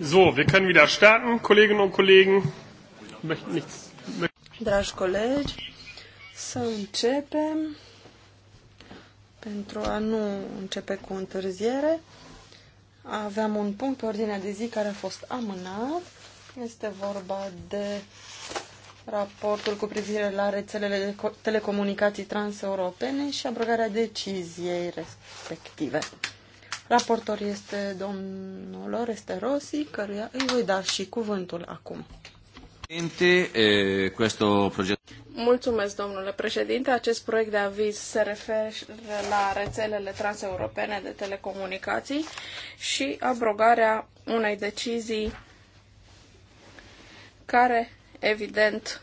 So, wir können wieder starten, Kolleginnen und Kollegen. Möchten nichts. Dragi colegi, să începem pentru a nu începe cu întârziere. Aveam un punct pe ordinea de zi care a fost amânat. Este vorba de raportul cu privire la rețelele de telecomunicații transeuropene și abrogarea deciziei respective. Raportor este domnul Oreste Rossi, căruia îi voi da și cuvântul acum. Mulțumesc, domnule președinte. Acest proiect de aviz se referă la rețelele transeuropene de telecomunicații și abrogarea unei decizii care, evident,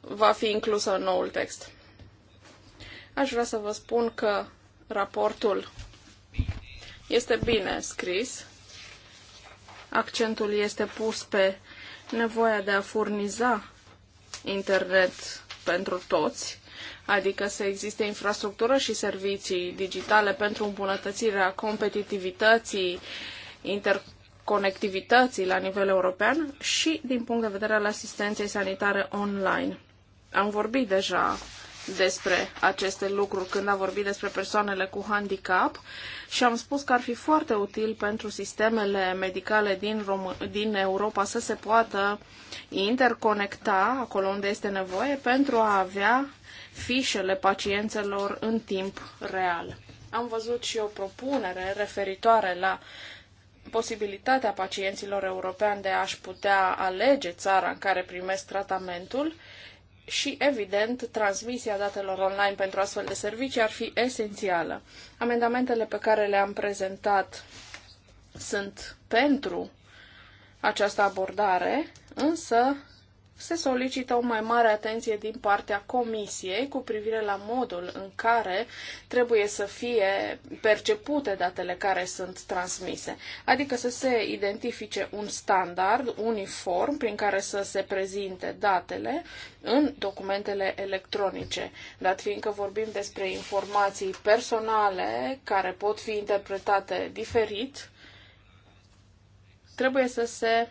va fi inclusă în noul text. Aș vrea să vă spun că raportul este bine scris. Accentul este pus pe nevoia de a furniza internet pentru toți, adică să existe infrastructură și servicii digitale pentru îmbunătățirea competitivității, interconectivității la nivel european și din punct de vedere al asistenței sanitare online. Am vorbit deja despre aceste lucruri când a vorbit despre persoanele cu handicap și am spus că ar fi foarte util pentru sistemele medicale din, Rom- din Europa să se poată interconecta acolo unde este nevoie pentru a avea fișele pacienților în timp real. Am văzut și o propunere referitoare la posibilitatea pacienților europeni de a-și putea alege țara în care primesc tratamentul și, evident, transmisia datelor online pentru astfel de servicii ar fi esențială. Amendamentele pe care le-am prezentat sunt pentru această abordare, însă se solicită o mai mare atenție din partea Comisiei cu privire la modul în care trebuie să fie percepute datele care sunt transmise, adică să se identifice un standard uniform prin care să se prezinte datele în documentele electronice, dat fiindcă vorbim despre informații personale care pot fi interpretate diferit, trebuie să se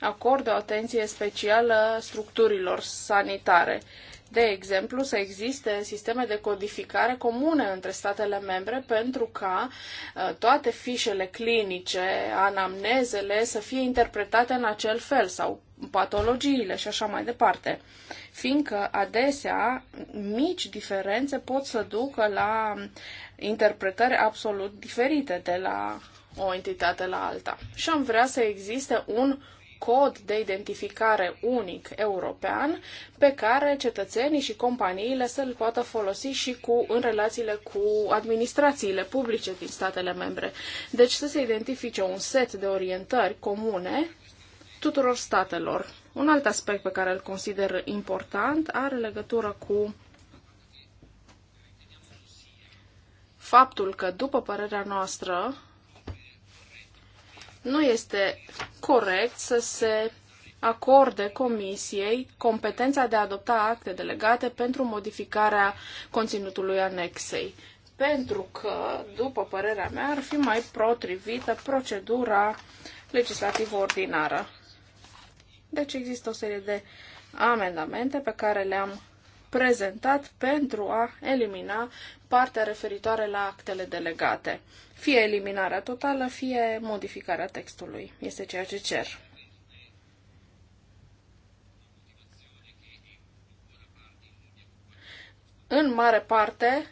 acordă o atenție specială structurilor sanitare. De exemplu, să existe sisteme de codificare comune între statele membre pentru ca uh, toate fișele clinice, anamnezele să fie interpretate în acel fel sau patologiile și așa mai departe. Fiindcă adesea mici diferențe pot să ducă la interpretări absolut diferite de la o entitate la alta. Și am vrea să existe un cod de identificare unic european pe care cetățenii și companiile să-l poată folosi și cu, în relațiile cu administrațiile publice din statele membre. Deci să se identifice un set de orientări comune tuturor statelor. Un alt aspect pe care îl consider important are legătură cu faptul că, după părerea noastră, nu este corect să se acorde Comisiei competența de a adopta acte delegate pentru modificarea conținutului anexei. Pentru că, după părerea mea, ar fi mai potrivită procedura legislativă ordinară. Deci există o serie de amendamente pe care le-am prezentat pentru a elimina partea referitoare la actele delegate. Fie eliminarea totală, fie modificarea textului. Este ceea ce cer. În mare parte,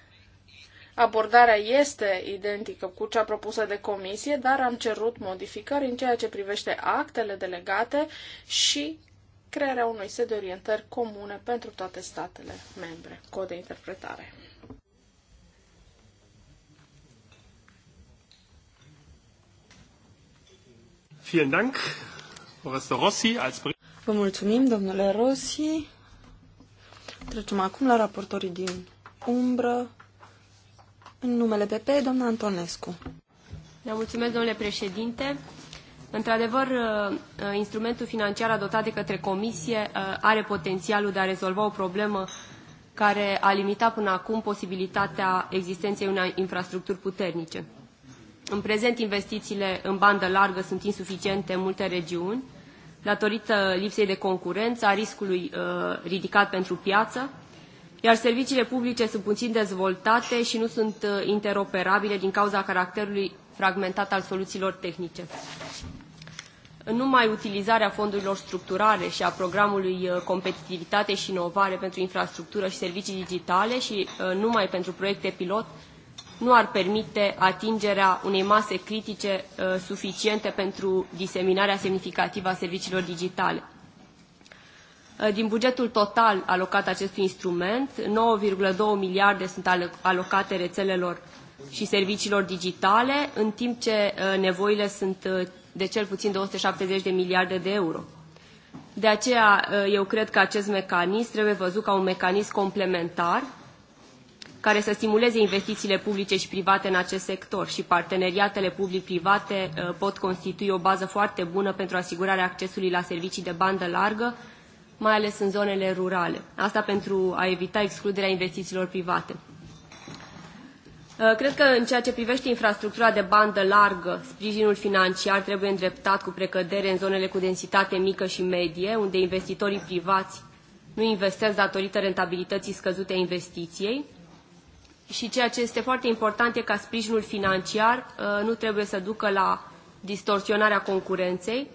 abordarea este identică cu cea propusă de comisie, dar am cerut modificări în ceea ce privește actele delegate și crearea unui set de orientări comune pentru toate statele membre, cod de interpretare. Vielen Dank, Rossi, als Vă mulțumim, domnule Rossi. Trecem acum la raportorii din umbră. În numele PP, doamna Antonescu. Vă da, mulțumesc, domnule președinte. Într-adevăr, uh, uh, instrumentul financiar adoptat de către Comisie uh, are potențialul de a rezolva o problemă care a limitat până acum posibilitatea existenței unei infrastructuri puternice. În prezent, investițiile în bandă largă sunt insuficiente în multe regiuni, datorită lipsei de concurență, a riscului uh, ridicat pentru piață, iar serviciile publice sunt puțin dezvoltate și nu sunt interoperabile din cauza caracterului fragmentat al soluțiilor tehnice numai utilizarea fondurilor structurale și a programului uh, Competitivitate și Inovare pentru Infrastructură și Servicii Digitale și uh, numai pentru proiecte pilot nu ar permite atingerea unei mase critice uh, suficiente pentru diseminarea semnificativă a serviciilor digitale. Din bugetul total alocat acestui instrument, 9,2 miliarde sunt alocate rețelelor și serviciilor digitale, în timp ce nevoile sunt de cel puțin 270 de miliarde de euro. De aceea, uh, eu cred că acest mecanism trebuie văzut ca un mecanism complementar care să stimuleze investițiile publice și private în acest sector și parteneriatele public-private uh, pot constitui o bază foarte bună pentru asigurarea accesului la servicii de bandă largă, mai ales în zonele rurale. Asta pentru a evita excluderea investițiilor private. Uh, cred că în ceea ce privește infrastructura de bandă largă, sprijinul financiar trebuie îndreptat cu precădere în zonele cu densitate mică și medie, unde investitorii privați nu investesc datorită rentabilității scăzute a investiției. Și ceea ce este foarte important e ca sprijinul financiar uh, nu trebuie să ducă la distorsionarea concurenței,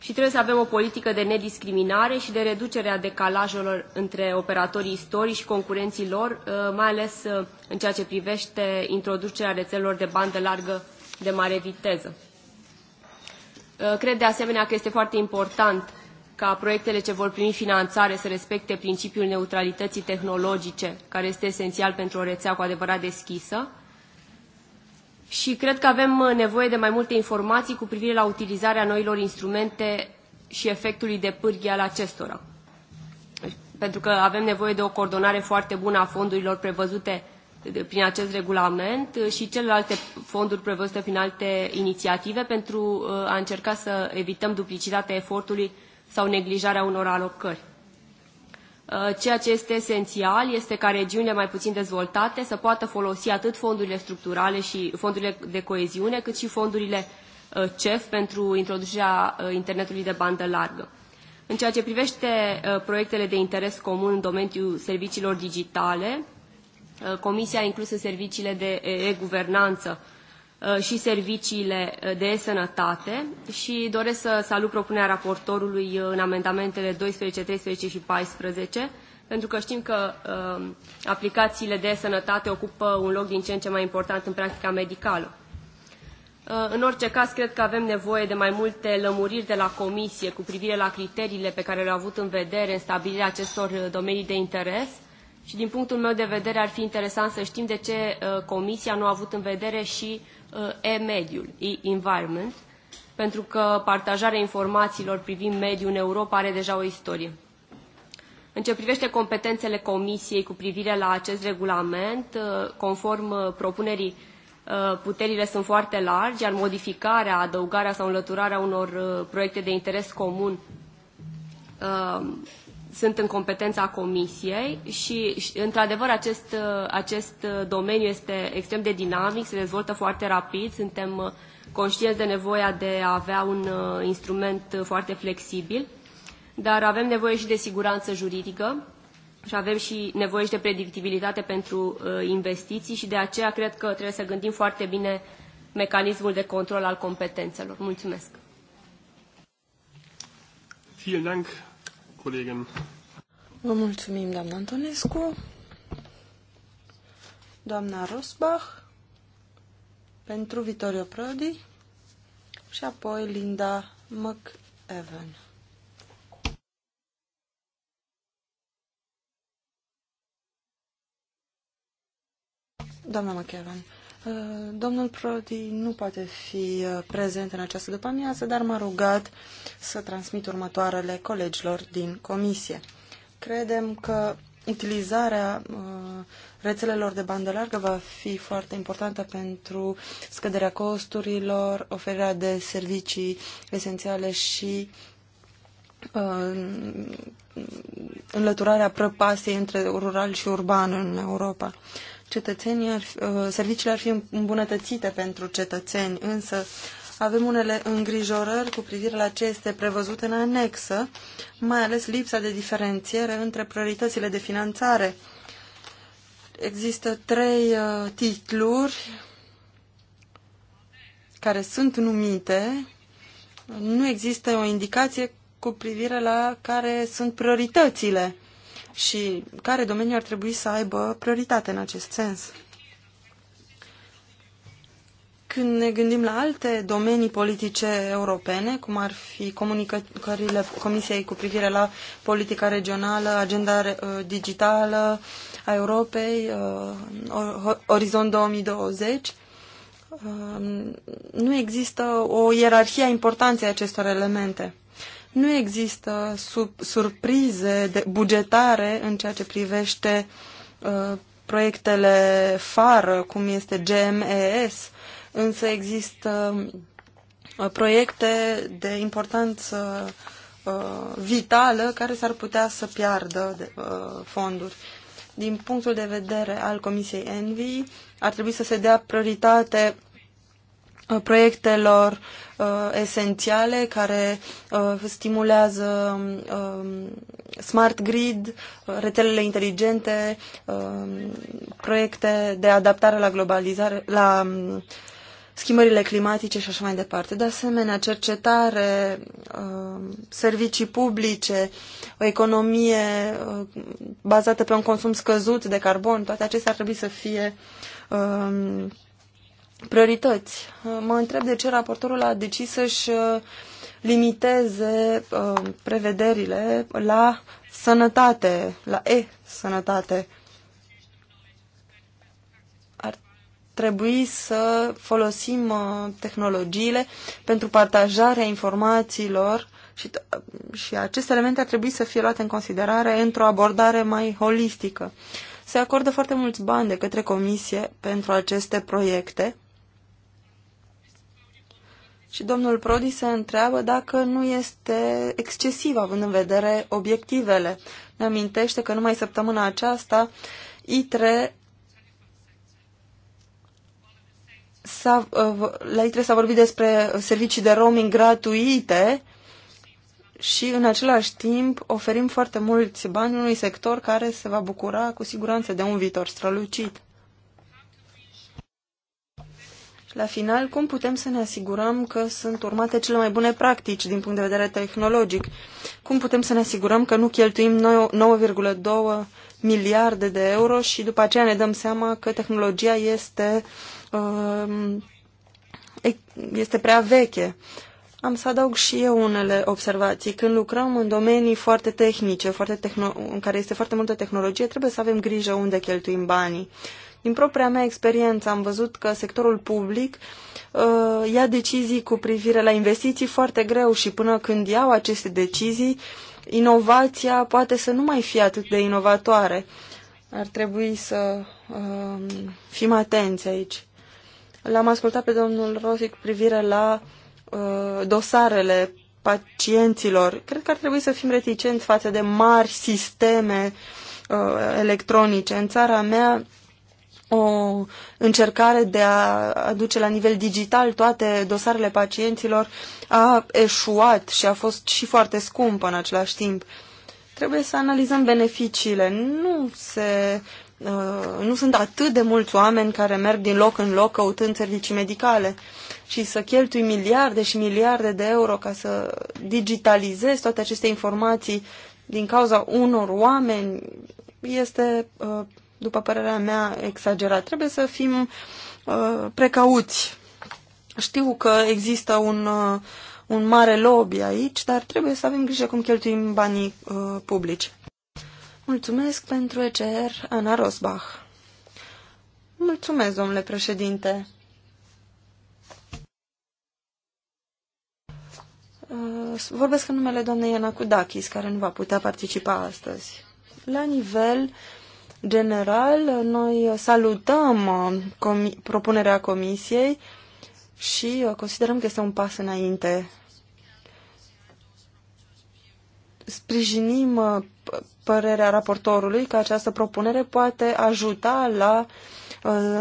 și trebuie să avem o politică de nediscriminare și de reducere a decalajelor între operatorii istorici și concurenții lor, uh, mai ales uh, în ceea ce privește introducerea rețelelor de bandă largă de mare viteză. Uh, cred de asemenea că este foarte important ca proiectele ce vor primi finanțare să respecte principiul neutralității tehnologice, care este esențial pentru o rețea cu adevărat deschisă, și cred că avem uh, nevoie de mai multe informații cu privire la utilizarea noilor instrumente și efectului de pârghie al acestora. Deci, pentru că avem nevoie de o coordonare foarte bună a fondurilor prevăzute prin acest regulament uh, și celelalte fonduri prevăzute prin alte inițiative pentru uh, a încerca să evităm duplicitatea efortului sau neglijarea unor alocări. Uh, ceea ce este esențial este ca regiunile mai puțin dezvoltate să poată folosi atât fondurile structurale și fondurile de coeziune, cât și fondurile uh, CEF pentru introducerea uh, internetului de bandă largă. În ceea ce privește proiectele de interes comun în domeniul serviciilor digitale, Comisia a inclus în serviciile de e-guvernanță Uh, și serviciile uh, de sănătate și doresc să salut propunerea raportorului uh, în amendamentele 12, 13 și 14, pentru că știm că aplicațiile de sănătate ocupă un loc din ce în ce mai important în practica medicală. În orice caz, cred că avem nevoie de mai multe lămuriri de la Comisie cu privire la criteriile pe care le-au avut în vedere în stabilirea acestor domenii de interes și din punctul meu de vedere ar fi interesant să știm de ce uh, Comisia nu a avut în vedere și uh, e-mediul, e-environment, pentru că partajarea informațiilor privind mediul în Europa are deja o istorie. În ce privește competențele Comisiei cu privire la acest regulament, uh, conform propunerii, puterile sunt foarte largi, iar modificarea, adăugarea sau înlăturarea unor proiecte de interes comun sunt în competența comisiei și, într-adevăr, acest, acest domeniu este extrem de dinamic, se dezvoltă foarte rapid, suntem uh, conștienți de nevoia de a avea un uh, instrument foarte flexibil, dar avem nevoie și de siguranță juridică și avem și nevoie și de predictibilitate pentru uh, investiții și de aceea cred că trebuie să gândim foarte bine mecanismul de control al competențelor. Mulțumesc! Vielen Dank, Kollegin. Vă mulțumim, doamna Antonescu. Doamna Rosbach pentru Vittorio Prodi și apoi Linda McEwan. Doamna McEwan, Uh, domnul Prodi nu poate fi uh, prezent în această după-amiază, dar m-a rugat să transmit următoarele colegilor din comisie. Credem că utilizarea uh, rețelelor de bandă largă va fi foarte importantă pentru scăderea costurilor, oferirea de servicii esențiale și înlăturarea prăpastiei între rural și urban în Europa cetățenii ar fi, uh, serviciile ar fi îmbunătățite pentru cetățeni, însă avem unele îngrijorări cu privire la ce este prevăzut în anexă, mai ales lipsa de diferențiere între prioritățile de finanțare. Există trei uh, titluri care sunt numite, nu există o indicație cu privire la care sunt prioritățile și care domenii ar trebui să aibă prioritate în acest sens. Când ne gândim la alte domenii politice europene, cum ar fi comunicările Comisiei cu privire la politica regională, agenda uh, digitală a Europei, uh, Orizont 2020, uh, nu există o ierarhie a importanței acestor elemente nu există sub, surprize de bugetare în ceea ce privește uh, proiectele fară, cum este GMES, însă există uh, proiecte de importanță uh, vitală care s-ar putea să piardă de, uh, fonduri. Din punctul de vedere al Comisiei Envi, ar trebui să se dea prioritate Uh, proiectelor uh, esențiale care uh, stimulează uh, smart grid, uh, rețelele inteligente, uh, proiecte de adaptare la globalizare, la um, schimbările climatice și așa mai departe. De asemenea, cercetare, servicii publice, o economie uh, bazată pe un consum scăzut de carbon, toate acestea ar trebui să fie priorități. Mă întreb de ce raportorul a decis să-și uh, limiteze uh, prevederile la sănătate, la e-sănătate. Ar trebui să folosim uh, tehnologiile pentru partajarea informațiilor și, și aceste elemente ar trebui să fie luate în considerare într-o abordare mai holistică. Se acordă foarte mulți bani de către comisie pentru aceste proiecte și domnul Prodi se întreabă dacă nu este excesiv, având în vedere obiectivele. Ne amintește că numai săptămâna aceasta ITRE S-a, la ITRE s-a vorbit despre servicii de roaming gratuite și în același timp oferim foarte mulți bani unui sector care se va bucura cu siguranță de un viitor strălucit. la final, cum putem să ne asigurăm că sunt urmate cele mai bune practici din punct de vedere tehnologic? Cum putem să ne asigurăm că nu cheltuim 9,2 miliarde de euro și după aceea ne dăm seama că tehnologia este, um, este prea veche? Am să adaug și eu unele observații. Când lucrăm în domenii foarte tehnice, foarte tehno- în care este foarte multă tehnologie, trebuie să avem grijă unde cheltuim banii. Uh, din propria mea experiență am văzut că sectorul public uh, ia decizii cu privire la investiții foarte greu și până când iau aceste decizii, inovația poate să nu mai fie atât de inovatoare. Ar trebui să uh, fim atenți aici. L-am ascultat pe domnul Rosic cu privire la uh, dosarele pacienților. Cred că ar trebui să fim reticenți față de mari sisteme uh, electronice. În țara mea o încercare de a aduce la nivel digital toate dosarele pacienților a eșuat și a fost și foarte scumpă în același timp. Trebuie să analizăm beneficiile. Nu se uh, nu sunt atât de mulți oameni care merg din loc în loc căutând servicii medicale și să cheltui miliarde și miliarde de euro ca să digitalizezi toate aceste informații din cauza unor oameni este uh, după părerea mea, exagerat. Trebuie să fim uh, precauți. Știu că există un, uh, un mare lobby aici, dar trebuie să avem grijă cum cheltuim banii uh, publici. Mulțumesc pentru ECR, Ana Rosbach. Mulțumesc, domnule președinte. Uh, vorbesc în numele doamnei Iana Kudakis, care nu va putea participa astăzi. La nivel general, noi salutăm uh, comi propunerea Comisiei și uh, considerăm că este un pas înainte. Sprijinim uh, părerea raportorului că această propunere poate ajuta la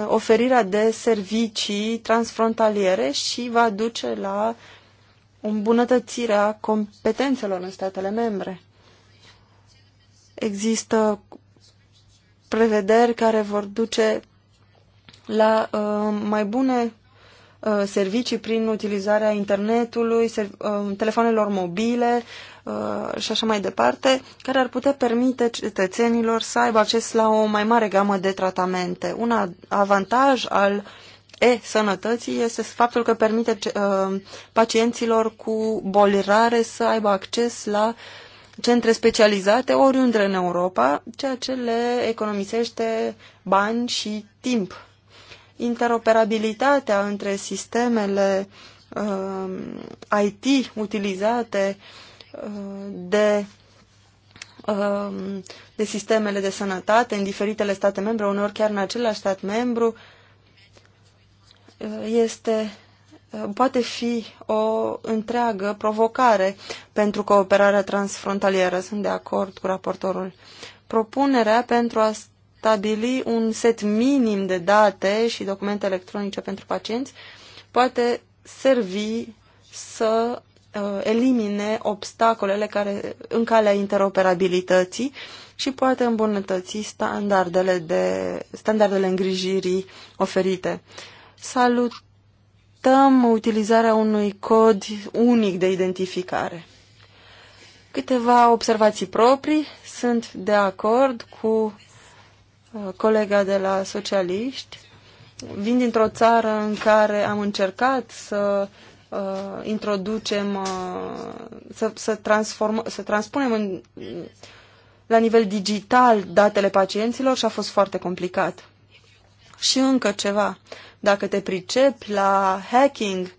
oferirea de servicii transfrontaliere și va duce la îmbunătățirea competențelor în statele membre. Există prevederi care vor duce la uh, mai bune uh, servicii prin utilizarea internetului, uh, telefonelor mobile uh, și așa mai departe, care ar putea permite cetățenilor să aibă acces la o mai mare gamă de tratamente. Un avantaj al e-sănătății este faptul că permite uh, pacienților cu boli rare să aibă acces la uh, centre specializate oriunde în Europa, ceea ce le economisește bani și timp. Interoperabilitatea între sistemele uh, um, IT utilizate uh, de um, de sistemele de sănătate în diferitele state membre, uneori chiar în același stat membru, uh, este poate fi o întreagă provocare pentru cooperarea transfrontalieră. Sunt de acord cu raportorul. Propunerea pentru a stabili un set minim de date și documente electronice pentru pacienți poate servi să uh, elimine obstacolele care, în calea interoperabilității și poate îmbunătăți standardele, de, standardele îngrijirii oferite. Salut evităm utilizarea unui cod unic de identificare. Câteva observații proprii. Sunt de acord cu uh, colega de la socialiști. Vin dintr-o țară în care am încercat să uh, introducem, uh, să, să, transform, să transpunem în, la nivel digital datele pacienților și a fost foarte complicat. Și încă ceva. Dacă te pricepi la hacking,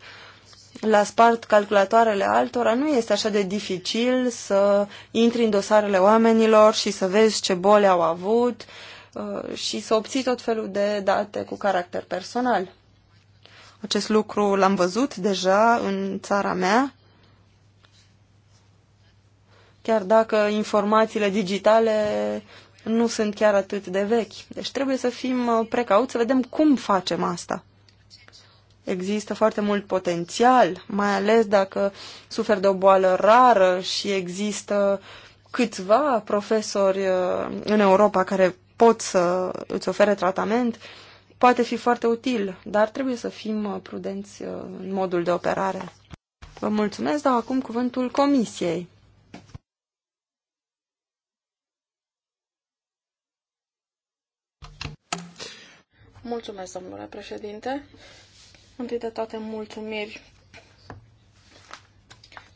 la spart calculatoarele altora, nu este așa de dificil să intri în dosarele oamenilor și să vezi ce boli au avut uh, și să obții tot felul de date cu caracter personal. Acest lucru l-am văzut deja în țara mea, chiar dacă informațiile digitale nu sunt chiar atât de vechi. Deci trebuie să fim uh, precauți, să vedem cum facem asta. Există foarte mult potențial, mai ales dacă suferi de o boală rară și există câțiva profesori uh, în Europa care pot să îți ofere tratament, poate fi foarte util, dar trebuie să fim uh, prudenți în modul de operare. Vă mulțumesc, dau acum cuvântul Comisiei. Mulțumesc, domnule președinte. Întâi de toate, mulțumiri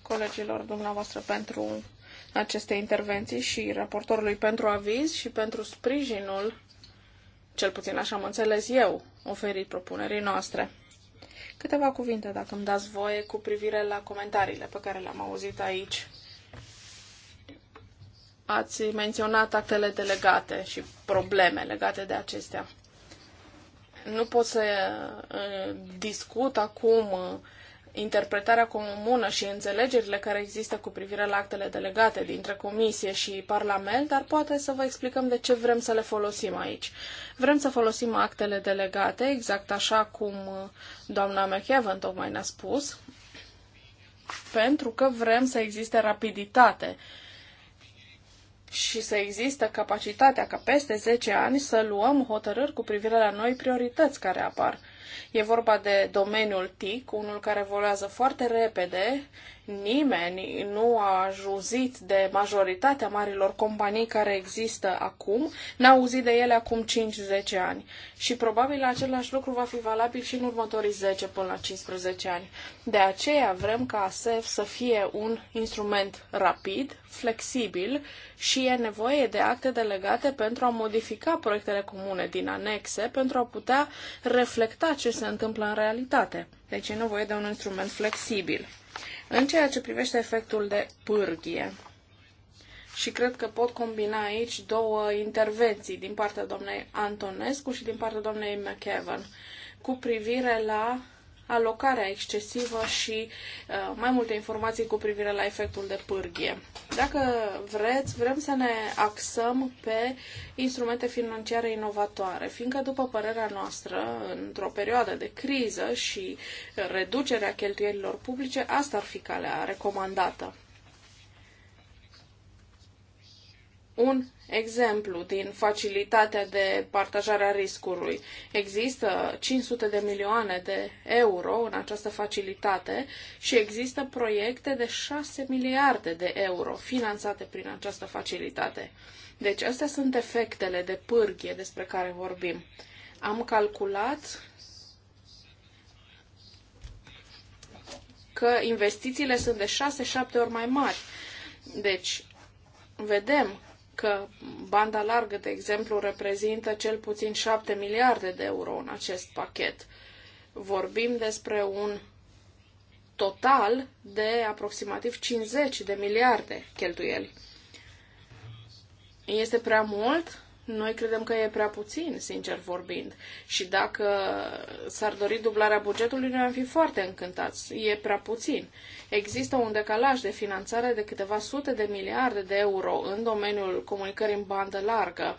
colegilor dumneavoastră pentru aceste intervenții și raportorului pentru aviz și pentru sprijinul, cel puțin așa am înțeles eu, oferit propunerii noastre. Câteva cuvinte, dacă îmi dați voie, cu privire la comentariile pe care le-am auzit aici. Ați menționat actele delegate și probleme legate de acestea. Nu pot să uh, discut acum uh, interpretarea comună și înțelegerile care există cu privire la actele delegate dintre Comisie și Parlament, dar poate să vă explicăm de ce vrem să le folosim aici. Vrem să folosim actele delegate, exact așa cum uh, doamna McEvan tocmai ne-a spus, pentru că vrem să existe rapiditate și să există capacitatea ca peste 10 ani să luăm hotărâri cu privire la noi priorități care apar. E vorba de domeniul TIC, unul care evoluează foarte repede nimeni nu a juzit de majoritatea marilor companii care există acum, n-a auzit de ele acum 5-10 ani. Și probabil același lucru va fi valabil și în următorii 10 până la 15 ani. De aceea vrem ca ASEF să fie un instrument rapid, flexibil și e nevoie de acte delegate pentru a modifica proiectele comune din anexe pentru a putea reflecta ce se întâmplă în realitate. Deci e nevoie de un instrument flexibil. În ceea ce privește efectul de pârghie, și cred că pot combina aici două intervenții din partea doamnei Antonescu și din partea doamnei McEvan cu privire la alocarea excesivă și uh, mai multe informații cu privire la efectul de pârghie. Dacă vreți, vrem să ne axăm pe instrumente financiare inovatoare, fiindcă, după părerea noastră, într-o perioadă de criză și reducerea cheltuielilor publice, asta ar fi calea recomandată. Un Exemplu, din facilitatea de partajare a riscului. Există 500 de milioane de euro în această facilitate și există proiecte de 6 miliarde de euro finanțate prin această facilitate. Deci, astea sunt efectele de pârghie despre care vorbim. Am calculat că investițiile sunt de 6-7 ori mai mari. Deci, vedem că banda largă, de exemplu, reprezintă cel puțin 7 miliarde de euro în acest pachet. Vorbim despre un total de aproximativ 50 de miliarde cheltuieli. Este prea mult? Noi credem că e prea puțin, sincer vorbind. Și dacă s-ar dori dublarea bugetului, noi am fi foarte încântați. E prea puțin. Există un decalaj de finanțare de câteva sute de miliarde de euro în domeniul comunicării în bandă largă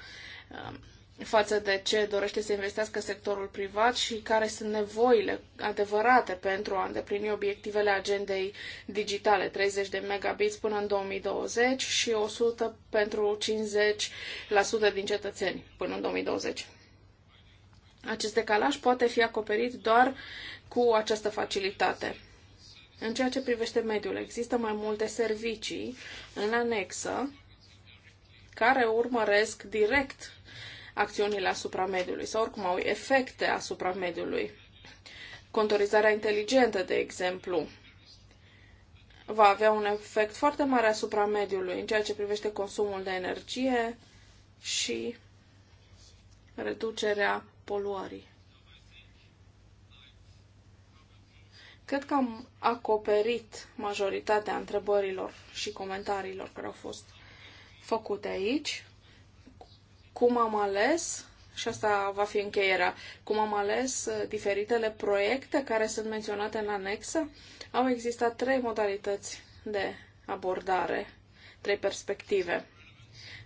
față de ce dorește să investească sectorul privat și care sunt nevoile adevărate pentru a îndeplini obiectivele agendei digitale, 30 de megabits până în 2020 și 100 pentru 50% din cetățeni până în 2020. Acest decalaj poate fi acoperit doar cu această facilitate. În ceea ce privește mediul, există mai multe servicii în anexă care urmăresc direct acțiunile asupra mediului sau oricum au efecte asupra mediului. Contorizarea inteligentă, de exemplu, va avea un efect foarte mare asupra mediului în ceea ce privește consumul de energie și reducerea poluării. Cred că am acoperit majoritatea întrebărilor și comentariilor care au fost făcute aici cum am ales, și asta va fi încheierea, cum am ales uh, diferitele proiecte care sunt menționate în anexă, au existat trei modalități de abordare, trei perspective.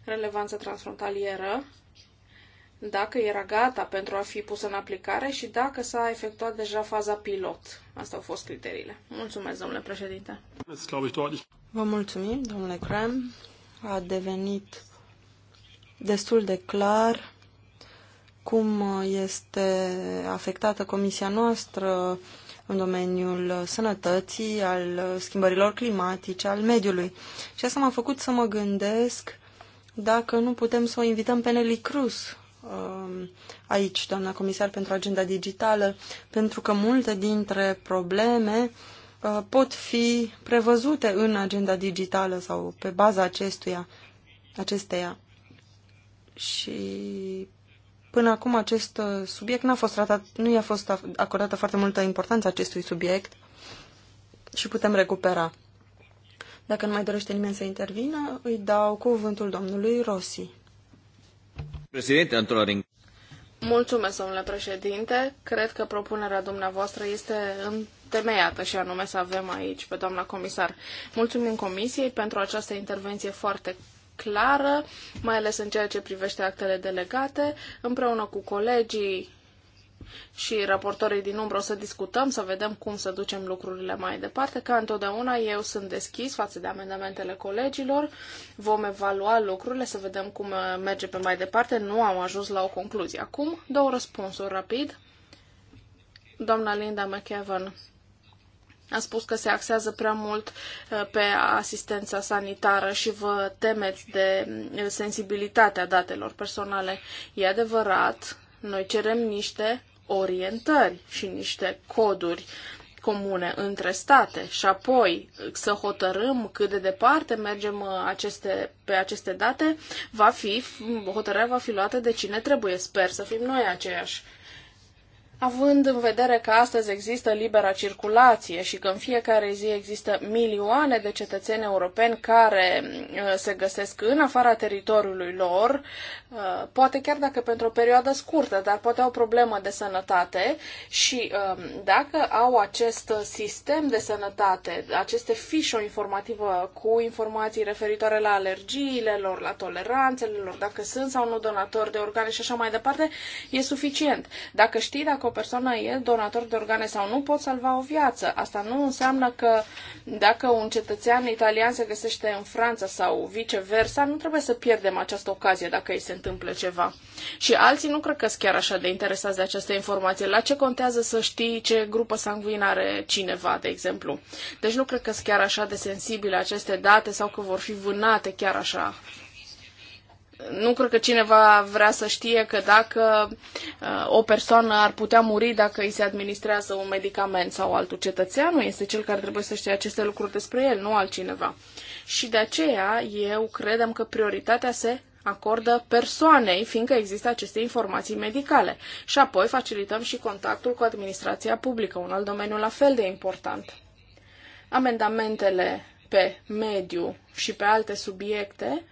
Relevanța transfrontalieră, dacă era gata pentru a fi pusă în aplicare și dacă s-a efectuat deja faza pilot. Asta au fost criteriile. Mulțumesc, domnule președinte. Vă mulțumim, domnule Cram. A devenit destul de clar cum este afectată comisia noastră în domeniul sănătății, al schimbărilor climatice, al mediului. Și asta m-a făcut să mă gândesc dacă nu putem să o invităm pe Nelly Cruz um, aici, doamna comisar pentru agenda digitală, pentru că multe dintre probleme uh, pot fi prevăzute în agenda digitală sau pe baza acestuia, acesteia și până acum acest uh, subiect n-a fost tratat, nu i-a fost acordată foarte multă importanță acestui subiect și putem recupera. Dacă nu mai dorește nimeni să intervină, îi dau cuvântul domnului Rossi. Președinte, într Mulțumesc, domnule președinte. Cred că propunerea dumneavoastră este întemeiată și anume să avem aici pe doamna comisar. Mulțumim comisiei pentru această intervenție foarte clară, mai ales în ceea ce privește actele delegate. Împreună cu colegii și raportorii din umbră o să discutăm, să vedem cum să ducem lucrurile mai departe. Ca întotdeauna eu sunt deschis față de amendamentele colegilor, vom evalua lucrurile, să vedem cum uh, merge pe mai departe. Nu am ajuns la o concluzie. Acum, două răspunsuri rapid. Doamna Linda McEvan a spus că se axează prea mult uh, pe asistența sanitară și vă temeți de uh, sensibilitatea datelor personale. E adevărat, noi cerem niște orientări și niște coduri comune între state și apoi să hotărâm cât de departe mergem uh, aceste, pe aceste date, va fi, hotărârea va fi luată de cine trebuie. Sper să fim noi aceiași. Având în vedere că astăzi există libera circulație și că în fiecare zi există milioane de cetățeni europeni care uh, se găsesc în afara teritoriului lor, uh, poate chiar dacă pentru o perioadă scurtă, dar poate au o problemă de sănătate și um, dacă au acest sistem de sănătate, aceste fișe informativă cu informații referitoare la alergiile lor, la toleranțele lor, dacă sunt sau nu donatori de organe și așa mai departe, e suficient. Dacă știi dacă dacă o persoană e donator de organe sau nu, pot salva o viață. Asta nu înseamnă că dacă un cetățean italian se găsește în Franța sau viceversa, nu trebuie să pierdem această ocazie dacă îi se întâmplă ceva. Și alții nu cred că sunt chiar așa de interesați de această informație. La ce contează să știi ce grupă sanguină are cineva, de exemplu? Deci nu cred că sunt chiar așa de sensibile aceste date sau că vor fi vânate chiar așa nu cred că cineva vrea să știe că dacă uh, o persoană ar putea muri dacă îi se administrează un medicament sau altul cetățeanul, este cel care trebuie să știe aceste lucruri despre el, nu altcineva. Și de aceea eu credem că prioritatea se acordă persoanei, fiindcă există aceste informații medicale. Și apoi facilităm și contactul cu administrația publică, un alt domeniu la fel de important. Amendamentele pe mediu și pe alte subiecte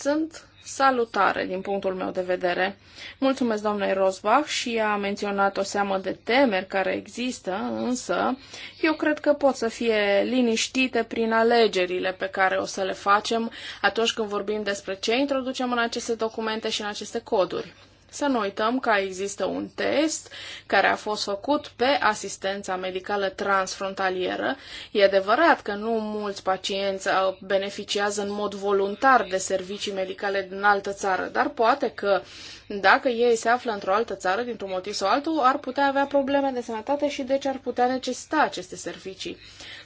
sunt salutare din punctul meu de vedere. Mulțumesc doamnei Rosbach și a menționat o seamă de temeri care există, însă eu cred că pot să fie liniștite prin alegerile pe care o să le facem atunci când vorbim despre ce introducem în aceste documente și în aceste coduri. Să nu uităm că există un test care a fost făcut pe asistența medicală transfrontalieră. E adevărat că nu mulți pacienți uh, beneficiază în mod voluntar de servicii medicale din altă țară, dar poate că dacă ei se află într-o altă țară, dintr-un motiv sau altul, ar putea avea probleme de sănătate și deci ar putea necesita aceste servicii.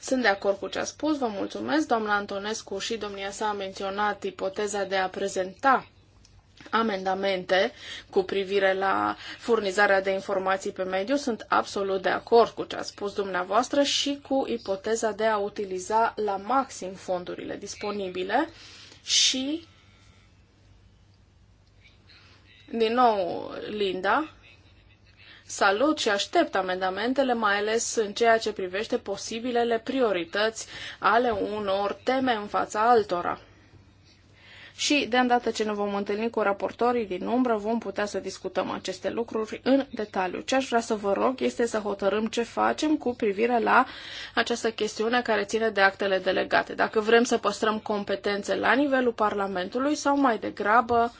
Sunt de acord cu ce a spus, vă mulțumesc. Doamna Antonescu și domnia sa a menționat ipoteza de a prezenta amendamente cu privire la furnizarea de informații pe mediu. Sunt absolut de acord cu ce a spus dumneavoastră și cu ipoteza de a utiliza la maxim fondurile disponibile și din nou, Linda, salut și aștept amendamentele, mai ales în ceea ce privește posibilele priorități ale unor teme în fața altora și de îndată ce ne vom întâlni cu raportorii din umbră, vom putea să discutăm aceste lucruri în detaliu. Ce aș vrea să vă rog este să hotărâm ce facem cu privire la această chestiune care ține de actele delegate. Dacă vrem să păstrăm competențe la nivelul Parlamentului sau mai degrabă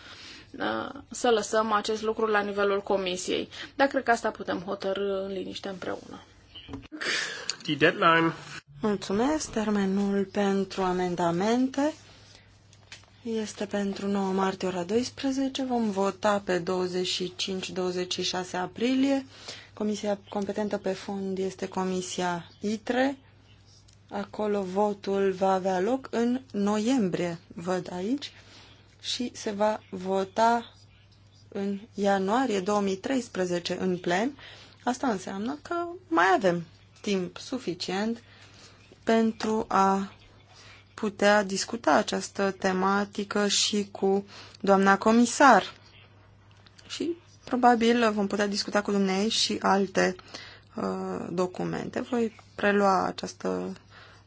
uh, să lăsăm acest lucru la nivelul comisiei. Dar cred că asta putem hotărâ în liniște împreună. The deadline. Mulțumesc. Termenul pentru amendamente este pentru 9 martie ora 12. Vom vota pe 25-26 aprilie. Comisia competentă pe fond este Comisia ITRE. Acolo votul va avea loc în noiembrie, văd aici, și se va vota în ianuarie 2013 în plen. Asta înseamnă că mai avem timp suficient pentru a putea discuta această tematică și cu doamna comisar. Și probabil vom putea discuta cu dumnei și alte uh, documente. Voi prelua această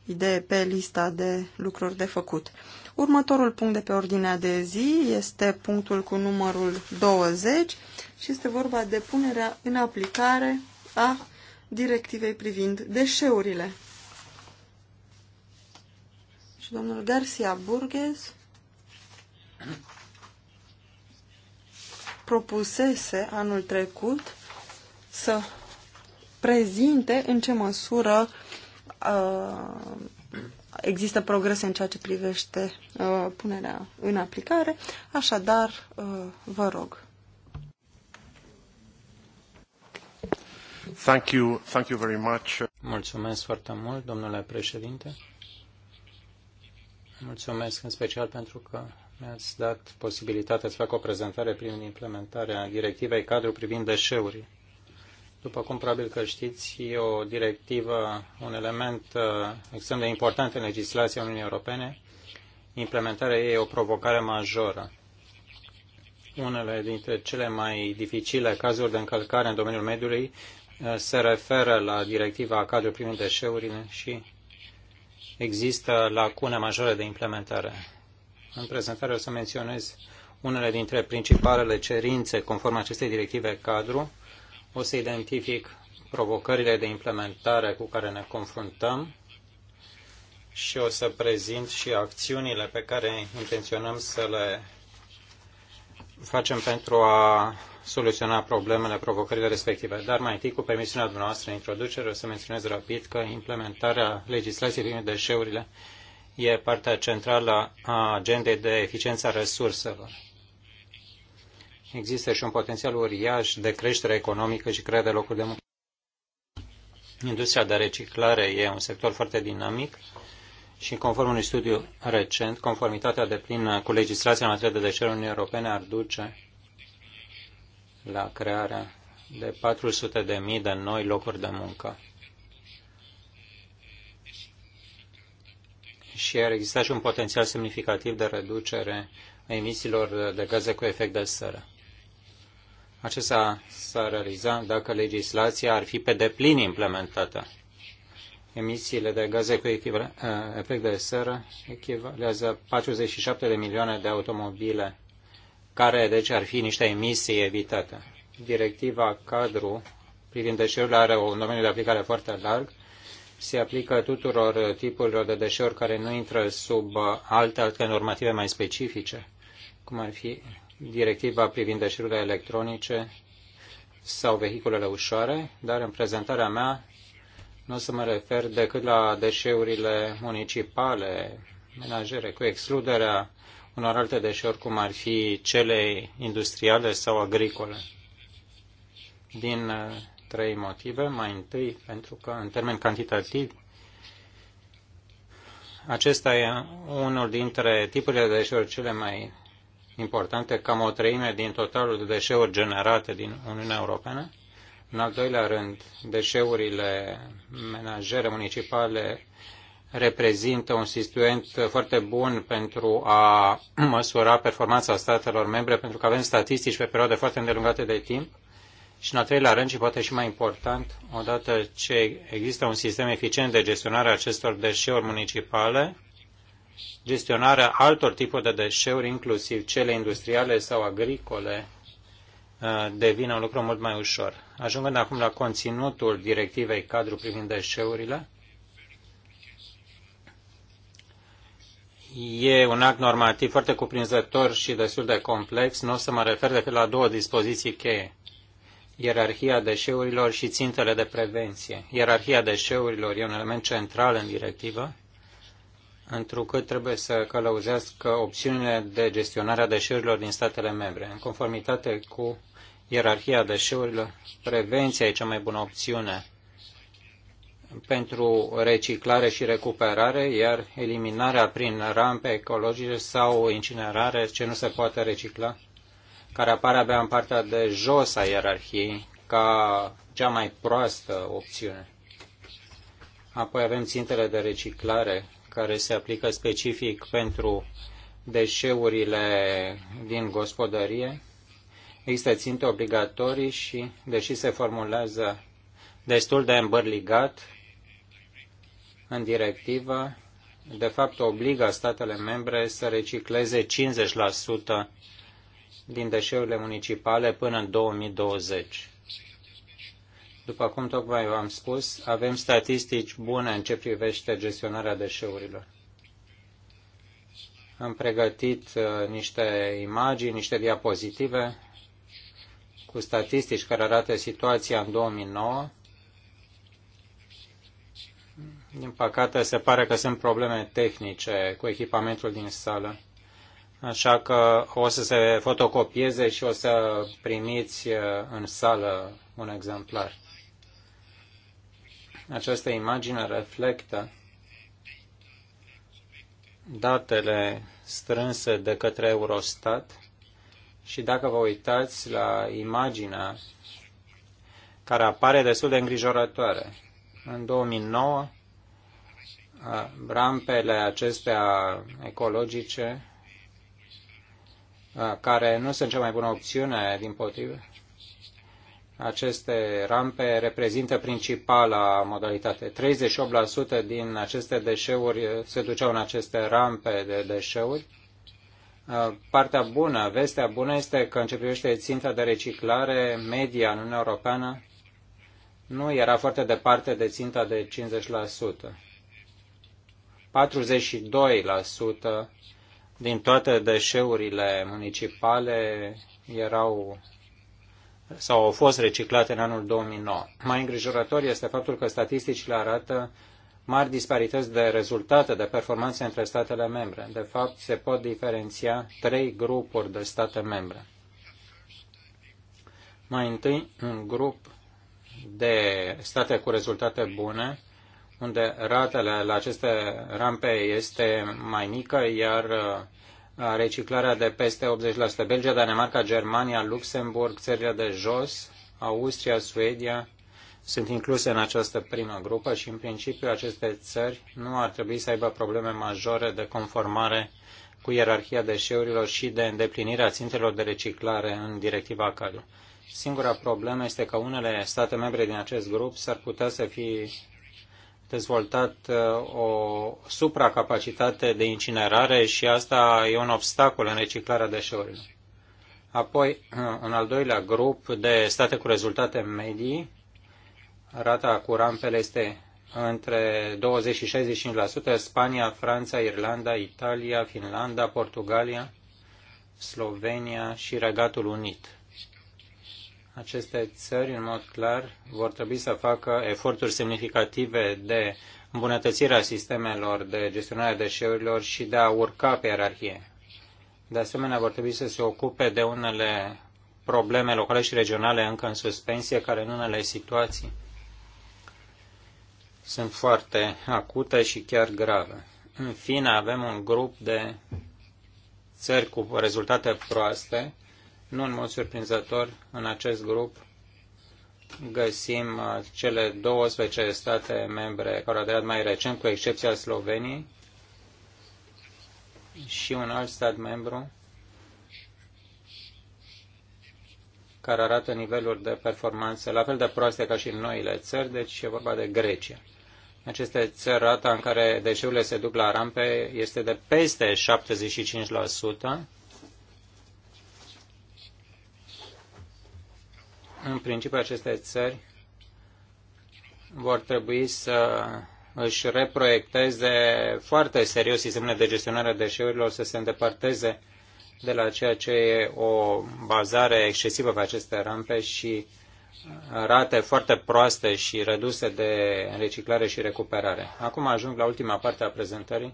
idee pe lista de lucruri de făcut. Următorul punct de pe ordinea de zi este punctul cu numărul 20 și este vorba de punerea în aplicare a directivei privind deșeurile. Domnul Garcia Burghez propusese anul trecut să prezinte în ce măsură uh, există progrese în ceea ce privește uh, punerea în aplicare. Așadar, uh, vă rog. Thank you, thank you very much. Mulțumesc foarte mult, domnule președinte. Mulțumesc în special pentru că mi-ați dat posibilitatea să fac o prezentare privind implementarea directivei cadru privind deșeurile. După cum probabil că știți, e o directivă, un element uh, extrem de important în legislația Uniunii Europene. Implementarea ei e o provocare majoră. Unele dintre cele mai dificile cazuri de încălcare în domeniul mediului uh, se referă la directiva cadru privind deșeurile și există lacune majore de implementare. În prezentare o să menționez unele dintre principalele cerințe conform acestei directive cadru. O să identific provocările de implementare cu care ne confruntăm și o să prezint și acțiunile pe care intenționăm să le facem pentru a soluționa problemele, provocările respective. Dar mai întâi, cu permisiunea dumneavoastră în introducere, o să menționez rapid că implementarea legislației privind deșeurile e partea centrală a agendei de eficiență a resurselor. Există și un potențial uriaș de creștere economică și creare de locuri de muncă. Industria de reciclare e un sector foarte dinamic și conform unui studiu recent, conformitatea de plină cu legislația în materie de deșeuri Uniunii Europene ar duce la crearea de 400.000 de, mii de noi locuri de muncă. Și ar exista și un potențial semnificativ de reducere a emisiilor de gaze cu efect de seră. Acesta s-ar realiza dacă legislația ar fi pe deplin implementată emisiile de gaze cu efect de seră echivalează 47 de milioane de automobile, care deci ar fi niște emisii evitate. Directiva cadru privind deșeurile are un domeniu de aplicare foarte larg, se aplică tuturor tipurilor de deșeuri care nu intră sub alte, alte normative mai specifice, cum ar fi directiva privind deșeurile electronice sau vehiculele ușoare, dar în prezentarea mea nu o să mă refer decât la deșeurile municipale, menajere, cu excluderea unor alte deșeuri, cum ar fi cele industriale sau agricole. Din uh, trei motive. Mai întâi, pentru că, în termen cantitativ, acesta e unul dintre tipurile de deșeuri cele mai importante, cam o treime din totalul de deșeuri generate din Uniunea Europeană în al doilea rând, deșeurile menajere municipale reprezintă un instrument foarte bun pentru a măsura performanța statelor membre, pentru că avem statistici pe perioade foarte îndelungate de timp. Și în al treilea rând, și poate și mai important, odată ce există un sistem eficient de gestionare a acestor deșeuri municipale, gestionarea altor tipuri de deșeuri, inclusiv cele industriale sau agricole, Uh, devină un lucru mult mai ușor. Ajungând acum la conținutul directivei cadru privind deșeurile, e un act normativ foarte cuprinzător și destul de complex. Nu o să mă refer decât la două dispoziții cheie. Ierarhia deșeurilor și țintele de prevenție. Ierarhia deșeurilor e un element central în directivă, întrucât trebuie să călăuzească opțiunile de gestionare a deșeurilor din statele membre, în conformitate cu ierarhia deșeurilor, prevenția e cea mai bună opțiune pentru reciclare și recuperare, iar eliminarea prin rampe ecologice sau incinerare, ce nu se poate recicla, care apare abia în partea de jos a ierarhiei, ca cea mai proastă opțiune. Apoi avem țintele de reciclare, care se aplică specific pentru deșeurile din gospodărie, Există ținte obligatorii și, deși se formulează destul de îmbărligat în directivă, de fapt obligă statele membre să recicleze 50% din deșeurile municipale până în 2020. După cum tocmai v-am spus, avem statistici bune în ce privește gestionarea deșeurilor. Am pregătit uh, niște imagini, niște diapozitive cu statistici care arată situația în 2009. Din păcate, se pare că sunt probleme tehnice cu echipamentul din sală. Așa că o să se fotocopieze și o să primiți uh, în sală un exemplar. Această imagine reflectă datele strânse de către Eurostat și dacă vă uitați la imaginea care apare destul de îngrijorătoare, în 2009 rampele acestea ecologice, care nu sunt cea mai bună opțiune, din potrivă, aceste rampe reprezintă principala modalitate. 38% din aceste deșeuri se duceau în aceste rampe de deșeuri Partea bună, vestea bună este că în ce privește ținta de reciclare media în Uniunea Europeană nu era foarte departe de ținta de 50%. 42% din toate deșeurile municipale erau sau au fost reciclate în anul 2009. Mai îngrijorător este faptul că statisticile arată mari disparități de rezultate, de performanțe între statele membre. De fapt, se pot diferenția trei grupuri de state membre. Mai întâi, un grup de state cu rezultate bune, unde ratele la aceste rampe este mai mică, iar uh, reciclarea de peste 80%. Belgia, Danemarca, Germania, Luxemburg, țările de jos, Austria, Suedia, sunt incluse în această primă grupă și, în principiu, aceste țări nu ar trebui să aibă probleme majore de conformare cu ierarhia deșeurilor și de îndeplinirea țintelor de reciclare în directiva cadru. Singura problemă este că unele state membre din acest grup s-ar putea să fi dezvoltat uh, o supracapacitate de incinerare și asta e un obstacol în reciclarea deșeurilor. Apoi, un al doilea grup de state cu rezultate medii Rata cu rampele este între 20 și 65%, Spania, Franța, Irlanda, Italia, Finlanda, Portugalia, Slovenia și Regatul Unit. Aceste țări, în mod clar, vor trebui să facă eforturi semnificative de îmbunătățire a sistemelor de gestionare a deșeurilor și de a urca pe ierarhie. De asemenea, vor trebui să se ocupe de unele probleme locale și regionale încă în suspensie, care în unele situații sunt foarte acute și chiar grave. În fine, avem un grup de țări cu rezultate proaste. Nu în mod surprinzător, în acest grup găsim uh, cele 12 state membre care au aderat mai recent, cu excepția Sloveniei, și un alt stat membru care arată niveluri de performanță la fel de proaste ca și în noile țări, deci e vorba de Grecia. În aceste țări, rata în care deșeurile se duc la rampe este de peste 75%. În principiu, aceste țări vor trebui să își reproiecteze foarte serios sistemele de gestionare a deșeurilor, să se îndepărteze de la ceea ce e o bazare excesivă pe aceste rampe și uh, rate foarte proaste și reduse de reciclare și recuperare. Acum ajung la ultima parte a prezentării.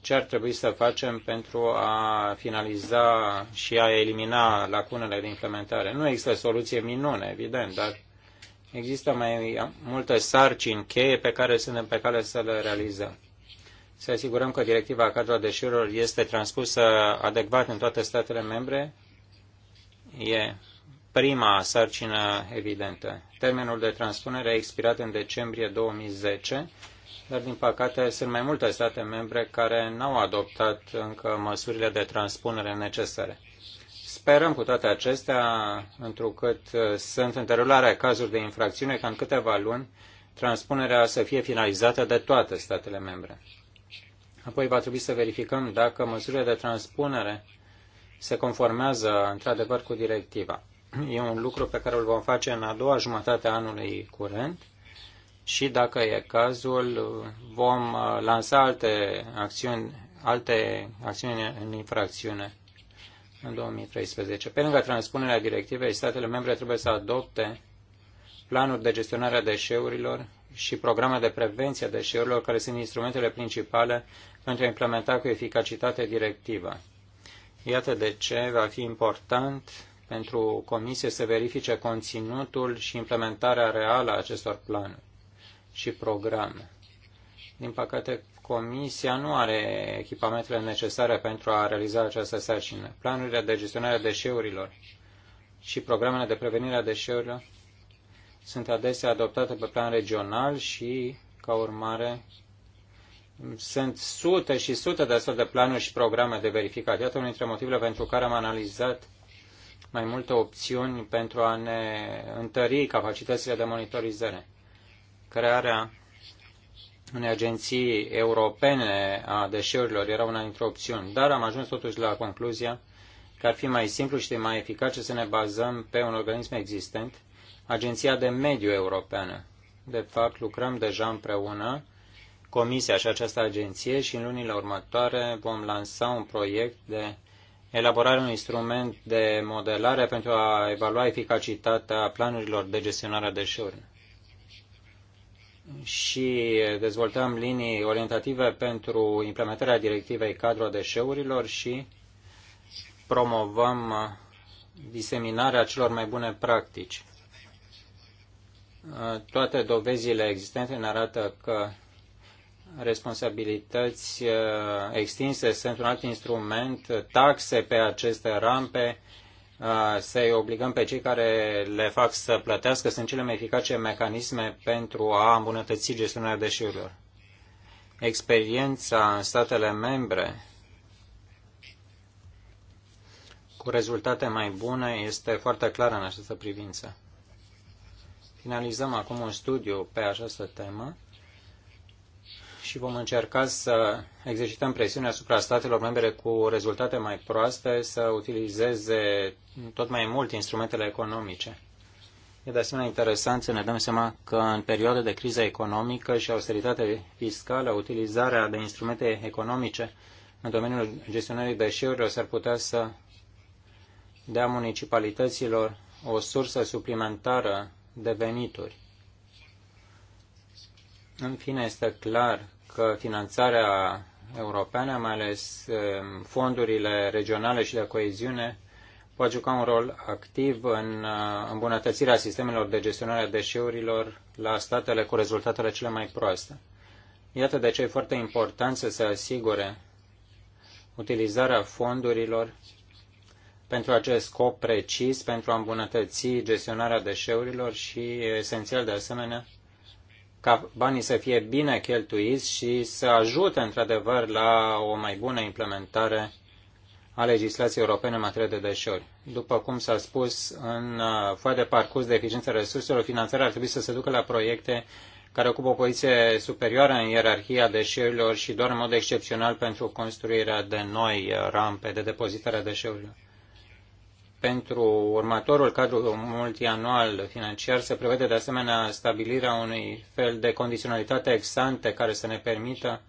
Ce ar trebui să facem pentru a finaliza și a elimina lacunele de implementare? Nu există soluție minune, evident, dar există mai multe sarcini cheie pe care suntem pe cale să le realizăm. Să asigurăm că directiva cadru a deșeurilor este transpusă adecvat în toate statele membre, e prima sarcină evidentă. Termenul de transpunere a expirat în decembrie 2010, dar din păcate sunt mai multe state membre care n-au adoptat încă măsurile de transpunere necesare. Sperăm cu toate acestea, întrucât uh, sunt în derulare cazuri de infracțiune, ca în câteva luni transpunerea să fie finalizată de toate statele membre. Apoi va trebui să verificăm dacă măsurile de transpunere se conformează într-adevăr cu directiva. E un lucru pe care îl vom face în a doua jumătate a anului curent și, dacă e cazul, vom uh, lansa alte acțiuni, alte acțiuni în infracțiune în 2013. Pe lângă transpunerea directivei, statele membre trebuie să adopte planuri de gestionare a deșeurilor și programe de prevenție a deșeurilor, care sunt instrumentele principale pentru a implementa cu eficacitate directiva. Iată de ce va fi important pentru Comisie să verifice conținutul și implementarea reală a acestor planuri și programe. Din păcate, Comisia nu are echipamentele necesare pentru a realiza această sarcină. Planurile de gestionare a deșeurilor și programele de prevenire a deșeurilor sunt adesea adoptate pe plan regional și, ca urmare, sunt sute și sute de astfel de planuri și programe de verificat. Iată unul dintre motivele pentru care am analizat mai multe opțiuni pentru a ne întări capacitățile de monitorizare. Crearea unei agenții europene a deșeurilor era una dintre opțiuni, dar am ajuns totuși la concluzia că ar fi mai simplu și mai eficace să ne bazăm pe un organism existent, Agenția de Mediu Europeană. De fapt, lucrăm deja împreună, Comisia și această agenție, și în lunile următoare vom lansa un proiect de elaborarea unui instrument de modelare pentru a evalua eficacitatea planurilor de gestionare a deșeurilor și dezvoltăm linii orientative pentru implementarea directivei cadru a deșeurilor și promovăm diseminarea celor mai bune practici. Toate dovezile existente ne arată că responsabilități uh, extinse sunt un alt instrument, taxe pe aceste rampe, uh, să-i obligăm pe cei care le fac să plătească, sunt cele mai eficace mecanisme pentru a îmbunătăți gestiunea deșeurilor. Experiența în statele membre cu rezultate mai bune este foarte clară în această privință. Finalizăm acum un studiu pe această temă și vom încerca să exercităm presiunea asupra statelor membre cu rezultate mai proaste să utilizeze tot mai mult instrumentele economice. E de asemenea interesant să ne dăm seama că în perioade de criză economică și austeritate fiscală, utilizarea de instrumente economice în domeniul gestionării deșeurilor s-ar putea să dea municipalităților o sursă suplimentară de venituri. În fine, este clar că finanțarea europeană, mai ales fondurile regionale și de coeziune, poate juca un rol activ în îmbunătățirea sistemelor de gestionare a deșeurilor la statele cu rezultatele cele mai proaste. Iată de ce e foarte important să se asigure utilizarea fondurilor pentru acest scop precis, pentru a îmbunătăți gestionarea deșeurilor și esențial de asemenea ca banii să fie bine cheltuiți și să ajute într-adevăr la o mai bună implementare a legislației europene în materie de deșeuri. După cum s-a spus, în uh, foaia de parcurs de eficiență resurselor, finanțarea ar trebui să se ducă la proiecte care ocupă o poziție superioară în ierarhia deșeurilor și doar în mod excepțional pentru construirea de noi uh, rampe de depozitare a deșeurilor pentru următorul cadru multianual financiar se prevede de asemenea stabilirea unui fel de condiționalitate ante care să ne permită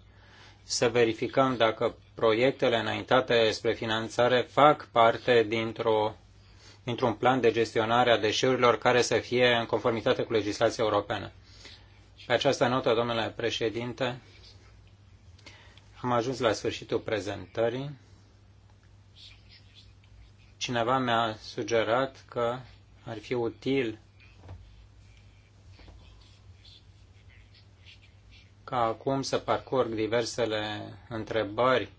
să verificăm dacă proiectele înaintate spre finanțare fac parte dintr-o, dintr-un plan de gestionare a deșeurilor care să fie în conformitate cu legislația europeană. Pe această notă, domnule președinte, am ajuns la sfârșitul prezentării. Cineva mi-a sugerat că ar fi util ca acum să parcurg diversele întrebări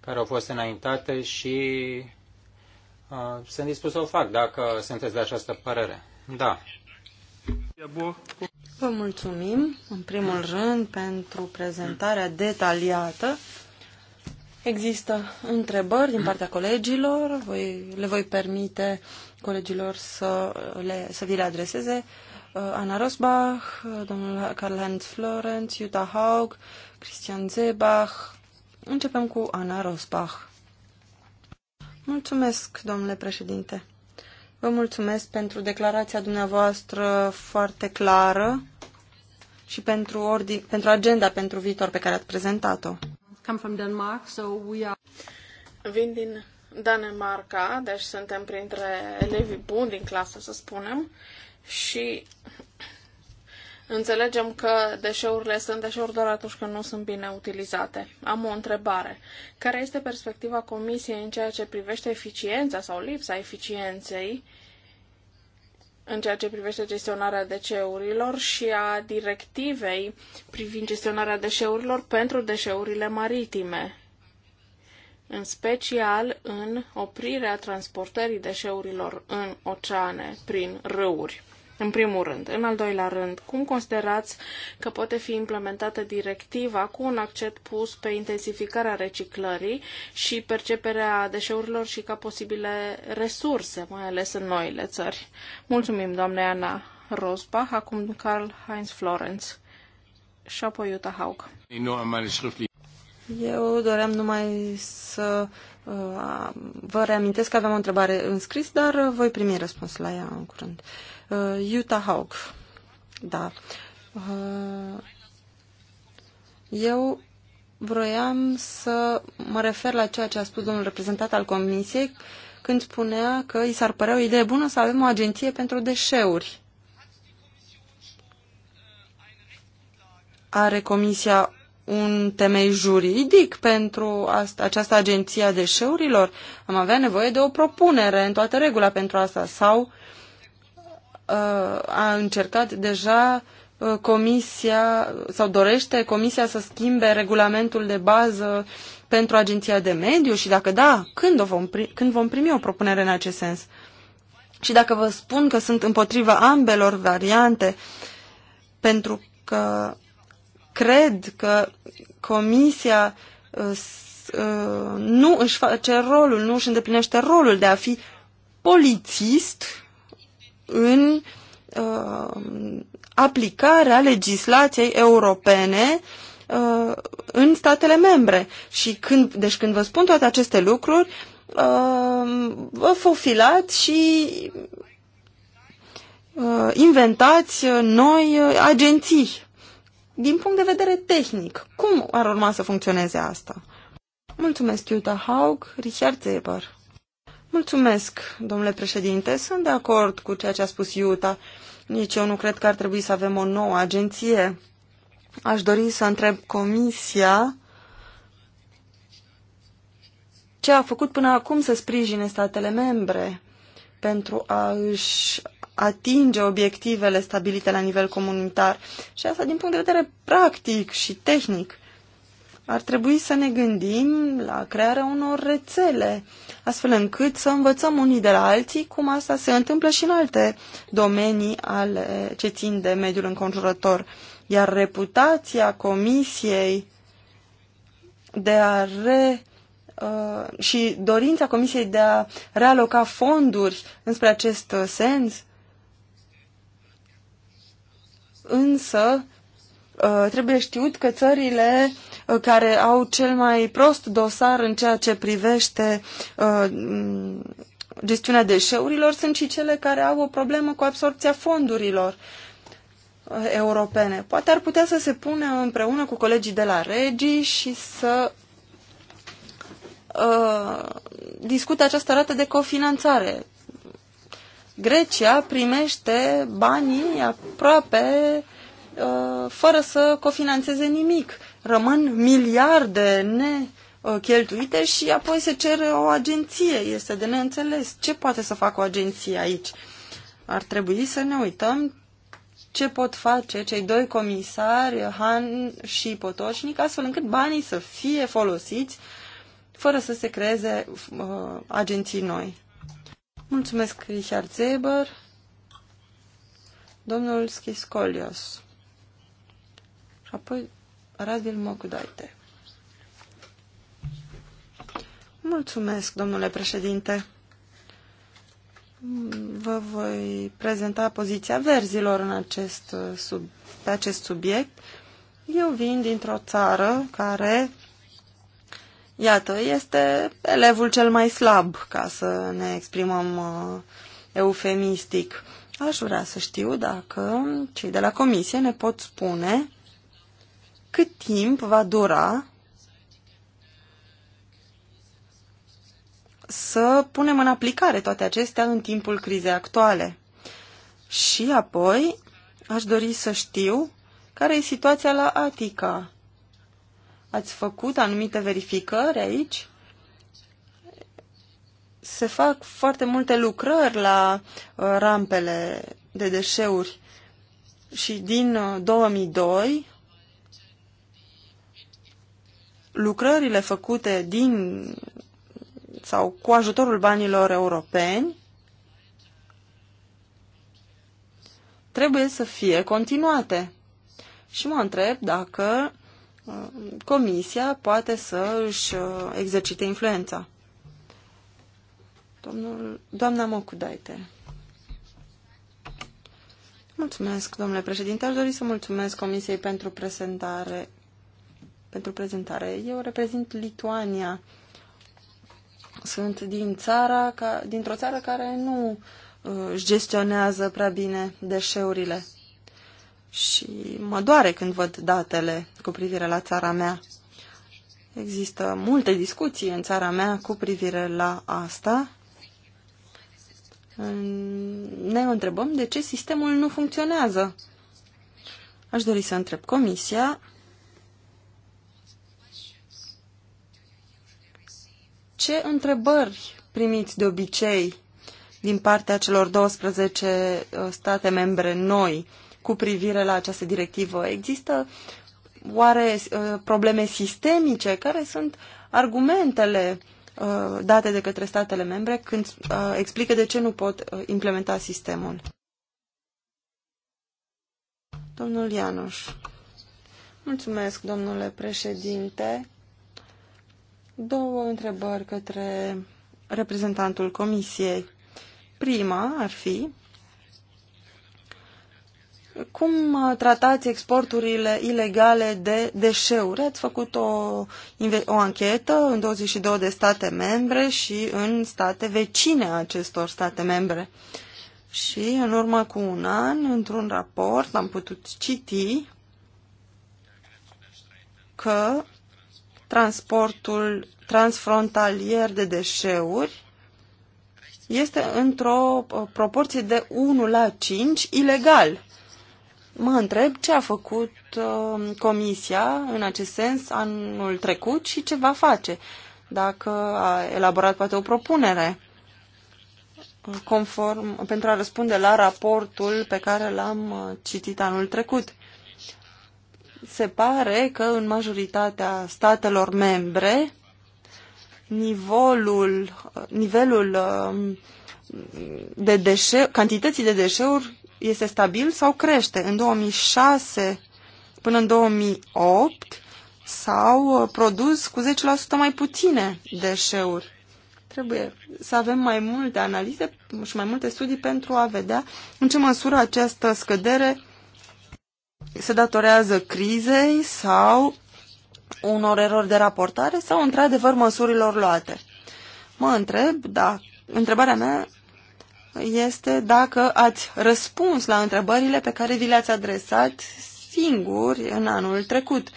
care au fost înaintate și uh, sunt dispus să o fac dacă sunteți de această părere. Da. Vă mulțumim, în primul rând, pentru prezentarea detaliată Există întrebări din partea colegilor, voi, le voi permite colegilor să, le, să vi le adreseze. Uh, Ana Rosbach, domnul Karl-Heinz Florenz, Jutta Haug, Christian Zebach. Începem cu Ana Rosbach. Mulțumesc, domnule președinte. Vă mulțumesc pentru declarația dumneavoastră foarte clară și pentru, ordin, pentru agenda pentru viitor pe care ați prezentat-o come from Denmark, so we are... Vin din Danemarca, deci suntem printre elevii buni din clasă, să spunem, și Înțelegem că deșeurile sunt deșeuri doar atunci când nu sunt bine utilizate. Am o întrebare. Care este perspectiva Comisiei în ceea ce privește eficiența sau lipsa eficienței în ceea ce privește gestionarea deșeurilor și a directivei privind gestionarea deșeurilor pentru deșeurile maritime, în special în oprirea transportării deșeurilor în oceane prin râuri în primul rând. În al doilea rând, cum considerați că poate fi implementată directiva cu un accent pus pe intensificarea reciclării și perceperea deșeurilor și ca posibile resurse, mai ales în noile țări? Mulțumim, doamne Ana Rosbach, acum Carl Heinz Florenz și apoi Iuta Haug. Eu doream numai să uh, vă reamintesc că aveam o întrebare înscris, dar voi primi răspuns la ea în curând. Uh, Uh, Utah Hawk. Da. Uh, eu vroiam să mă refer la ceea ce a spus domnul reprezentant al Comisiei când spunea că i s-ar părea o idee bună să avem o agenție pentru deșeuri. Are Comisia un temei juridic pentru asta, această agenție a deșeurilor? Am avea nevoie de o propunere în toată regula pentru asta sau uh, a încercat deja uh, Comisia sau dorește Comisia să schimbe regulamentul de bază pentru Agenția de Mediu și dacă da, când, o vom, primi, când vom primi o propunere în acest sens? Și dacă vă spun că sunt împotriva ambelor variante, pentru că cred că Comisia uh, uh, nu își face rolul, nu își îndeplinește rolul de a fi polițist în uh, aplicarea legislației europene uh, în statele membre. Și când, deci când vă spun toate aceste lucruri, uh, vă fofilați și uh, inventați noi uh, agenții. Din punct de vedere tehnic, cum ar urma să funcționeze asta? Mulțumesc, Iuta Haug, Richard Zeber. Mulțumesc, domnule președinte. Sunt de acord cu ceea ce a spus Iuta. Nici eu nu cred că ar trebui să avem o nouă agenție. Aș dori să întreb Comisia ce a făcut până acum să sprijine statele membre pentru a își atinge obiectivele stabilite la nivel comunitar. Și asta din punct de vedere practic și tehnic ar trebui să ne gândim la crearea unor rețele, astfel încât să învățăm unii de la alții cum asta se întâmplă și în alte domenii ale, ce țin de mediul înconjurător. Iar reputația Comisiei de a re, uh, și dorința Comisiei de a realoca fonduri înspre acest sens, însă Uh, trebuie știut că țările uh, care au cel mai prost dosar în ceea ce privește uh, mm, gestiunea deșeurilor sunt și cele care au o problemă cu absorpția fondurilor europene. Poate ar putea să se pună împreună cu colegii de la Regi și să uh, discute această rată de cofinanțare. Grecia primește banii aproape uh, Uh, fără să cofinanțeze nimic. Rămân miliarde ne cheltuite și apoi se cere o agenție. Este de neînțeles. Ce poate să facă o agenție aici? Ar trebui să ne uităm ce pot face cei doi comisari, Han și Potoșnic, astfel încât banii să fie folosiți fără să se creeze uh, agenții noi. Mulțumesc, Richard Zeber. Domnul Schiscolios. Apoi Radil Mogudaite. Mulțumesc, domnule președinte. Vă voi prezenta poziția verzilor în acest sub, pe acest subiect. Eu vin dintr-o țară care, iată, este elevul cel mai slab, ca să ne exprimăm uh, eufemistic. Aș vrea să știu dacă cei de la comisie ne pot spune cât timp va dura să punem în aplicare toate acestea în timpul crizei actuale. Și apoi aș dori să știu care e situația la Atica. Ați făcut anumite verificări aici? Se fac foarte multe lucrări la uh, rampele de deșeuri și din 2002 uh, lucrările făcute din sau cu ajutorul banilor europeni trebuie să fie continuate. Și mă întreb dacă uh, Comisia poate să își uh, exercite influența. Domnul, doamna Mocudaite. Mulțumesc, domnule președinte. Aș dori să mulțumesc Comisiei pentru prezentare pentru prezentare. Eu reprezint Lituania. Sunt din țara, ca, dintr-o țară care nu uh, gestionează prea bine deșeurile. Și mă doare când văd datele cu privire la țara mea. Există multe discuții în țara mea cu privire la asta. Ne întrebăm de ce sistemul nu funcționează. Aș dori să întreb Comisia Ce întrebări primiți de obicei din partea celor 12 uh, state membre noi cu privire la această directivă? Există oare uh, probleme sistemice? Care sunt argumentele uh, date de către statele membre când explică de ce nu pot implementa sistemul? Domnul Ianuș. Mulțumesc, domnule președinte. Două întrebări către reprezentantul Comisiei. Prima ar fi cum uh, tratați exporturile ilegale de deșeuri? Ați făcut o, o anchetă în 22 de state membre și în state vecine a acestor state membre. Și în urmă cu un an, într-un raport, am putut citi că transportul transfrontalier de deșeuri este într-o uh, proporție de 1 la 5 ilegal. Mă întreb ce a făcut uh, Comisia în acest sens anul trecut și ce va face, dacă a elaborat poate o propunere conform, pentru a răspunde la raportul pe care l-am uh, citit anul trecut se pare că în majoritatea statelor membre nivelul, nivelul um, de deșe, cantității de deșeuri este stabil sau crește. În 2006 până în 2008 s-au uh, produs cu 10% mai puține deșeuri. Trebuie să avem mai multe analize și mai multe studii pentru a vedea în ce măsură această scădere se datorează crizei sau unor erori de raportare sau, într-adevăr, măsurilor luate. Mă întreb, da, întrebarea mea este dacă ați răspuns la întrebările pe care vi le-ați adresat singuri în anul trecut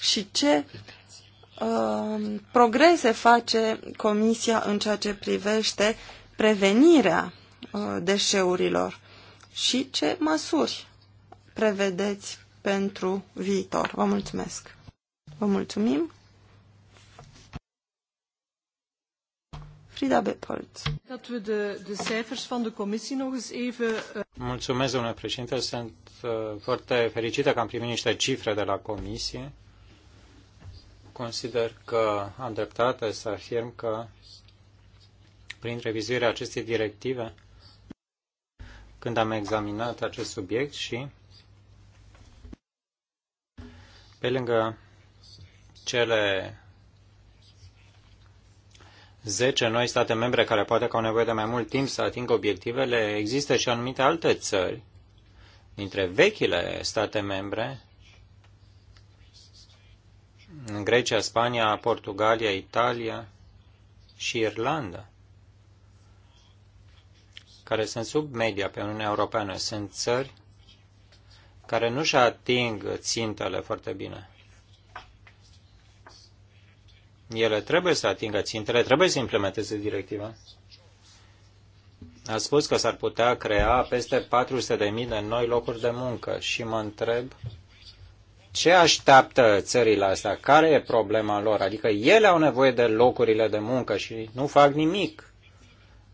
și ce uh, progrese face Comisia în ceea ce privește prevenirea uh, deșeurilor și ce măsuri prevedeți pentru viitor? Vă mulțumesc! Vă mulțumim! Frida Beppold. Dat we de, de cijfers van de commissie nog eens even... Eh, mulțumesc, domnule președinte. Sunt uh, foarte fericită că am primit niște cifre de la comisie. Consider că am dreptate să afirm că prin revizuirea acestei directive, când am examinat acest subiect și pe lângă cele 10 noi state membre care poate că au nevoie de mai mult timp să atingă obiectivele, există și anumite alte țări dintre vechile state membre, în Grecia, Spania, Portugalia, Italia și Irlanda, care sunt sub media pe Uniunea Europeană. Sunt țări care nu și ating țintele foarte bine. Ele trebuie să atingă țintele, trebuie să implementeze directiva. A spus că s-ar putea crea peste 400.000 de noi locuri de muncă și mă întreb ce așteaptă țările astea, care e problema lor, adică ele au nevoie de locurile de muncă și nu fac nimic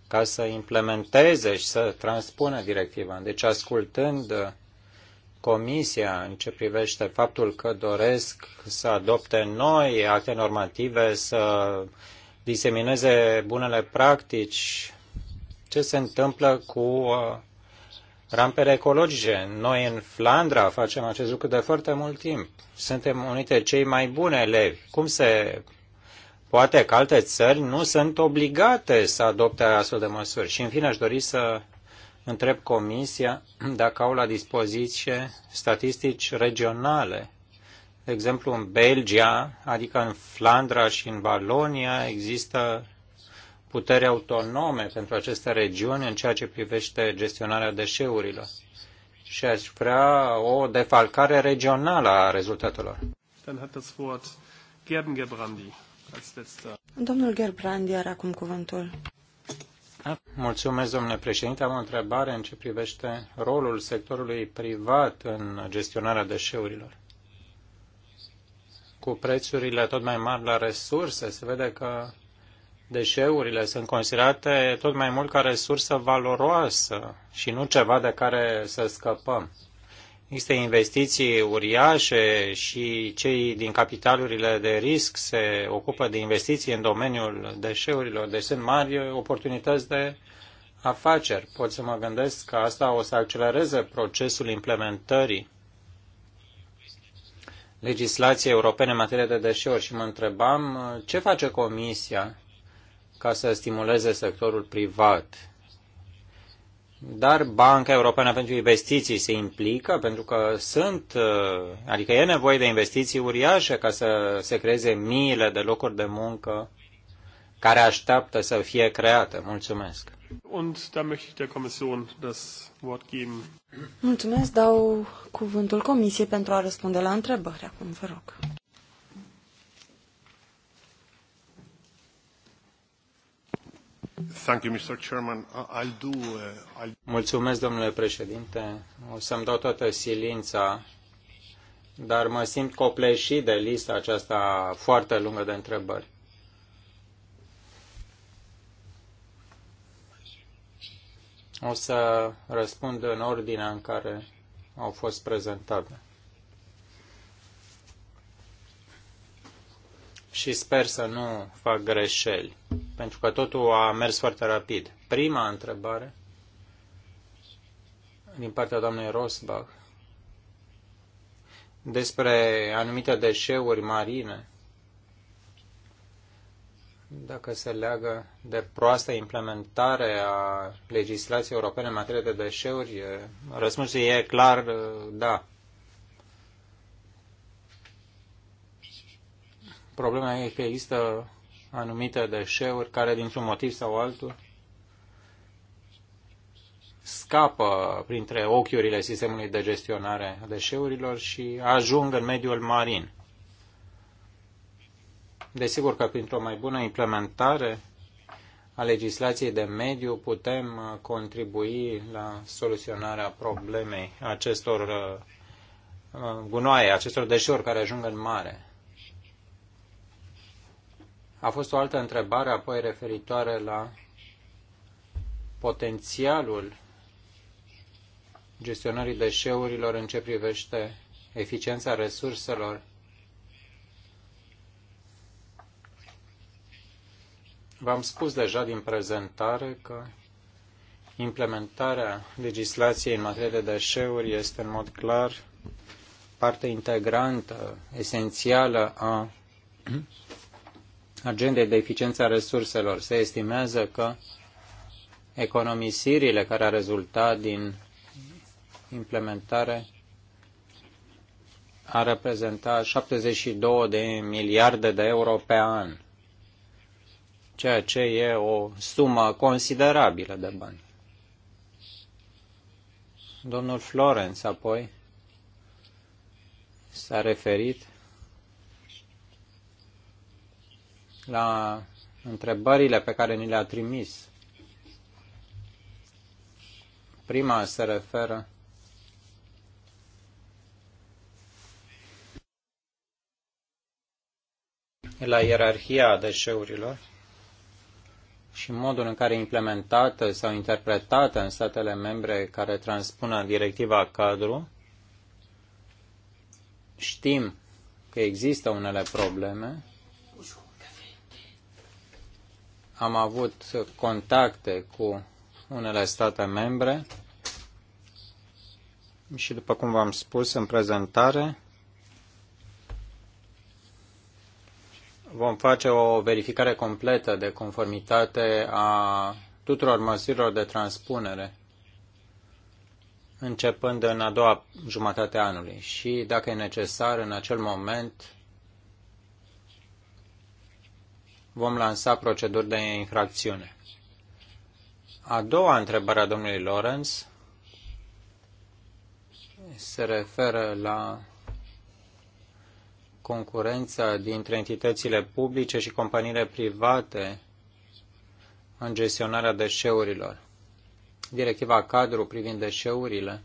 ca să implementeze și să transpună directiva. Deci ascultând Comisia în ce privește faptul că doresc să adopte noi acte normative, să disemineze bunele practici, ce se întâmplă cu uh, rampele ecologice. Noi în Flandra facem acest lucru de foarte mult timp. Suntem unite cei mai buni elevi. Cum se poate că alte țări nu sunt obligate să adopte astfel de măsuri? Și în fine aș dori să întreb Comisia dacă au la dispoziție statistici regionale. De exemplu, în Belgia, adică în Flandra și în Valonia, există puteri autonome pentru aceste regiuni în ceea ce privește gestionarea deșeurilor. Și aș vrea o defalcare regională a rezultatelor. Domnul Gerbrandi are acum cuvântul. Mulțumesc, domnule președinte. Am o întrebare în ce privește rolul sectorului privat în gestionarea deșeurilor. Cu prețurile tot mai mari la resurse, se vede că deșeurile sunt considerate tot mai mult ca resursă valoroasă și nu ceva de care să scăpăm. Există investiții uriașe și cei din capitalurile de risc se ocupă de investiții în domeniul deșeurilor, deci sunt mari oportunități de afaceri. Pot să mă gândesc că asta o să accelereze procesul implementării legislației europene în materie de deșeuri și mă întrebam ce face Comisia ca să stimuleze sectorul privat dar Banca Europeană pentru Investiții se implică pentru că sunt, uh, adică e nevoie de investiții uriașe ca să se creeze miile de locuri de muncă care așteaptă să fie create. Mulțumesc. Und da möchte ich der Kommission das Wort geben. Mulțumesc, dau cuvântul Comisiei pentru a răspunde la întrebări. Acum vă rog. Uh, Mulțumesc, domnule președinte. O să-mi dau toată silința, dar mă simt copleșit de lista aceasta foarte lungă de întrebări. O să răspund în ordinea în care au fost prezentate. și sper să nu fac greșeli, pentru că totul a mers foarte rapid. Prima întrebare din partea doamnei Rosbach despre anumite deșeuri marine, dacă se leagă de proastă implementare a legislației europene în materie de deșeuri, răspunsul e clar da. Problema e că există anumite deșeuri care, dintr-un motiv sau altul, scapă printre ochiurile sistemului de gestionare a deșeurilor și ajung în mediul marin. Desigur că printr-o mai bună implementare a legislației de mediu putem contribui la soluționarea problemei acestor uh, gunoaie, acestor deșeuri care ajung în mare. A fost o altă întrebare apoi referitoare la potențialul gestionării deșeurilor în ce privește eficiența resurselor. V-am spus deja din prezentare că implementarea legislației în materie de deșeuri este în mod clar parte integrantă, esențială a agendei de eficiență a resurselor. Se estimează că economisirile care au rezultat din implementare a reprezenta 72 de miliarde de euro pe an, ceea ce e o sumă considerabilă de bani. Domnul Florence apoi s-a referit la întrebările pe care ni le-a trimis. Prima se referă la ierarhia deșeurilor și modul în care implementată sau interpretată în statele membre care transpună directiva cadru, știm că există unele probleme am avut contacte cu unele state membre și, după cum v-am spus în prezentare, vom face o verificare completă de conformitate a tuturor măsurilor de transpunere începând în a doua jumătate a anului și, dacă e necesar, în acel moment vom lansa proceduri de infracțiune. A doua întrebare a domnului Lorenz se referă la concurența dintre entitățile publice și companiile private în gestionarea deșeurilor. Directiva cadru privind deșeurile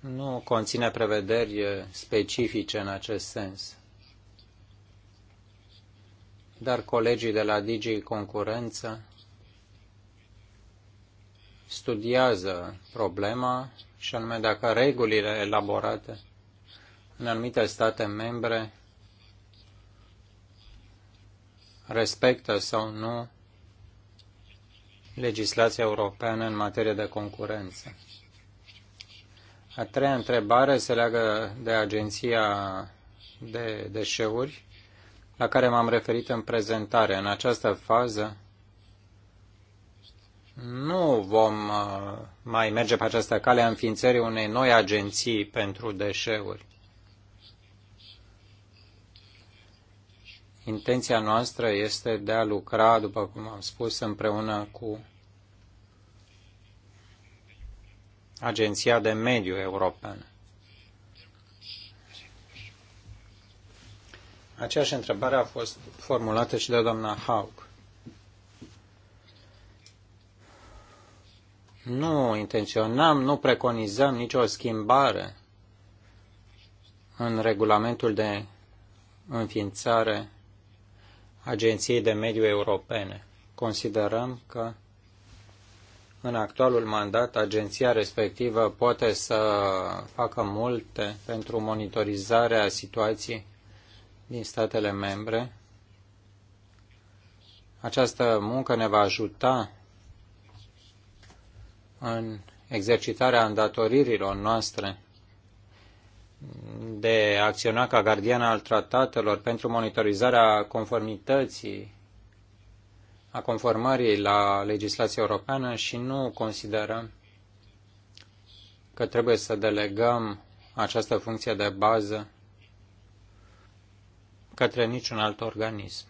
nu conține prevederi specifice în acest sens dar colegii de la Digi Concurență studiază problema și anume dacă regulile elaborate în anumite state membre respectă sau nu legislația europeană în materie de concurență. A treia întrebare se leagă de agenția de deșeuri la care m-am referit în prezentare. În această fază nu vom uh, mai merge pe această cale a înființării unei noi agenții pentru deșeuri. Intenția noastră este de a lucra, după cum am spus, împreună cu Agenția de Mediu Europeană. Aceeași întrebare a fost formulată și de doamna Haug. Nu intenționăm, nu preconizăm nicio schimbare în regulamentul de înființare Agenției de Mediu Europene. Considerăm că în actualul mandat agenția respectivă poate să facă multe pentru monitorizarea situației din statele membre. Această muncă ne va ajuta în exercitarea îndatoririlor noastre de a acționa ca gardian al tratatelor pentru monitorizarea conformității, a conformării la legislația europeană și nu considerăm că trebuie să delegăm această funcție de bază către niciun alt organism.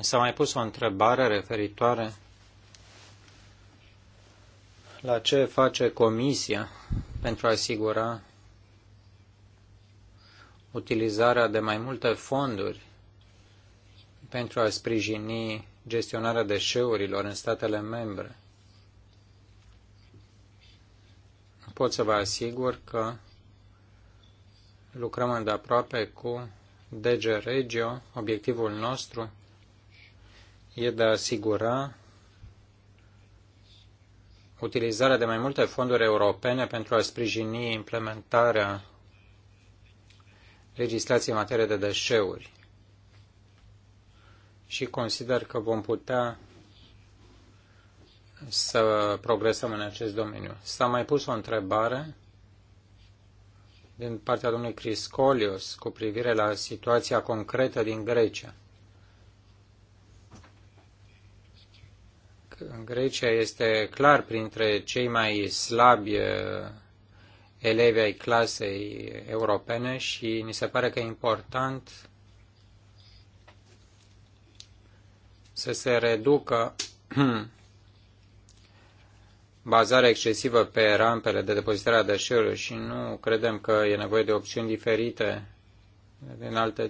S-a mai pus o întrebare referitoare la ce face Comisia pentru a asigura utilizarea de mai multe fonduri pentru a sprijini gestionarea deșeurilor în statele membre. Pot să vă asigur că lucrăm îndeaproape cu DG Regio. Obiectivul nostru e de a asigura utilizarea de mai multe fonduri europene pentru a sprijini implementarea legislației în materie de deșeuri. Și consider că vom putea să progresăm în acest domeniu. S-a mai pus o întrebare din partea domnului Criscolios cu privire la situația concretă din Grecia. În Grecia este clar printre cei mai slabi eh, elevi ai clasei europene și ni se pare că e important să se reducă bazarea excesivă pe rampele de depozitare a deșeurilor și nu credem că e nevoie de opțiuni diferite din alte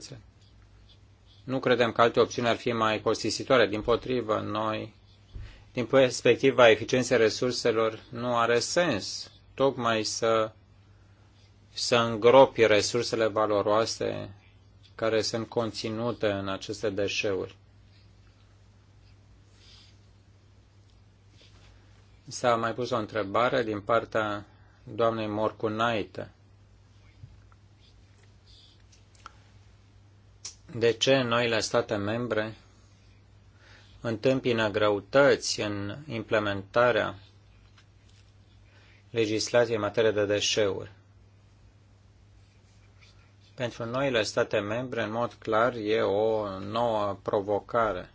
Nu credem că alte opțiuni ar fi mai costisitoare. Din potrivă, noi, din perspectiva eficienței resurselor, nu are sens tocmai să, să îngropi resursele valoroase care sunt conținute în aceste deșeuri. S-a mai pus o întrebare din partea doamnei Morcunaită. De ce noile state membre întâmpină greutăți în implementarea legislației în materie de deșeuri? Pentru noile state membre, în mod clar, e o nouă provocare.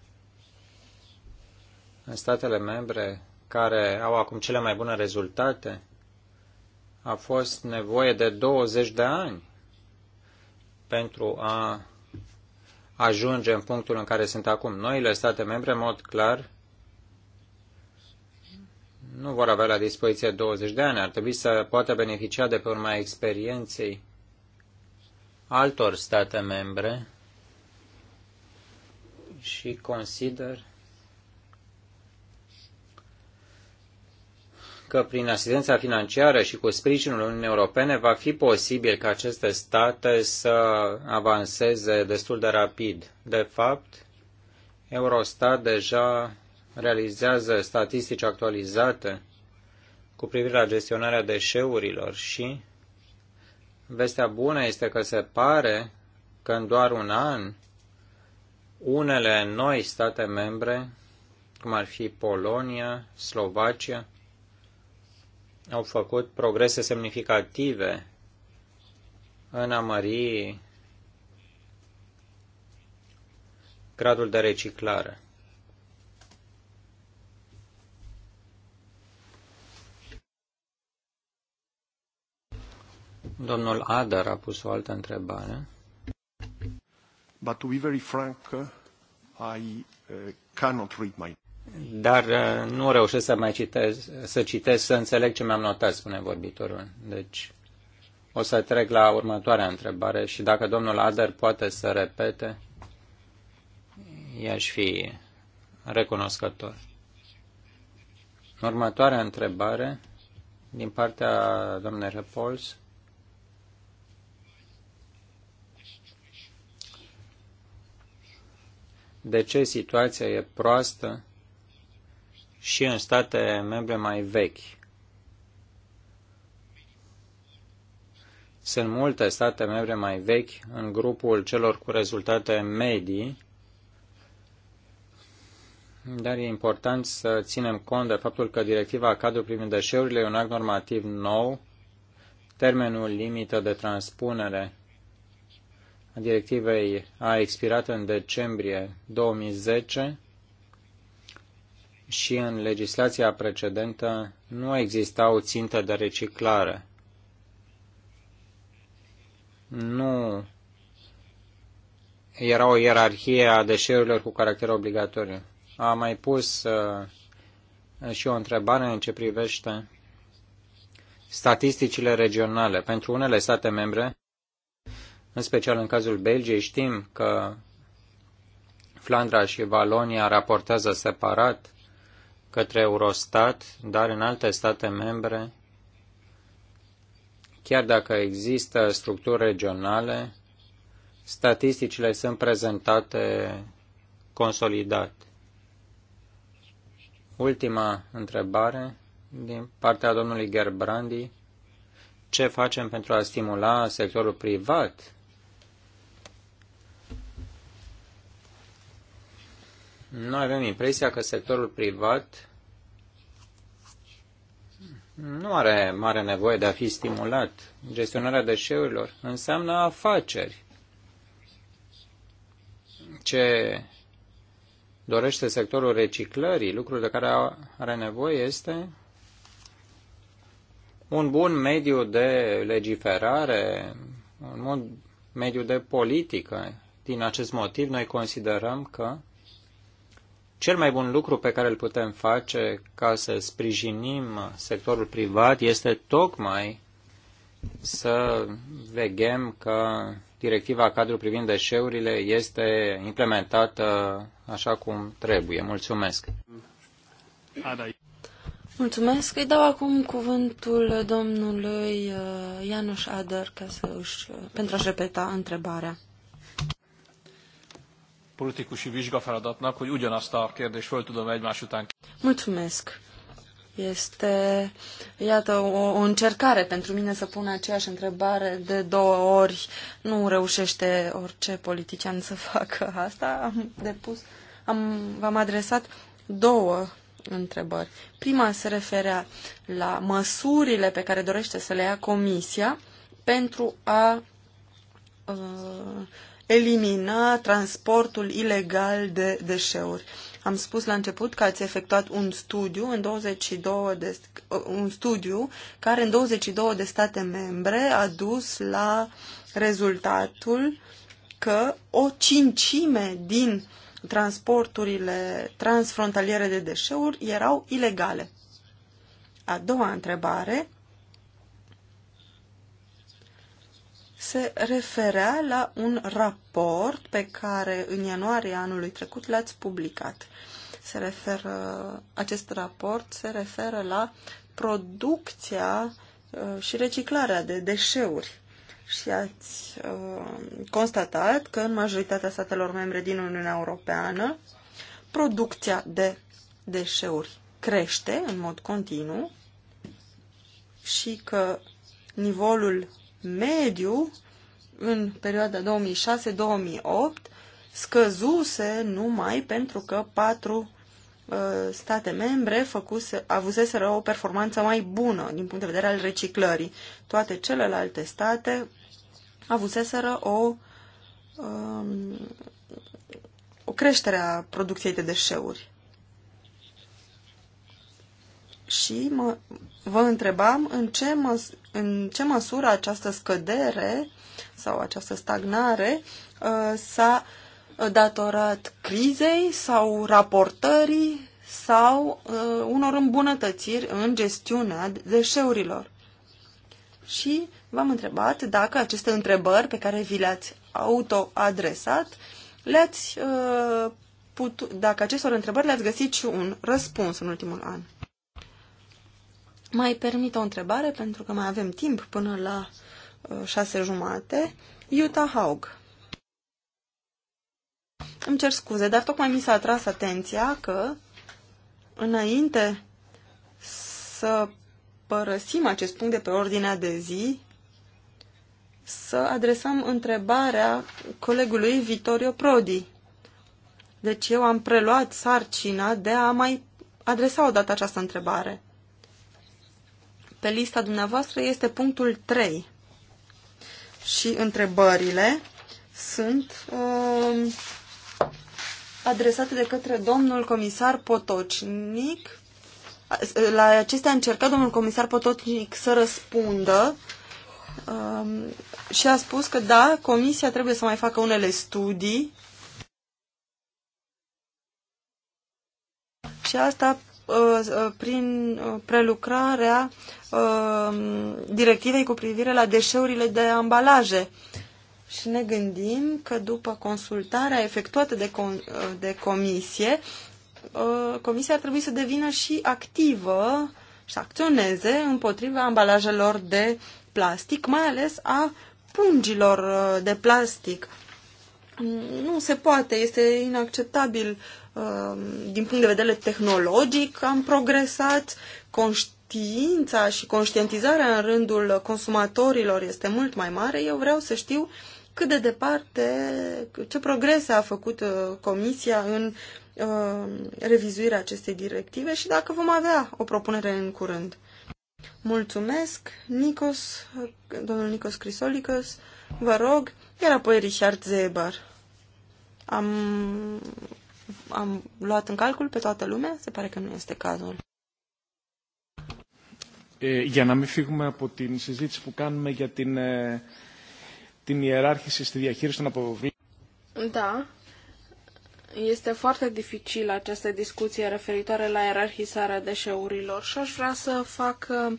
În statele membre care au acum cele mai bune rezultate, a fost nevoie de 20 de ani pentru a ajunge în punctul în care sunt acum. Noile state membre, în mod clar, nu vor avea la dispoziție 20 de ani. Ar trebui să poată beneficia de pe urma experienței altor state membre și consider că prin asistența financiară și cu sprijinul Uniunii Europene va fi posibil ca aceste state să avanseze destul de rapid. De fapt, Eurostat deja realizează statistici actualizate cu privire la gestionarea deșeurilor și vestea bună este că se pare că în doar un an unele noi state membre, cum ar fi Polonia, Slovacia, au făcut progrese semnificative în a mări gradul de reciclare. Domnul Adar a pus o altă întrebare. But to be very frank, I uh, cannot read my dar uh, nu reușesc să mai citesc, să citesc, să înțeleg ce mi-am notat, spune vorbitorul. Deci o să trec la următoarea întrebare și dacă domnul Ader poate să repete, i-aș fi recunoscător. Următoarea întrebare din partea domnului Repols. De ce situația e proastă și în state membre mai vechi. Sunt multe state membre mai vechi în grupul celor cu rezultate medii, dar e important să ținem cont de faptul că directiva cadru privind deșeurile e un act normativ nou, termenul limită de transpunere a directivei a expirat în decembrie 2010, și în legislația precedentă nu exista o țintă de reciclare. Nu era o ierarhie a deșeurilor cu caracter obligatoriu. Am mai pus uh, și o întrebare în ce privește statisticile regionale. Pentru unele state membre, în special în cazul Belgiei, știm că Flandra și Valonia raportează separat către Eurostat, dar în alte state membre, chiar dacă există structuri regionale, statisticile sunt prezentate consolidat. Ultima întrebare din partea domnului Gerbrandi. Ce facem pentru a stimula sectorul privat Noi avem impresia că sectorul privat nu are mare nevoie de a fi stimulat. Gestionarea deșeurilor înseamnă afaceri. Ce dorește sectorul reciclării, lucrul de care are nevoie este un bun mediu de legiferare, un bun mediu de politică. Din acest motiv, noi considerăm că cel mai bun lucru pe care îl putem face ca să sprijinim sectorul privat este tocmai să vegem că directiva cadru privind deșeurile este implementată așa cum trebuie. Mulțumesc! Mulțumesc. Îi dau acum cuvântul domnului uh, Ianuș Adăr ca să își, uh, pentru a-și repeta întrebarea politikusi vizsgafeladatnak, hogy ugyanazt a kérdést föl tudom egymás után. Mulțumesc! Este, iată, o, o încercare pentru mine să pun aceeași întrebare de două ori. Nu reușește orice politician să facă asta. Am depus, am, v-am adresat două întrebări. Prima se referea la măsurile pe care dorește să le ia Comisia pentru a uh, elimina transportul ilegal de deșeuri. Am spus la început că ați efectuat un studiu, în 22 de, uh, un studiu care în 22 de state membre a dus la rezultatul că o cincime din transporturile transfrontaliere de deșeuri erau ilegale. A doua întrebare se referea la un raport pe care în ianuarie anului trecut l-ați publicat. Se referă, acest raport se referă la producția uh, și reciclarea de deșeuri. Și ați uh, constatat că în majoritatea statelor membre din Uniunea Europeană producția de deșeuri crește în mod continuu și că nivelul mediu în perioada 2006-2008 scăzuse numai pentru că patru uh, state membre făcuse, avuseseră o performanță mai bună din punct de vedere al reciclării. Toate celelalte state avuseseră o, um, o creștere a producției de deșeuri și mă, vă întrebam în ce, măs, în ce măsură această scădere sau această stagnare uh, s-a uh, datorat crizei sau raportării sau uh, unor îmbunătățiri în gestiunea deșeurilor. Și v-am întrebat dacă aceste întrebări pe care vi le-ați autoadresat le-ați uh, putu- dacă acestor întrebări le-ați găsit și un răspuns în ultimul an. Mai permit o întrebare, pentru că mai avem timp până la uh, șase jumate. Utah Haug. Îmi cer scuze, dar tocmai mi s-a atras atenția că înainte să părăsim acest punct de pe ordinea de zi, să adresăm întrebarea colegului Vittorio Prodi. Deci eu am preluat sarcina de a mai adresa o dată această întrebare pe lista dumneavoastră este punctul 3. Și întrebările sunt uh, adresate de către domnul comisar Potocnic. La acestea a încercat domnul comisar Potocnic să răspundă uh, și a spus că da, comisia trebuie să mai facă unele studii și asta Uh, uh, prin uh, prelucrarea directivei cu privire la deșeurile de ambalaje. Și ne gândim că după consultarea efectuată de, com- de comisie, comisia ar trebui să devină și activă și acționeze împotriva ambalajelor de plastic, mai ales a pungilor de plastic. Nu se poate, este inacceptabil uh, Um, din punct de vedere tehnologic am progresat, conștiința și conștientizarea în rândul consumatorilor este mult mai mare. Eu vreau să știu cât de departe, ce progrese a făcut uh, Comisia în uh, revizuirea acestei directive și dacă vom avea o propunere în curând. Mulțumesc, Nicos, domnul Nicos Crisolicos, vă rog, iar apoi Richard Zebar. Am am luat în calcul pe toată lumea? Se pare că nu este cazul. Ε, για να μην φύγουμε από την συζήτηση που κάνουμε για την, ε, την ιεράρχηση στη διαχείριση των αποβλήτων. Ναι. Este foarte dificil această discuție referitoare la ierarhizarea deșeurilor și aș vrea să fac uh,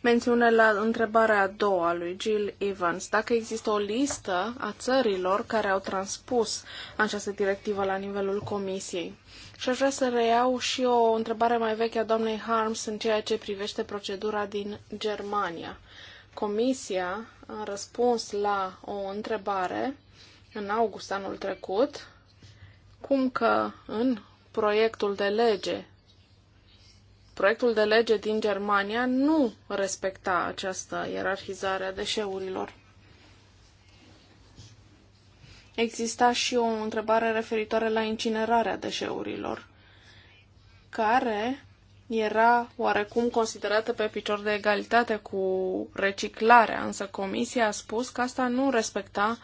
mențiune la întrebarea a doua lui Jill Evans. Dacă există o listă a țărilor care au transpus această directivă la nivelul Comisiei? Și aș vrea să reiau și o întrebare mai veche a doamnei Harms în ceea ce privește procedura din Germania. Comisia a răspuns la o întrebare în august anul trecut cum că în proiectul de lege, proiectul de lege din Germania nu respecta această ierarhizare a deșeurilor. Exista și o întrebare referitoare la incinerarea deșeurilor, care era oarecum considerată pe picior de egalitate cu reciclarea, însă comisia a spus că asta nu respecta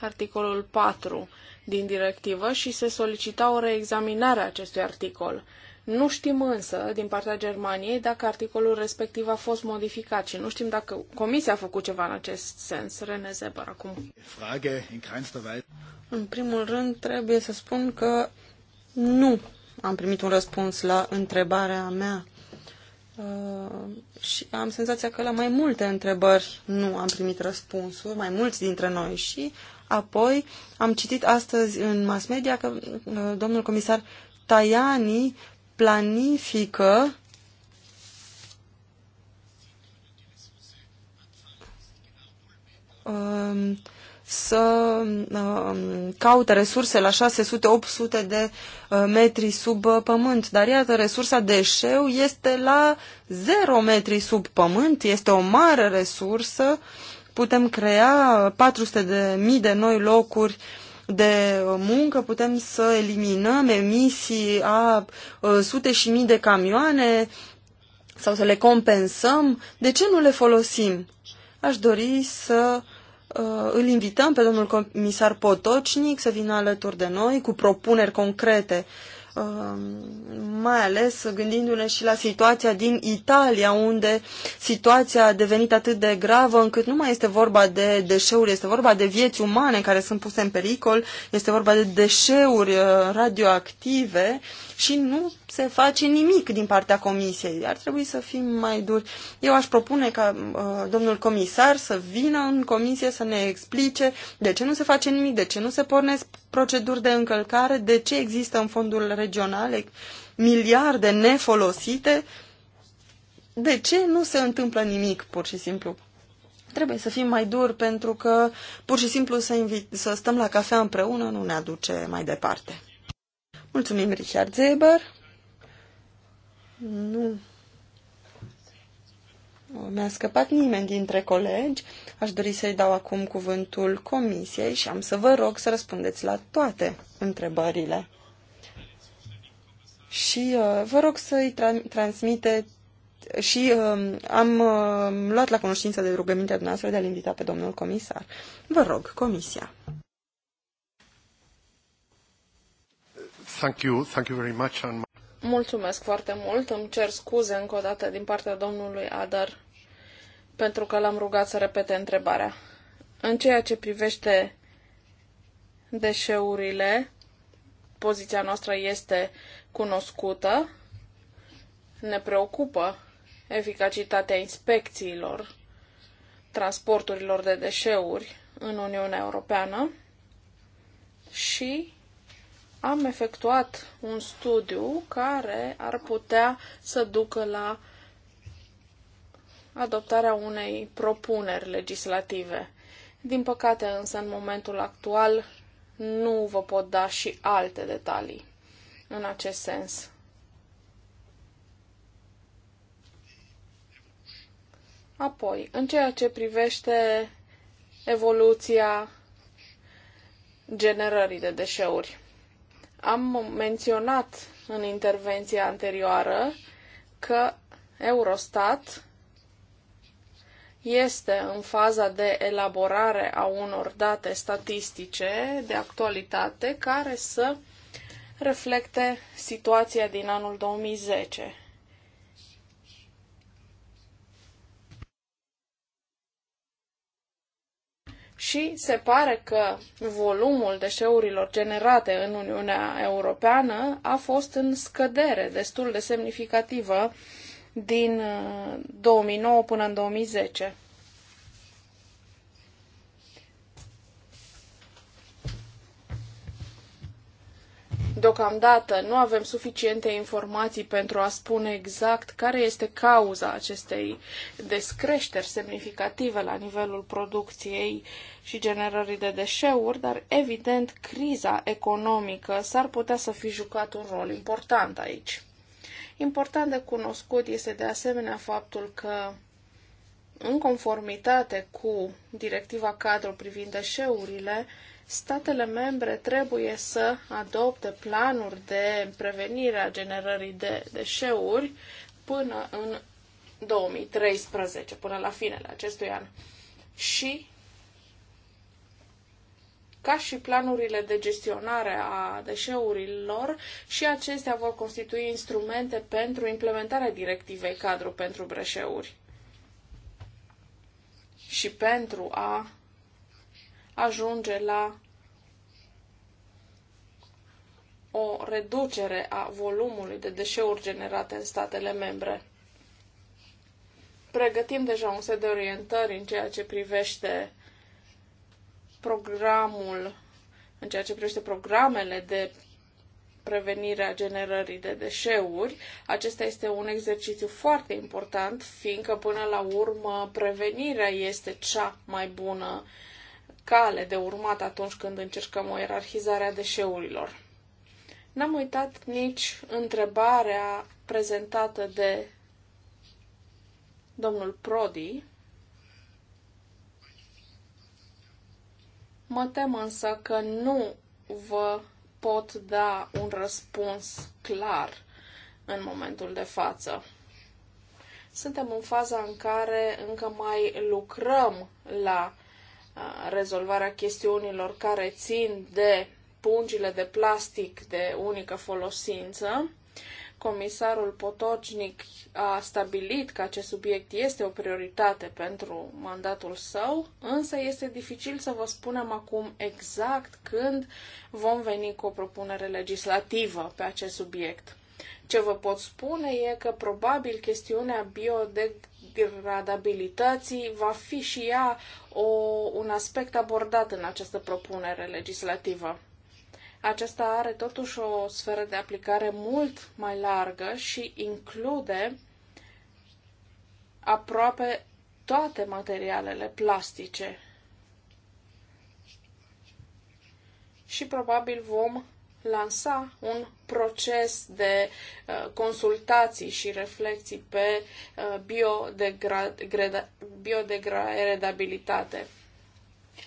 articolul 4 din directivă și se solicita o reexaminare a acestui articol. Nu știm însă, din partea Germaniei, dacă articolul respectiv a fost modificat și nu știm dacă Comisia a făcut ceva în acest sens. Rene Zeber, acum. În primul rând, trebuie să spun că nu am primit un răspuns la întrebarea mea Uh, și am senzația că la mai multe întrebări nu am primit răspunsuri, mai mulți dintre noi și Apoi am citit astăzi în mass media că uh, domnul comisar Tajani planifică um, să um, caute resurse la 600-800 de uh, metri sub uh, pământ. Dar iată, resursa deșeu este la 0 metri sub pământ, este o mare resursă uh, putem crea 400.000 de de noi locuri de muncă, putem să eliminăm emisii a ă, sute și mii de camioane sau să le compensăm. De ce nu le folosim? Aș dori să ă, îl invităm pe domnul comisar Potocnic să vină alături de noi cu propuneri concrete Um, mai ales gândindu-ne și la situația din Italia, unde situația a devenit atât de gravă încât nu mai este vorba de deșeuri, este vorba de vieți umane care sunt puse în pericol, este vorba de deșeuri uh, radioactive și nu se face nimic din partea comisiei. Ar trebui să fim mai duri. Eu aș propune ca uh, domnul comisar să vină în comisie să ne explice de ce nu se face nimic, de ce nu se pornesc proceduri de încălcare, de ce există în fondurile regionale miliarde nefolosite, de ce nu se întâmplă nimic, pur și simplu trebuie să fim mai duri pentru că pur și simplu să, invit, să stăm la cafea împreună nu ne aduce mai departe. Mulțumim, Richard Zeber. Nu. Mi-a scăpat nimeni dintre colegi. Aș dori să-i dau acum cuvântul comisiei și am să vă rog să răspundeți la toate întrebările. Și uh, vă rog să-i tra- transmite și uh, am uh, luat la cunoștință de rugămintea dumneavoastră de a-l invita pe domnul comisar. Vă rog, comisia. Thank you, thank you very much. Mulțumesc foarte mult. Îmi cer scuze încă o dată din partea domnului Adar pentru că l-am rugat să repete întrebarea. În ceea ce privește deșeurile, poziția noastră este cunoscută. Ne preocupă eficacitatea inspecțiilor transporturilor de deșeuri în Uniunea Europeană și am efectuat un studiu care ar putea să ducă la adoptarea unei propuneri legislative. Din păcate, însă, în momentul actual nu vă pot da și alte detalii în acest sens. Apoi, în ceea ce privește evoluția generării de deșeuri. Am menționat în intervenția anterioară că Eurostat este în faza de elaborare a unor date statistice de actualitate care să reflecte situația din anul 2010. și se pare că volumul deșeurilor generate în Uniunea Europeană a fost în scădere destul de semnificativă din 2009 uh, până în 2010. Deocamdată nu avem suficiente informații pentru a spune exact care este cauza acestei descreșteri semnificative la nivelul producției și generării de deșeuri, dar evident criza economică s-ar putea să fi jucat un rol important aici. Important de cunoscut este de asemenea faptul că în conformitate cu directiva cadru privind deșeurile, statele membre trebuie să adopte planuri de prevenire a generării de deșeuri până în 2013, până la finele acestui an. Și ca și planurile de gestionare a deșeurilor, și acestea vor constitui instrumente pentru implementarea directivei cadru pentru breșeuri și pentru a ajunge la o reducere a volumului de deșeuri generate în statele membre. Pregătim deja un set de orientări în ceea ce privește programul, în ceea ce privește programele de prevenirea generării de deșeuri. Acesta este un exercițiu foarte important, fiindcă până la urmă prevenirea este cea mai bună uh, cale de urmat atunci când încercăm o ierarhizare a deșeurilor. N-am uitat nici întrebarea prezentată de domnul Prodi. Mă tem însă că nu vă pot da un răspuns clar în momentul de față. Suntem în faza în care încă mai lucrăm la rezolvarea chestiunilor care țin de pungile de plastic de unică folosință. Comisarul Potocnic a stabilit că acest subiect este o prioritate pentru mandatul său, însă este dificil să vă spunem acum exact când vom veni cu o propunere legislativă pe acest subiect. Ce vă pot spune e că probabil chestiunea biodeg- biodegradabilității va fi și ea o, un aspect abordat în această propunere legislativă. Aceasta are totuși o sferă de aplicare mult mai largă și include aproape toate materialele plastice. Și probabil vom lansa un proces de uh, consultații și reflexii pe uh, biodegradabilitate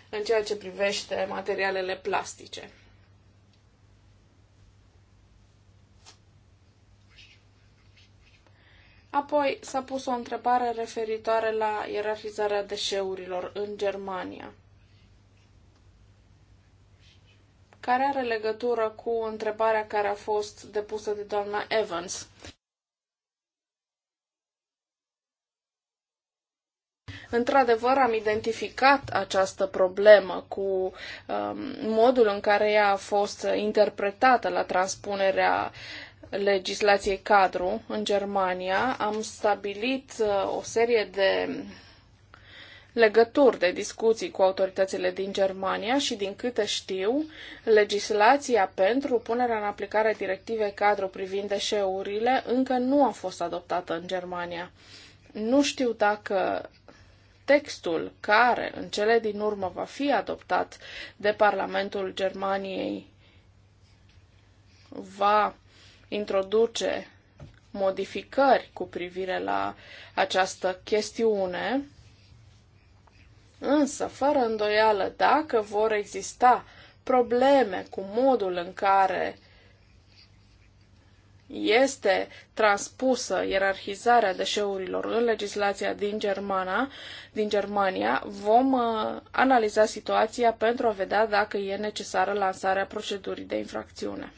în ceea ce privește materialele plastice. Apoi s-a pus o întrebare referitoare la ierarhizarea deșeurilor în Germania. care are legătură cu întrebarea care a fost depusă de doamna Evans. Într-adevăr, am identificat această problemă cu um, modul în care ea a fost interpretată la transpunerea legislației cadru în Germania. Am stabilit uh, o serie de legături de discuții cu autoritățile din Germania și, din câte știu, legislația pentru punerea în aplicare directivei cadru privind deșeurile încă nu a fost adoptată în Germania. Nu știu dacă textul care, în cele din urmă, va fi adoptat de Parlamentul Germaniei va introduce modificări cu privire la această chestiune Însă, fără îndoială, dacă vor exista probleme cu modul în care este transpusă ierarhizarea deșeurilor în legislația din, Germana, din Germania, vom uh, analiza situația pentru a vedea dacă e necesară lansarea procedurii de infracțiune.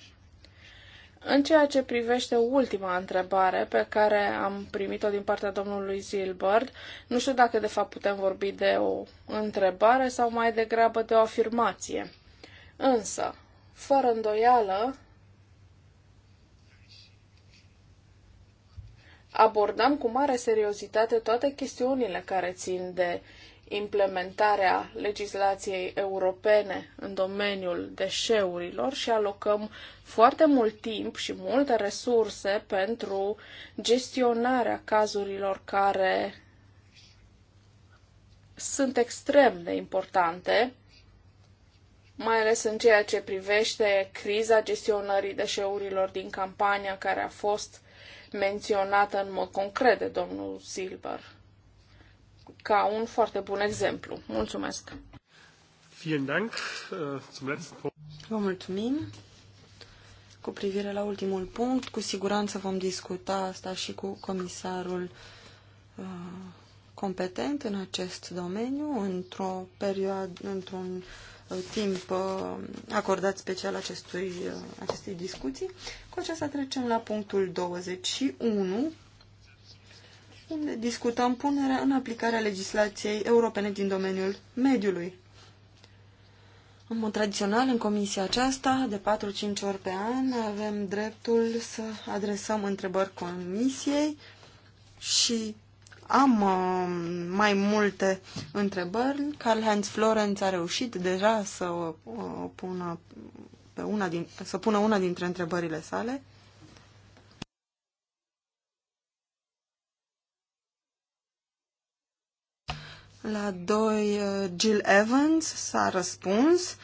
În ceea ce privește ultima întrebare pe care am primit-o din partea domnului Zilbert, nu știu dacă de fapt putem vorbi de o întrebare sau mai degrabă de o afirmație. Însă, fără îndoială, abordăm cu mare seriozitate toate chestiunile care țin de implementarea legislației europene în domeniul deșeurilor și alocăm foarte mult timp și multe resurse pentru gestionarea cazurilor care sunt extrem de importante, mai ales în ceea ce privește criza gestionării deșeurilor din campania care a fost menționată în mod concret de domnul Silver ca un foarte bun exemplu. Mulțumesc! Äh, Vă mulțumim! Cu privire la ultimul punct, cu siguranță vom discuta asta și cu comisarul uh, competent în acest domeniu, într-o perioadă, într-un uh, timp uh, acordat special acestui, acestei discuții. Cu aceasta trecem la punctul 21, unde discutăm punerea în aplicare a legislației europene din domeniul mediului. În mod tradițional, în comisia aceasta, de 4-5 ori pe an, avem dreptul să adresăm întrebări comisiei și am uh, mai multe întrebări. Karl-Heinz Florenz a reușit deja să, uh, pună pe una din, să pună una dintre întrebările sale. La doi, uh, Jill Evans s-a răspuns,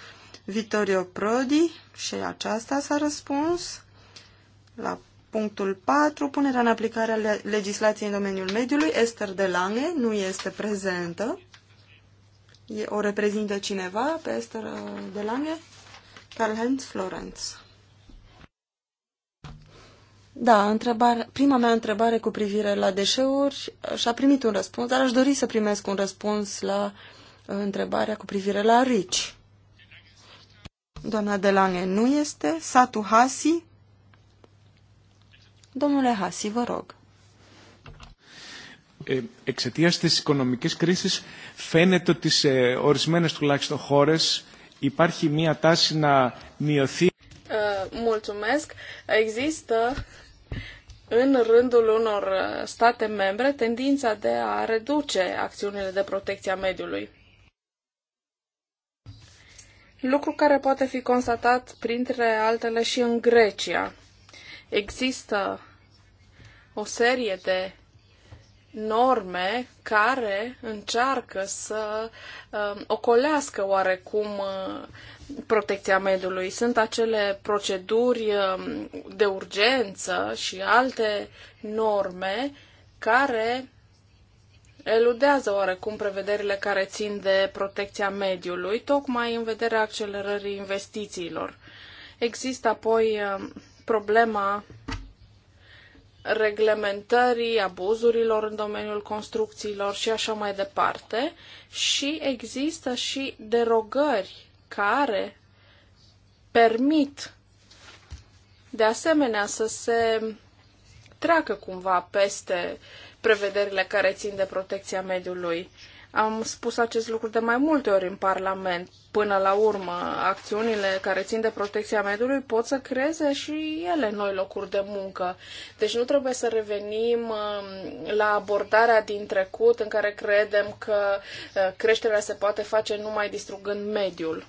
Vittorio Prodi și aceasta s-a răspuns. La punctul 4, punerea în aplicare a legislației în domeniul mediului, Esther de Lange nu este prezentă. O reprezintă cineva pe Esther uh, de Lange? Karl-Heinz Florenz. Da, întrebare, prima mea întrebare cu privire la deșeuri uh, și-a primit un răspuns, dar aș dori să primesc un răspuns la uh, întrebarea cu privire la RICI. Doamna Delange nu este, Satu Hasi. Domnule Hasi, vă rog. Εξαιτία τη οικονομική κρίση, φαίνεται ότι σε ορισμένε τουλάχιστον χώρε υπάρχει μία τάση να μειωθεί. Μουλτσουμέσκ, Există în rândul unor state membre tendința de a reduce acțiunile de protecție a mediului. Lucru care poate fi constatat printre altele și în Grecia. Există o serie de norme care încearcă să uh, ocolească oarecum uh, protecția mediului. Sunt acele proceduri um, de urgență și alte norme care eludează oarecum prevederile care țin de protecția mediului, tocmai în vederea accelerării investițiilor. Există apoi um, problema reglementării abuzurilor în domeniul construcțiilor și așa mai departe și există și derogări care permit de asemenea să se treacă cumva peste prevederile care țin de protecția mediului. Am spus acest lucru de mai multe ori în Parlament. Până la urmă, acțiunile care țin de protecția mediului pot să creeze și ele noi locuri de muncă. Deci nu trebuie să revenim um, la abordarea din trecut în care credem că uh, creșterea se poate face numai distrugând mediul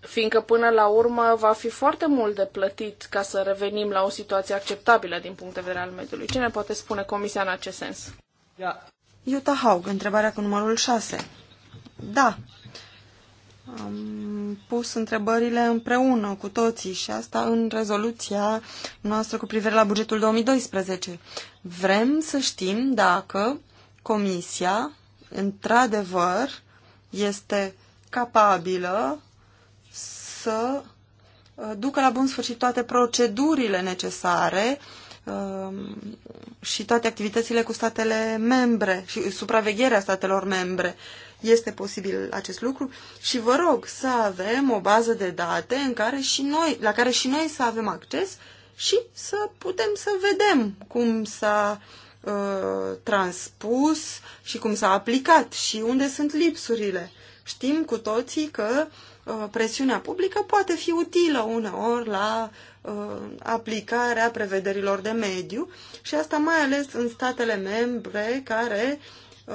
fiindcă până la urmă va fi foarte mult de plătit ca să revenim la o situație acceptabilă din punct de vedere al mediului. Ce ne poate spune Comisia în acest sens? Da. Iuta Haug, întrebarea cu numărul 6. Da. Am pus întrebările împreună cu toții și asta în rezoluția noastră cu privire la bugetul 2012. Vrem să știm dacă Comisia, într-adevăr, este capabilă să uh, ducă la bun sfârșit toate procedurile necesare um, și toate activitățile cu statele membre și supravegherea statelor membre. Este posibil acest lucru și vă rog să avem o bază de date în care și noi, la care și noi să avem acces și să putem să vedem cum s-a uh, transpus și cum s-a aplicat și unde sunt lipsurile. Știm cu toții că uh, Uh, presiunea publică poate fi utilă uneori la uh, aplicarea prevederilor de mediu și asta mai ales în statele membre care uh,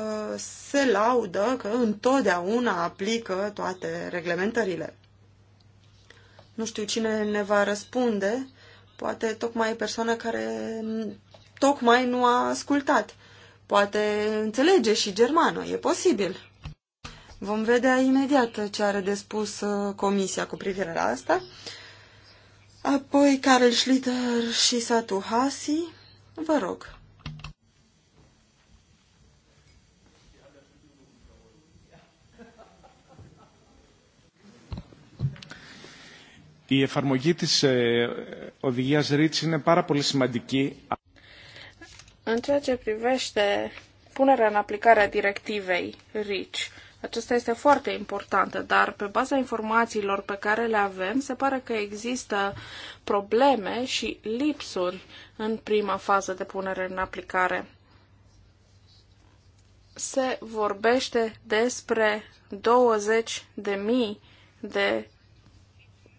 se laudă că întotdeauna aplică toate reglementările. Nu știu cine ne va răspunde, poate tocmai persoana care tocmai nu a ascultat. Poate înțelege și germană, e posibil. Vom vedea imediat ce are de spus uh, comisia cu privire la asta. Apoi Karel Schlitter și Satu Hasi, vă rog. Η εφαρμογή της ε, οδηγίας REACH είναι πάρα πολύ σημαντική. În ceea ce privește punerea în aplicare a directivei REACH, acesta este foarte importantă, dar pe baza informațiilor pe care le avem, se pare că există probleme și lipsuri în prima fază de punere în aplicare. Se vorbește despre 20.000 de mii de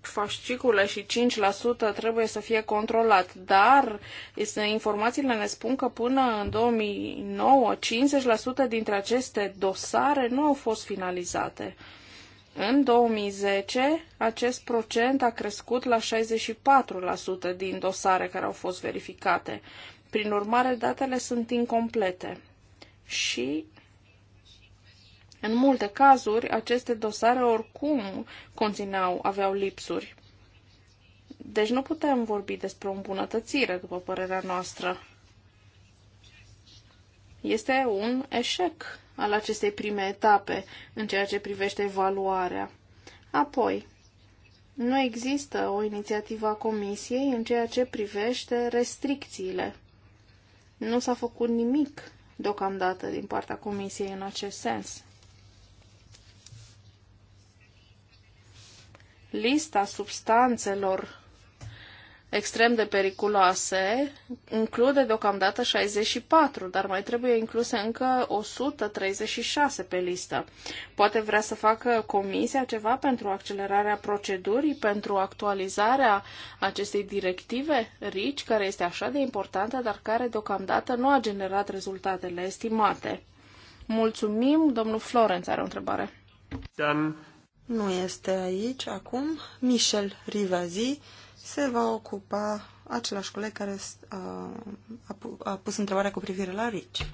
fascicule și 5% trebuie să fie controlat, dar este, informațiile ne spun că până în 2009 50% dintre aceste dosare nu au fost finalizate. În 2010, acest procent a crescut la 64% din dosare care au fost verificate. Prin urmare, datele sunt incomplete și în multe cazuri, aceste dosare oricum conțineau, aveau lipsuri. Deci nu putem vorbi despre o îmbunătățire, după părerea noastră. Este un eșec al acestei prime etape în ceea ce privește evaluarea. Apoi, nu există o inițiativă a Comisiei în ceea ce privește restricțiile. Nu s-a făcut nimic deocamdată din partea Comisiei în acest sens. lista substanțelor extrem de periculoase include deocamdată 64, dar mai trebuie incluse încă 136 pe listă. Poate vrea să facă comisia ceva pentru accelerarea procedurii, pentru actualizarea acestei directive RICI, care este așa de importantă, dar care deocamdată nu a generat rezultatele estimate. Mulțumim, domnul Florenț are o întrebare. Dan nu este aici acum. Michel Rivazi se va ocupa același coleg care uh, a pus întrebarea cu privire la RICI.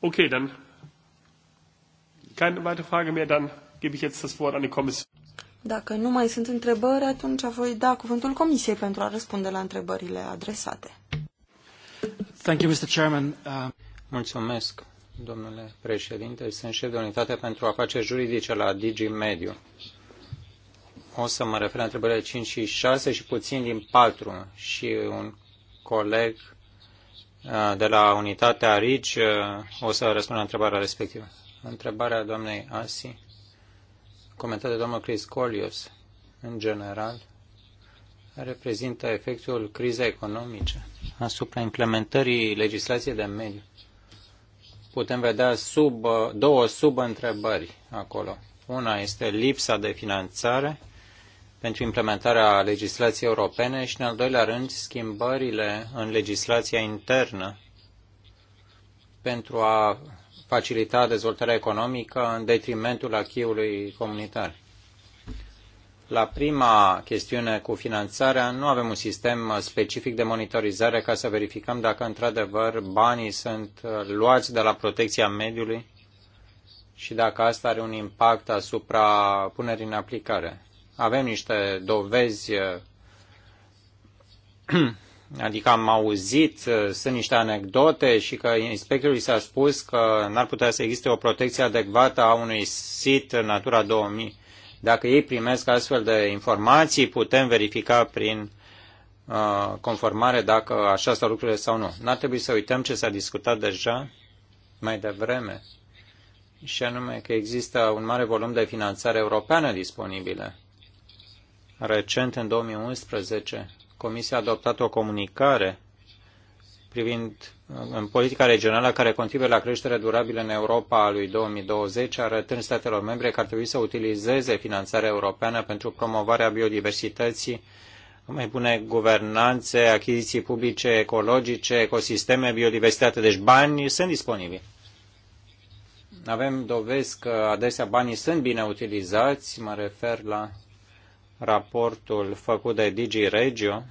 Okay, dann keine weitere Frage mehr. Dann gebe ich jetzt das Wort an die Kommission. Dacă nu mai sunt întrebări, atunci voi da cuvântul Comisiei pentru a răspunde la întrebările adresate. Thank you, Mr. Chairman. Uh... Mulțumesc, domnule președinte. Sunt șef de unitate pentru afaceri juridice la DG Mediu. O să mă refer la întrebările 5 și 6 și puțin din 4 și un coleg uh, de la unitatea RICI uh, o să răspundă la întrebarea respectivă. Întrebarea doamnei Asi comentat de domnul Chris Colius, în general, reprezintă efectul crizei economice asupra implementării legislației de mediu. Putem vedea sub, două sub-întrebări acolo. Una este lipsa de finanțare pentru implementarea legislației europene și, în al doilea rând, schimbările în legislația internă pentru a facilita dezvoltarea economică în detrimentul achiului comunitar. La prima chestiune cu finanțarea, nu avem un sistem specific de monitorizare ca să verificăm dacă într-adevăr banii sunt luați de la protecția mediului și dacă asta are un impact asupra punerii în aplicare. Avem niște dovezi Adică am auzit, uh, sunt niște anecdote și că inspectorului s-a spus că n-ar putea să existe o protecție adecvată a unui sit Natura 2000. Dacă ei primesc astfel de informații, putem verifica prin uh, conformare dacă așa stau lucrurile sau nu. N-ar trebui să uităm ce s-a discutat deja mai devreme, și anume că există un mare volum de finanțare europeană disponibilă. Recent, în 2011, Comisia a adoptat o comunicare privind în politica regională care contribuie la creștere durabilă în Europa a lui 2020, arătând statelor membre că ar trebui să utilizeze finanțarea europeană pentru promovarea biodiversității, mai bune guvernanțe, achiziții publice, ecologice, ecosisteme, biodiversitate. Deci banii sunt disponibili. Avem dovezi că adesea banii sunt bine utilizați, mă refer la raportul făcut de Digi Regio,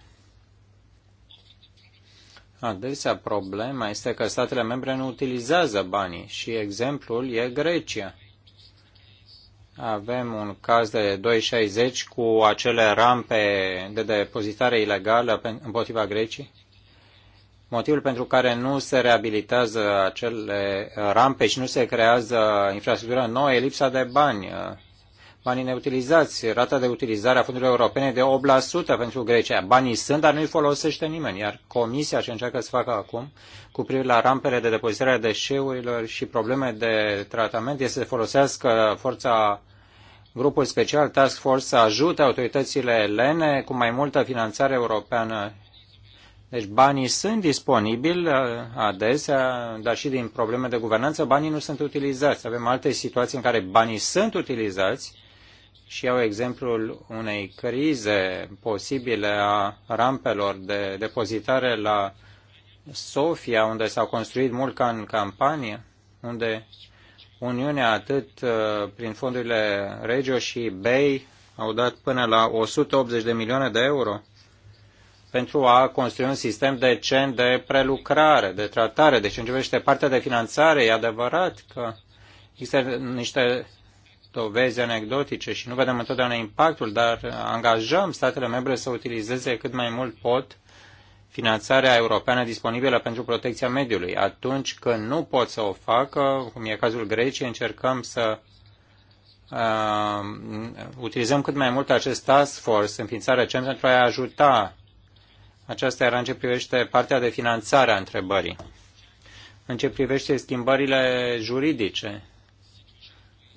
adesea problema este că statele membre nu utilizează banii și exemplul e Grecia. Avem un caz de 2,60 cu acele rampe de depozitare ilegală împotriva Greciei. Motivul pentru care nu se reabilitează acele rampe și nu se creează infrastructură nouă e lipsa de bani banii neutilizați. Rata de utilizare a fondurilor europene de 8% pentru Grecia. Banii sunt, dar nu-i folosește nimeni. Iar comisia ce încearcă să facă acum cu privire la rampele de depozitare a deșeurilor și probleme de tratament este să folosească forța grupul special Task Force să ajute autoritățile elene cu mai multă finanțare europeană. Deci banii sunt disponibili uh, adesea, dar și din probleme de guvernanță, banii nu sunt utilizați. Avem alte situații în care banii sunt utilizați, și iau exemplul unei crize posibile a rampelor de depozitare la Sofia, unde s-au construit mult ca în campanie, unde Uniunea atât uh, prin fondurile Regio și Bay au dat până la 180 de milioane de euro pentru a construi un sistem decent de prelucrare, de tratare. Deci, în ce partea de finanțare, e adevărat că există niște dovezi anecdotice și nu vedem întotdeauna impactul, dar angajăm statele membre să utilizeze cât mai mult pot finanțarea europeană disponibilă pentru protecția mediului. Atunci când nu pot să o facă, cum e cazul Greciei, încercăm să uh, utilizăm cât mai mult acest task force, înființarea CEM, pentru a ajuta. Aceasta era în ce privește partea de finanțare a întrebării. În ce privește schimbările juridice,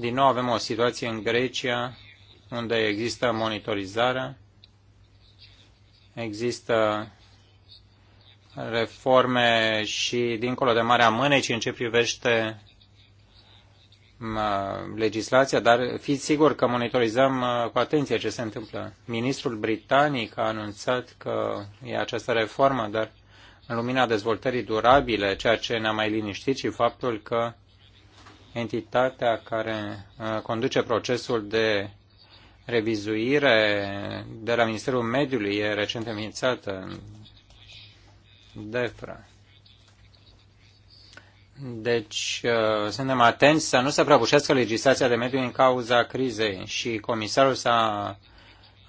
din nou avem o situație în Grecia unde există monitorizarea, există reforme și dincolo de marea Mânecii în ce privește legislația, dar fiți sigur că monitorizăm cu atenție ce se întâmplă. Ministrul britanic a anunțat că e această reformă, dar în lumina dezvoltării durabile, ceea ce ne-a mai liniștit și faptul că entitatea care uh, conduce procesul de revizuire de la Ministerul Mediului e recent înființată, DEFRA. Deci, uh, suntem atenți să nu se prăbușească legislația de mediu în cauza crizei și comisarul s-a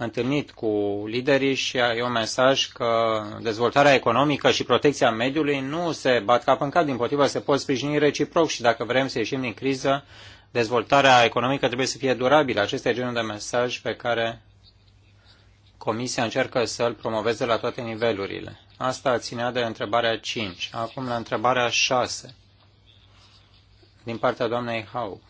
întâlnit cu liderii și e un mesaj că dezvoltarea economică și protecția mediului nu se bat cap în cap, din potriva se pot sprijini reciproc și dacă vrem să ieșim din criză, dezvoltarea economică trebuie să fie durabilă. Acesta e genul de mesaj pe care Comisia încearcă să-l promoveze la toate nivelurile. Asta ținea de întrebarea 5. Acum la întrebarea 6 din partea doamnei Hau.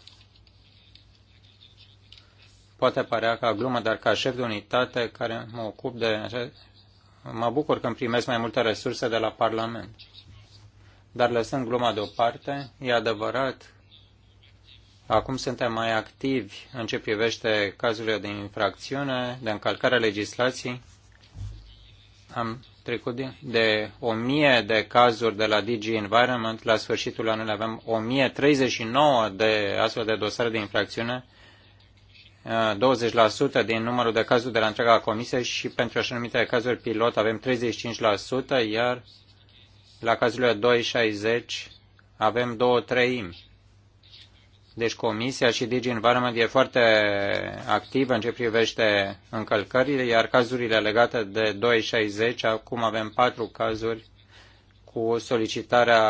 Poate părea ca glumă, dar ca șef de unitate care mă ocup de... Mă bucur când primesc mai multe resurse de la Parlament. Dar lăsând gluma deoparte, e adevărat Acum suntem mai activi în ce privește cazurile de infracțiune, de încălcare a legislației. Am trecut de, de 1000 de cazuri de la DG Environment. La sfârșitul anului avem 1039 de astfel de dosare de infracțiune 20% din numărul de cazuri de la întreaga comisie și pentru așa numite cazuri pilot avem 35%, iar la cazurile 2-60 avem două treimi. Deci Comisia și Digi Environment e foarte activă în ce privește încălcările, iar cazurile legate de 260, acum avem patru cazuri cu solicitarea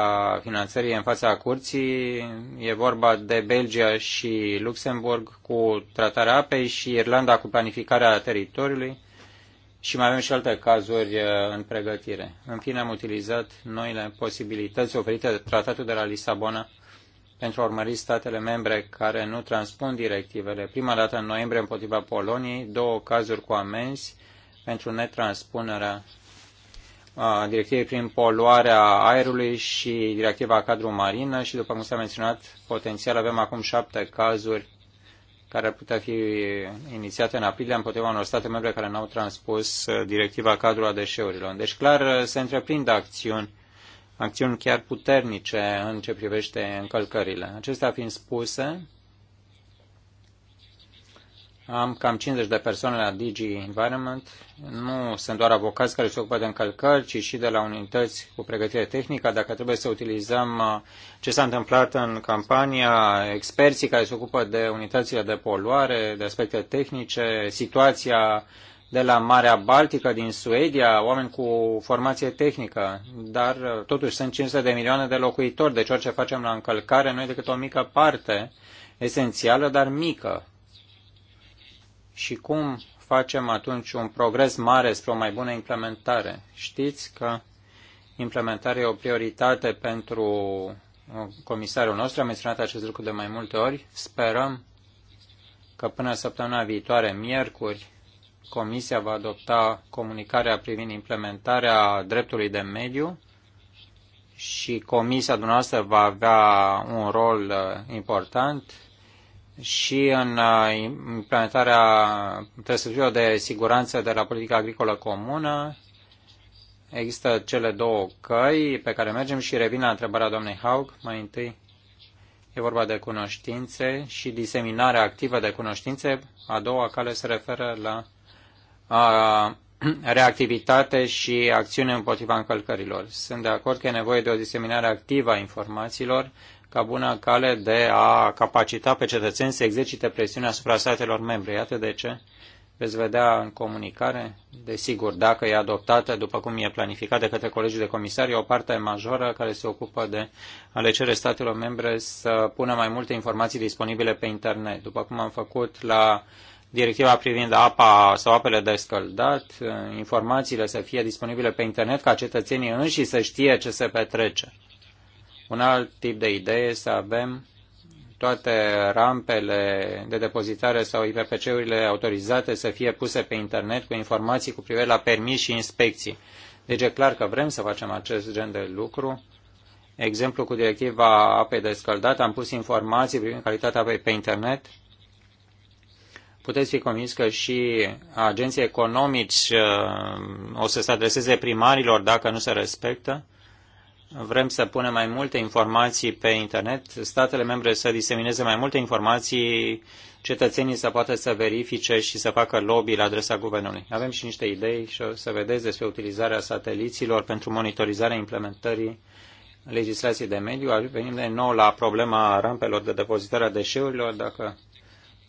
finanțării în fața curții. E vorba de Belgia și Luxemburg cu tratarea apei și Irlanda cu planificarea teritoriului și mai avem și alte cazuri uh, în pregătire. În fine, am utilizat noile posibilități oferite de Tratatul de la Lisabona pentru a urmări statele membre care nu transpun directivele. Prima dată în noiembrie împotriva Poloniei, două cazuri cu amenzi pentru netranspunerea a directivei prin poluarea aerului și directiva cadru marină și, după cum s-a menționat, potențial avem acum șapte cazuri care ar putea fi inițiate în aprilie împotriva unor state membre care n-au transpus uh, directiva cadru a deșeurilor. Deci, clar, uh, se întreprind acțiuni, acțiuni chiar puternice în ce privește încălcările. Acestea fiind spuse, am cam 50 de persoane la Digi Environment. Nu sunt doar avocați care se ocupă de încălcări, ci și de la unități cu pregătire tehnică. Dacă trebuie să utilizăm uh, ce s-a întâmplat în campania, experții care se ocupă de unitățile de poluare, de aspecte tehnice, situația de la Marea Baltică, din Suedia, oameni cu formație tehnică, dar uh, totuși sunt 500 de milioane de locuitori, deci orice facem la încălcare, noi decât o mică parte, esențială, dar mică și cum facem atunci un progres mare spre o mai bună implementare. Știți că implementarea e o prioritate pentru uh, comisarul nostru, Am menționat acest lucru de mai multe ori. Sperăm că până săptămâna viitoare, miercuri, Comisia va adopta comunicarea privind implementarea dreptului de mediu și Comisia dumneavoastră va avea un rol uh, important și în uh, implementarea trăsăturilor de siguranță de la politica agricolă comună. Există cele două căi pe care mergem și revin la întrebarea doamnei Haug. Mai întâi e vorba de cunoștințe și diseminarea activă de cunoștințe. A doua cale se referă la a, reactivitate și acțiune împotriva încălcărilor. Sunt de acord că e nevoie de o diseminare activă a informațiilor ca bună cale de a capacita pe cetățeni să exercite presiunea asupra statelor membre. Iată de ce veți vedea în comunicare, desigur, dacă e adoptată, după cum e planificată, de către colegii de Comisari, e o parte majoră care se ocupă de a le cere statelor membre să pună mai multe informații disponibile pe internet, după cum am făcut la directiva privind apa sau apele de scăldat, informațiile să fie disponibile pe internet ca cetățenii înși să știe ce se petrece. Un alt tip de idee este să avem toate rampele de depozitare sau IPPC-urile autorizate să fie puse pe internet cu informații cu privire la permis și inspecții. Deci e clar că vrem să facem acest gen de lucru. Exemplu cu directiva apei de scăldat, am pus informații privind calitatea apei pe internet. Puteți fi convins că și agenții economici uh, o să se adreseze primarilor dacă nu se respectă vrem să punem mai multe informații pe internet, statele membre să disemineze mai multe informații, cetățenii să poată să verifice și să facă lobby la adresa guvernului. Avem și niște idei și o să vedeți despre utilizarea sateliților pentru monitorizarea implementării legislației de mediu. Venim de nou la problema rampelor de depozitare a deșeurilor, dacă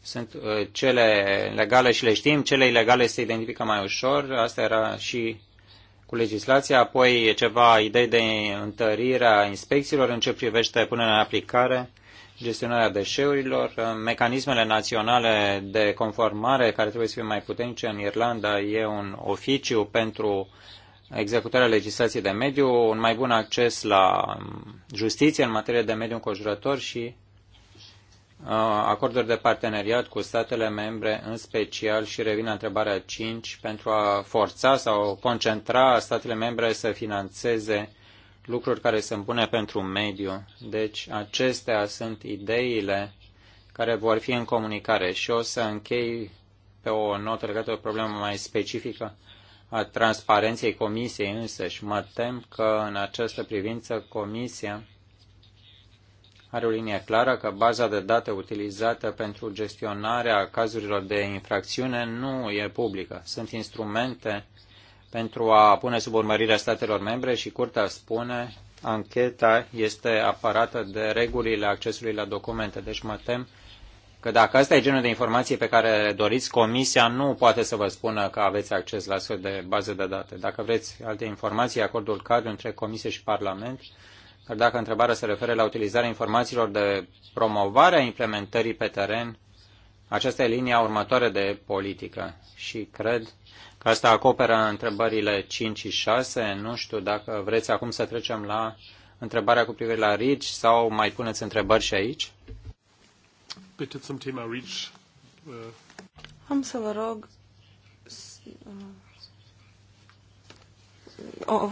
sunt uh, cele legale și le știm, cele ilegale se identifică mai ușor. Asta era și cu legislația, apoi ceva idei de întărire a inspecțiilor în ce privește punerea în aplicare, gestionarea deșeurilor, mecanismele naționale de conformare care trebuie să fie mai puternice în Irlanda e un oficiu pentru executarea legislației de mediu, un mai bun acces la justiție în materie de mediu înconjurător și acorduri de parteneriat cu statele membre în special și revin la întrebarea 5 pentru a forța sau concentra statele membre să financeze lucruri care sunt bune pentru mediu. Deci acestea sunt ideile care vor fi în comunicare și o să închei pe o notă legată de o problemă mai specifică a transparenței comisiei însă și mă tem că în această privință comisia are o linie clară că baza de date utilizată pentru gestionarea cazurilor de infracțiune nu e publică. Sunt instrumente pentru a pune sub urmărire statelor membre și curtea spune ancheta este aparată de regulile accesului la documente. Deci mă tem că dacă asta e genul de informații pe care doriți, comisia nu poate să vă spună că aveți acces la astfel de baze de date. Dacă vreți alte informații, acordul cadru între comisie și parlament dar dacă întrebarea se referă la utilizarea informațiilor de promovare a implementării pe teren, aceasta e linia următoare de politică și cred că asta acoperă întrebările 5 și 6. Nu știu dacă vreți acum să trecem la întrebarea cu privire la RICI sau mai puneți întrebări și aici. REACH. Uh. Am să vă rog uh, o,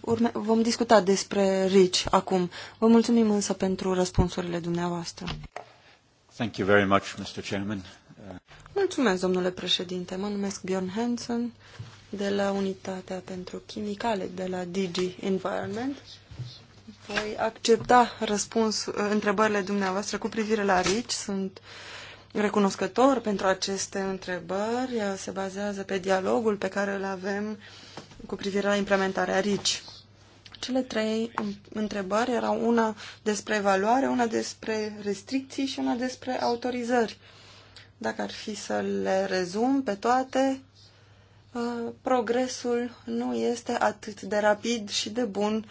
urme, vom discuta despre RICI acum. Vă mulțumim însă pentru răspunsurile dumneavoastră. Thank you very much, Mr. Chairman. Mulțumesc, domnule președinte. Mă numesc Bjorn Hansen de la Unitatea pentru Chimicale de la DG Environment. Voi accepta răspuns întrebările dumneavoastră cu privire la RICI. Sunt recunoscător pentru aceste întrebări. Se bazează pe dialogul pe care îl avem cu privire la implementarea RICI. Cele trei întrebări erau una despre evaluare, una despre restricții și una despre autorizări. Dacă ar fi să le rezum pe toate, uh, progresul nu este atât de rapid și de bun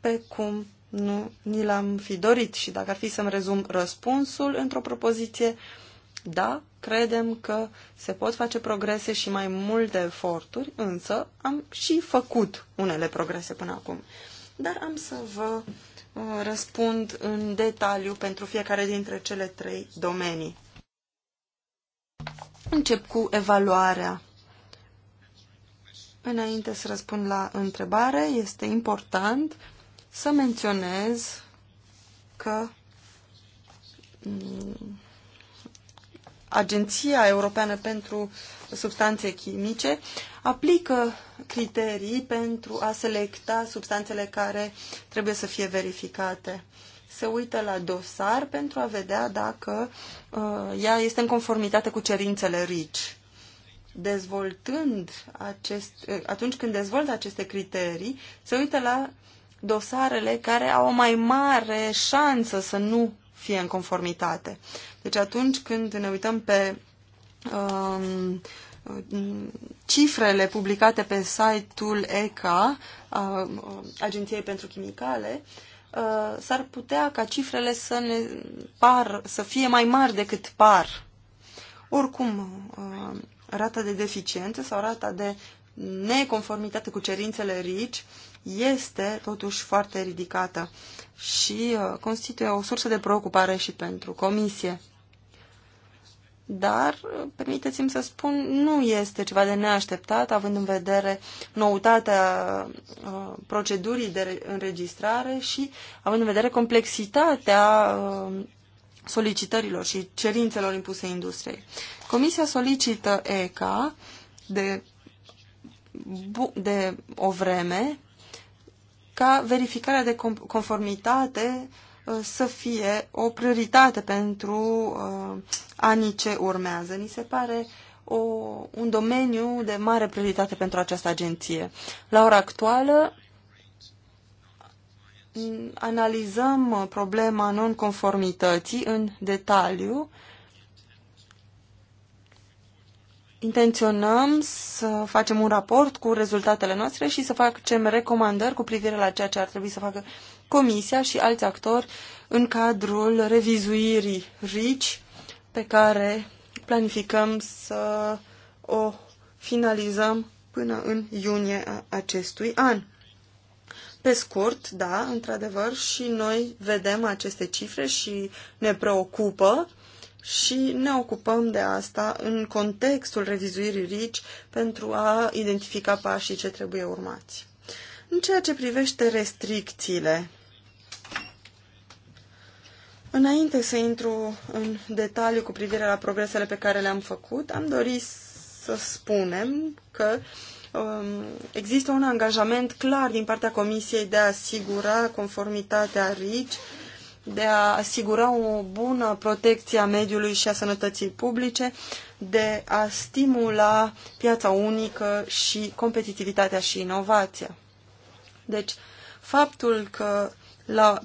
pe cum nu ni l-am fi dorit. Și dacă ar fi să-mi rezum răspunsul într-o propoziție, da, credem că se pot face progrese și mai multe eforturi, însă am și făcut unele progrese până acum. Dar am să vă uh, răspund în detaliu pentru fiecare dintre cele trei domenii. Încep cu evaluarea. Înainte să răspund la întrebare, este important să menționez că mm, Agenția Europeană pentru Substanțe Chimice aplică criterii pentru a selecta substanțele care trebuie să fie verificate. Se uită la dosar pentru a vedea dacă uh, ea este în conformitate cu cerințele RICI dezvoltând acest, uh, atunci când dezvoltă aceste criterii, se uită la dosarele care au o mai mare șansă să nu fie în conformitate. Deci atunci când ne uităm pe um, cifrele publicate pe site-ul ECA, uh, Agenției pentru Chimicale, s-ar putea ca cifrele să, ne par, să fie mai mari decât par. Oricum, rata de deficiență sau rata de neconformitate cu cerințele RICI este totuși foarte ridicată și uh, constituie o sursă de preocupare și pentru comisie. Dar, uh, permiteți-mi să spun, nu este ceva de neașteptat, având în vedere noutatea uh, procedurii de înregistrare și având în vedere complexitatea solicitărilor și cerințelor impuse industriei. Comisia solicită ECA de, de o vreme ca verificarea de conformitate uh, să fie o prioritate pentru uh, anii ce urmează. Ni se pare o, un domeniu de mare prioritate pentru această agenție. La ora actuală analizăm problema nonconformității în detaliu intenționăm să facem un raport cu rezultatele noastre și să facem recomandări cu privire la ceea ce ar trebui să facă Comisia și alți actori în cadrul revizuirii RICI pe care planificăm să o finalizăm până în iunie acestui an. Pe scurt, da, într-adevăr, și noi vedem aceste cifre și ne preocupă și ne ocupăm de asta în contextul revizuirii RICI pentru a identifica pașii ce trebuie urmați. În ceea ce privește restricțiile, înainte să intru în detaliu cu privire la progresele pe care le-am făcut, am dorit să spunem că um, există un angajament clar din partea Comisiei de a asigura conformitatea RICI de a asigura o bună protecție a mediului și a sănătății publice, de a stimula piața unică și competitivitatea și inovația. Deci, faptul că la,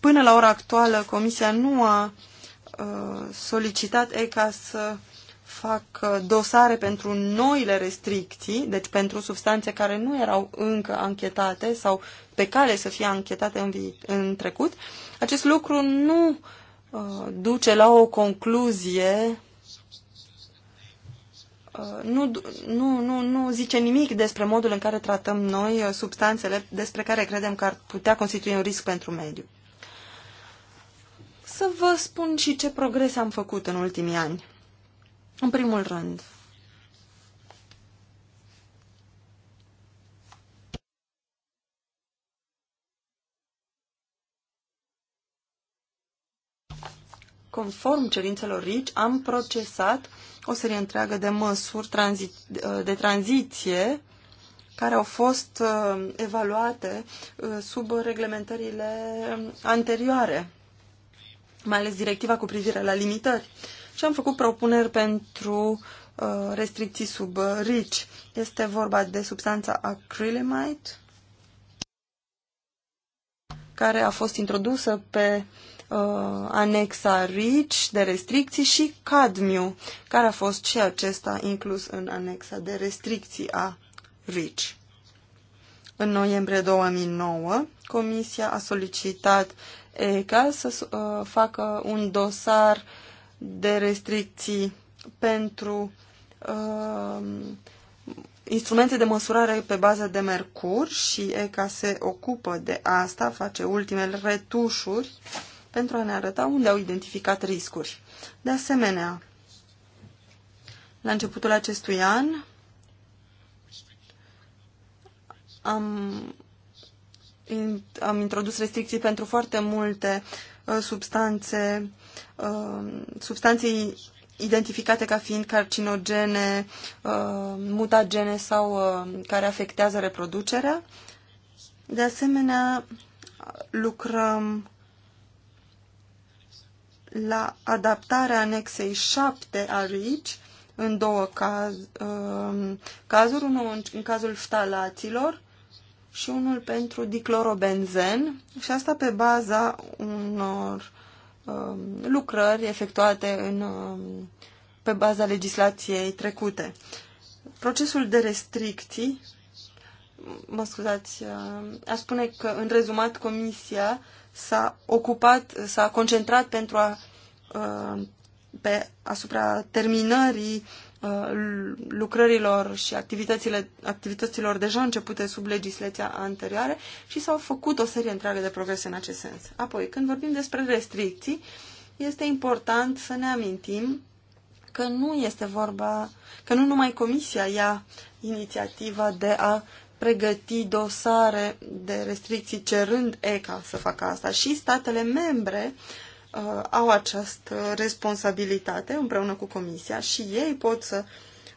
până la ora actuală Comisia nu a uh, solicitat ECA să uh, fac uh, dosare pentru noile restricții, deci pentru substanțe care nu erau încă anchetate sau pe cale să fie anchetate în, în trecut, acest lucru nu uh, duce la o concluzie, uh, nu, nu, nu, nu zice nimic despre modul în care tratăm noi uh, substanțele despre care credem că ar putea constitui un risc pentru mediu. Să vă spun și ce progrese am făcut în ultimii ani. În primul rând, conform cerințelor RICI, am procesat o serie întreagă de măsuri de tranziție care au fost uh, evaluate uh, sub reglementările um, anterioare, mai ales directiva cu privire la limitări și am făcut propuneri pentru uh, restricții sub uh, RICI. Este vorba de substanța acrylamide care a fost introdusă pe uh, anexa RICI de restricții și cadmiu, care a fost și acesta inclus în anexa de restricții a RICI. În noiembrie 2009, Comisia a solicitat ECA să uh, facă un dosar uh, de restricții pentru uh, instrumente de măsurare pe bază de mercur și ECA se ocupă de asta, face ultimele retușuri pentru a ne arăta unde au identificat riscuri. De asemenea, la începutul acestui an am, am introdus restricții pentru foarte multe uh, substanțe Uh, substanței identificate ca fiind carcinogene, uh, mutagene sau uh, care afectează reproducerea. De asemenea, lucrăm la adaptarea anexei 7 a RIC în două caz, cazuri, unul în, în cazul ftalaților și unul pentru diclorobenzen și asta pe baza unor Um, lucrări efectuate în, um, pe baza legislației trecute. Procesul de restricții, mă scuzați, um, a spune că în rezumat Comisia s-a ocupat, s-a concentrat pentru a, pe, asupra terminării Uh, lucrărilor și activitățile, activităților deja începute sub legislația anterioare și s-au făcut o serie întreagă de progrese în acest sens. Apoi, când vorbim despre restricții, este important să ne amintim că nu este vorba, că nu numai Comisia ia inițiativa de a pregăti dosare de restricții cerând ECA să facă asta și statele membre uh, uh, au această responsabilitate împreună cu Comisia și ei pot să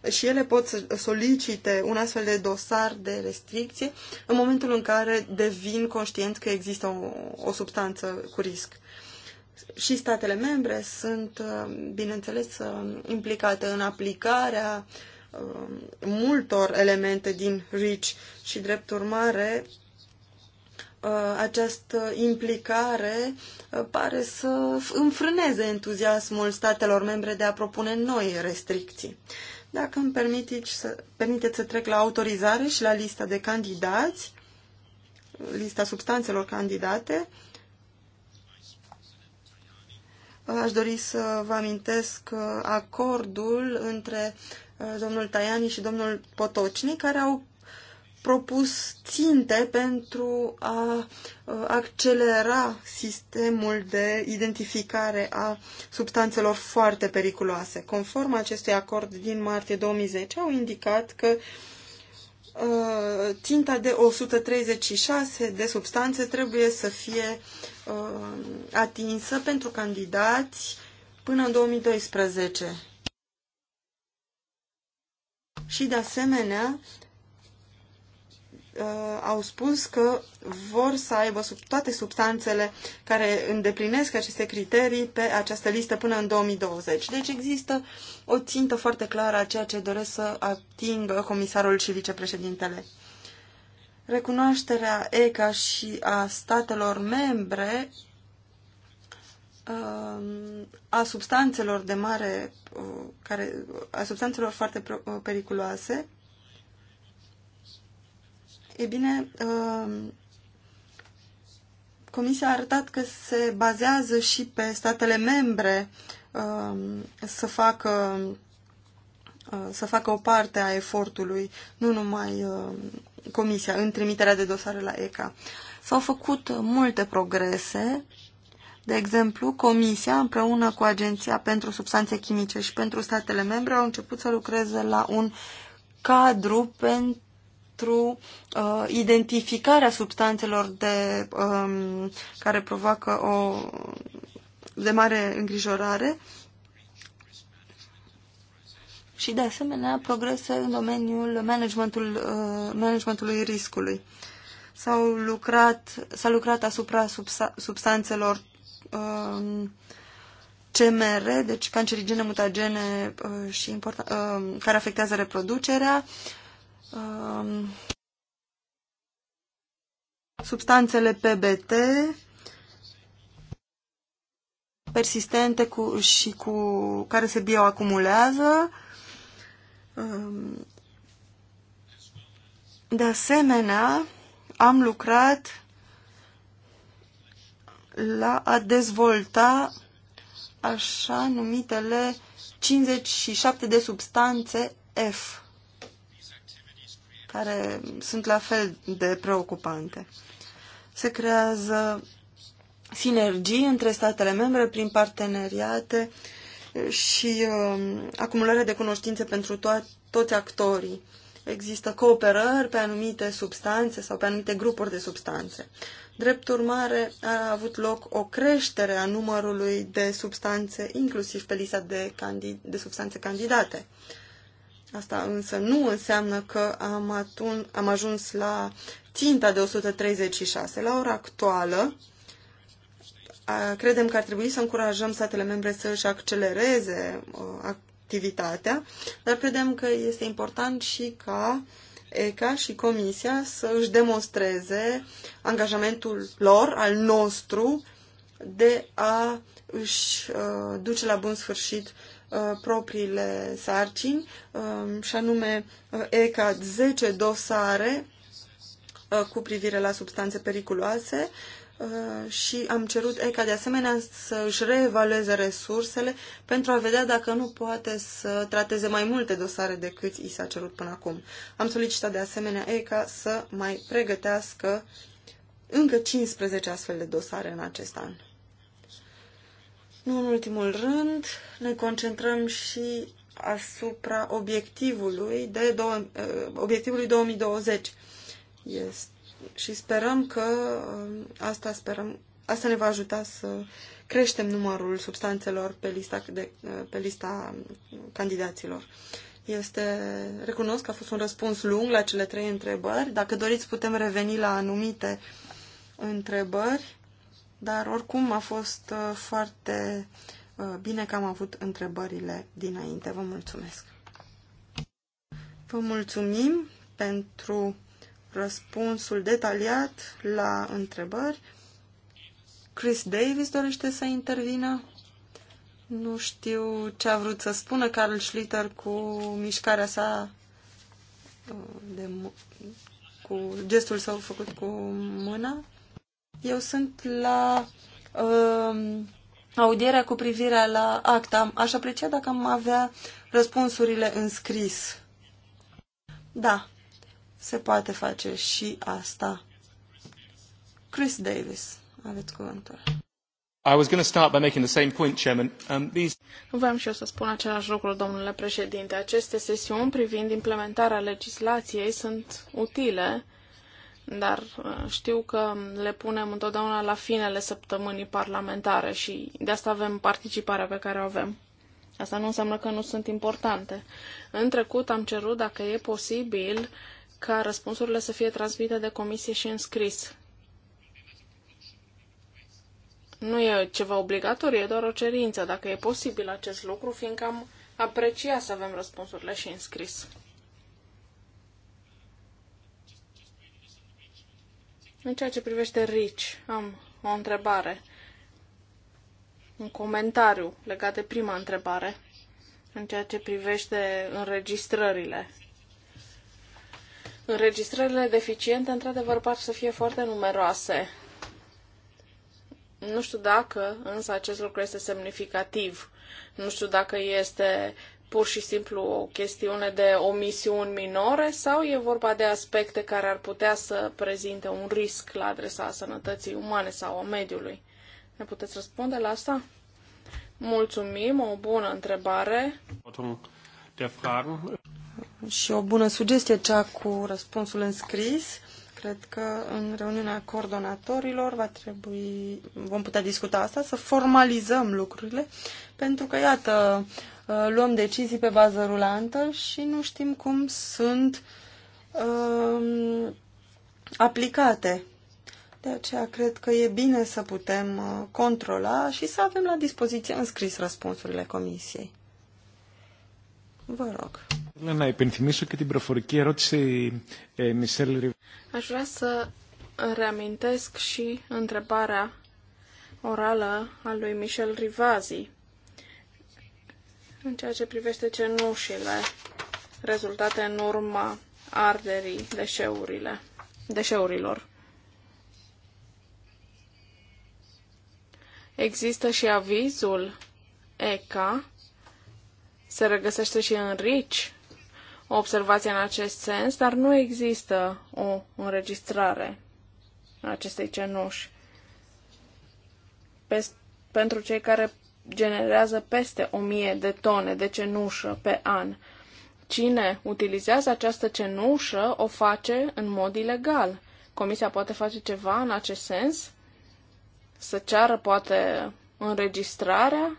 și ele pot să solicite un astfel de dosar de restricție în momentul în care devin conștienți că există o, o substanță cu risc. Și statele membre sunt, uh, bineînțeles, uh, implicate în aplicarea uh, multor elemente din REACH și, drept urmare, Uh, această implicare uh, pare să înfrâneze entuziasmul statelor membre de a propune noi restricții. Dacă îmi permiteți să, permiteți să trec la autorizare și la lista de candidați, lista substanțelor candidate, aș dori să vă amintesc uh, acordul între domnul Tajani și domnul Potocni, care au propus ținte pentru a accelera sistemul de identificare a substanțelor foarte periculoase. Conform acestui acord din martie 2010, au indicat că ținta de 136 de substanțe trebuie să fie atinsă pentru candidați până în 2012. Și de asemenea, uh, au spus că vor să aibă sub toate substanțele care îndeplinesc aceste criterii pe această listă până în 2020. Deci există o țintă foarte clară a ceea ce doresc să atingă comisarul și vicepreședintele. Recunoașterea ECA și a statelor membre uh, a substanțelor de mare, uh, care, a substanțelor foarte uh, periculoase, E bine, uh, Comisia a arătat că se bazează și pe statele membre uh, să facă, uh, să facă o parte a efortului, nu numai Comisia, în trimiterea de dosare la ECA. S-au făcut multe progrese. De exemplu, Comisia, împreună cu Agenția pentru Substanțe Chimice și pentru statele membre, au început să lucreze la un cadru pentru pentru uh, identificarea substanțelor de, um, care provoacă o de mare îngrijorare și de asemenea progrese în domeniul managementul, uh, managementului riscului. s a lucrat, lucrat asupra subsa, substanțelor uh, um, CMR, deci cancerigene, mutagene uh, și uh, care afectează reproducerea, uh, um, substanțele PBT persistente cu, și cu care se bioacumulează. Um, de asemenea, am lucrat la a dezvolta așa numitele 57 de substanțe F care sunt la fel de preocupante. Se creează sinergii între statele membre prin parteneriate și uh, acumularea de cunoștințe pentru to- toți actorii. Există cooperări pe anumite substanțe sau pe anumite grupuri de substanțe. Drept urmare, a avut loc o creștere a numărului de substanțe, inclusiv pe lista de, candid- de substanțe candidate. Uh, Asta însă nu înseamnă că am, atun, am ajuns la ținta de 136. La ora actuală, credem că ar trebui să încurajăm statele membre să își accelereze uh, activitatea, dar credem că este important și ca ECA și Comisia să își demonstreze angajamentul lor, al nostru, de a își uh, duce la bun sfârșit Uh, propriile sarcini, um, și anume uh, ECA 10 dosare uh, cu privire la substanțe periculoase și am cerut ECA de asemenea să își reevalueze resursele pentru a vedea dacă nu poate să trateze mai multe dosare decât i s-a cerut până acum. Am solicitat de asemenea ECA să mai pregătească încă 15 astfel de dosare în acest an. Nu în ultimul rând, ne concentrăm și asupra obiectivului, de două, uh, obiectivului 2020. Yes. și sperăm că uh, asta, sperăm, asta ne va ajuta să creștem numărul substanțelor pe lista, de, uh, pe lista candidaților. Este, recunosc că a fost un răspuns lung la cele trei întrebări. Dacă doriți, putem reveni la anumite întrebări dar oricum a fost uh, foarte uh, bine că am avut întrebările dinainte. Vă mulțumesc! Vă mulțumim pentru răspunsul detaliat la întrebări. Chris Davis dorește să intervină. Nu știu ce a vrut să spună Carl Schlitter cu mișcarea sa, uh, de, cu gestul său făcut cu mâna. Eu sunt la uh, audierea cu privire la acta. Aș aprecia dacă am avea răspunsurile în scris. Da, se poate face și asta. Chris Davis, aveți cuvântul. I was going to start by making the same point, Chairman. Um, these... Vreau și eu să spun același lucru, domnule președinte. Aceste sesiuni privind implementarea legislației sunt utile dar uh, știu că le punem întotdeauna la finele săptămânii parlamentare și de asta avem participarea pe care o avem. Asta nu înseamnă că nu sunt importante. În trecut am cerut, dacă e posibil, ca răspunsurile să fie transmite de comisie și în scris. Nu e ceva obligatoriu, e doar o cerință, dacă e posibil acest lucru, fiindcă am aprecia să avem răspunsurile și în scris. În ceea ce privește Rich, am o întrebare, un comentariu legat de prima întrebare, în ceea ce privește înregistrările. Înregistrările deficiente, într-adevăr, par să fie foarte numeroase. Nu știu dacă, însă, acest lucru este semnificativ. Nu știu dacă este pur și simplu o chestiune de omisiuni minore sau e vorba de aspecte care ar putea să prezinte un risc la adresa sănătății umane sau a mediului? Ne puteți răspunde la asta? Mulțumim, o bună întrebare. Și o bună sugestie cea cu răspunsul în scris. Cred că în reuniunea coordonatorilor va trebui, vom putea discuta asta, să formalizăm lucrurile, pentru că, iată, Uh, luăm decizii pe bază rulantă și nu știm cum sunt uh, aplicate. De aceea cred că e bine să putem uh, controla și să avem la dispoziție înscris răspunsurile Comisiei. Vă rog. Να υπενθυμίσω και την προφορική ερώτηση ε, Μισελ Aș vrea să reamintesc și întrebarea orală a lui Michel Rivazi în ceea ce privește cenușile rezultate în urma arderii deșeurile, deșeurilor. Există și avizul ECA, se regăsește și în RICI o observație în acest sens, dar nu există o înregistrare a acestei cenuși. Pe, pentru cei care generează peste 1000 de tone de cenușă pe an. Cine utilizează această cenușă o face în mod ilegal. Comisia poate face ceva în acest sens? Să ceară poate înregistrarea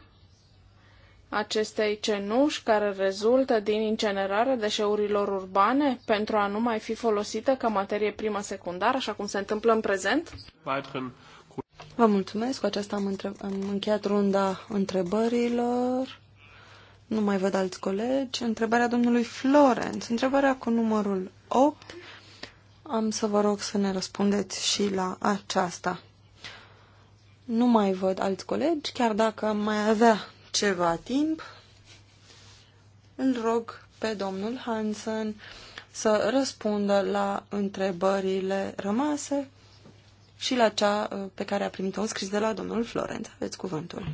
acestei cenuși care rezultă din incinerarea deșeurilor urbane pentru a nu mai fi folosită ca materie primă secundară, așa cum se întâmplă în prezent? Vă mulțumesc. Cu aceasta am, întreb- am încheiat runda întrebărilor. Nu mai văd alți colegi. Întrebarea domnului Florence. Întrebarea cu numărul 8. Am să vă rog să ne răspundeți și la aceasta. Nu mai văd alți colegi, chiar dacă mai avea ceva timp. Îl rog pe domnul Hansen să răspundă la întrebările rămase și la cea uh, pe care a primit-o scris de la domnul Florent. Aveți cuvântul.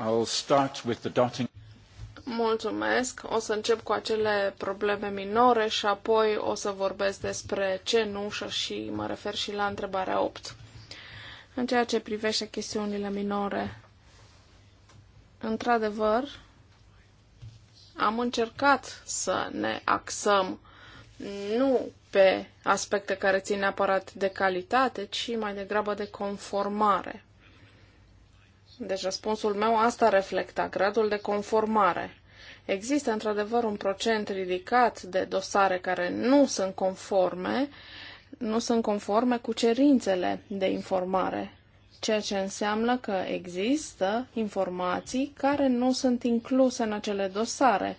I'll start with the dotting. Mulțumesc. O să încep cu acele probleme minore și apoi o să vorbesc despre ce nu și mă refer și la întrebarea 8. În ceea ce privește chestiunile minore, într-adevăr, am încercat să ne axăm nu pe aspecte care țin neapărat de calitate, ci mai degrabă de conformare. Deci răspunsul meu asta reflecta, gradul de conformare. Există într-adevăr un procent ridicat de dosare care nu sunt conforme, nu sunt conforme cu cerințele de informare, ceea ce înseamnă că există informații care nu sunt incluse în acele dosare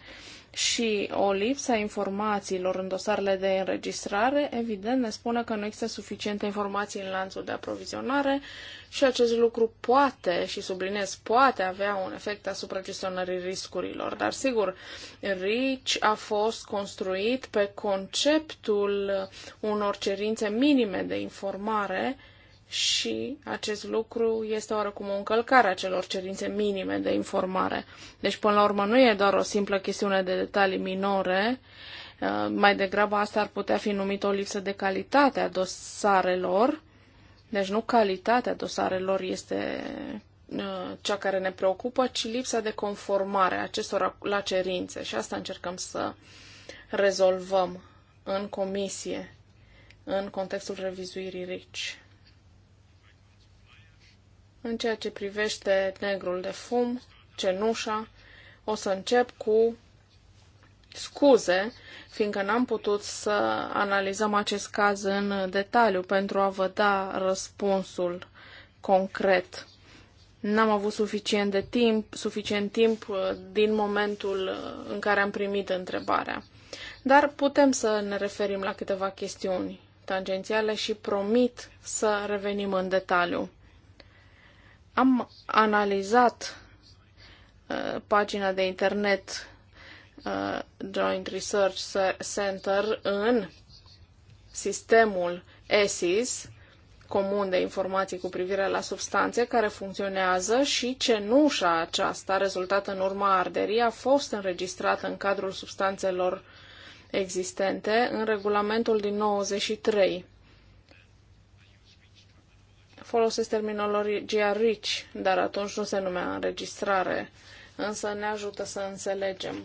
și o lipsă a informațiilor în dosarele de înregistrare, evident, ne spune că nu există suficiente informații în lanțul de aprovizionare și acest lucru poate, și subliniez, poate avea un efect asupra gestionării riscurilor. Dar, sigur, RICH a fost construit pe conceptul unor cerințe minime de informare și acest lucru este oarecum o încălcare a celor cerințe minime de informare. Deci, până la urmă, nu e doar o simplă chestiune de detalii minore, uh, mai degrabă asta ar putea fi numit o lipsă de calitate a dosarelor. Deci nu calitatea dosarelor este uh, cea care ne preocupă, ci lipsa de conformare acestora la cerințe. Și asta încercăm să rezolvăm în comisie, în contextul revizuirii RICI. În ceea ce privește negrul de fum, cenușa, o să încep cu scuze, fiindcă n-am putut să analizăm acest caz în detaliu pentru a vă da răspunsul concret. N-am avut suficient de timp, suficient timp uh, din momentul uh, în care am primit întrebarea. Dar putem să ne referim la câteva chestiuni tangențiale și promit să revenim în detaliu. Am analizat uh, pagina de internet uh, Joint Research Center în sistemul ESIS, comun de informații cu privire la substanțe care funcționează și cenușa aceasta, rezultat în urma arderii, a fost înregistrată în cadrul substanțelor existente în regulamentul din 93 folosesc terminologia rich, dar atunci nu se numea înregistrare, însă ne ajută să înțelegem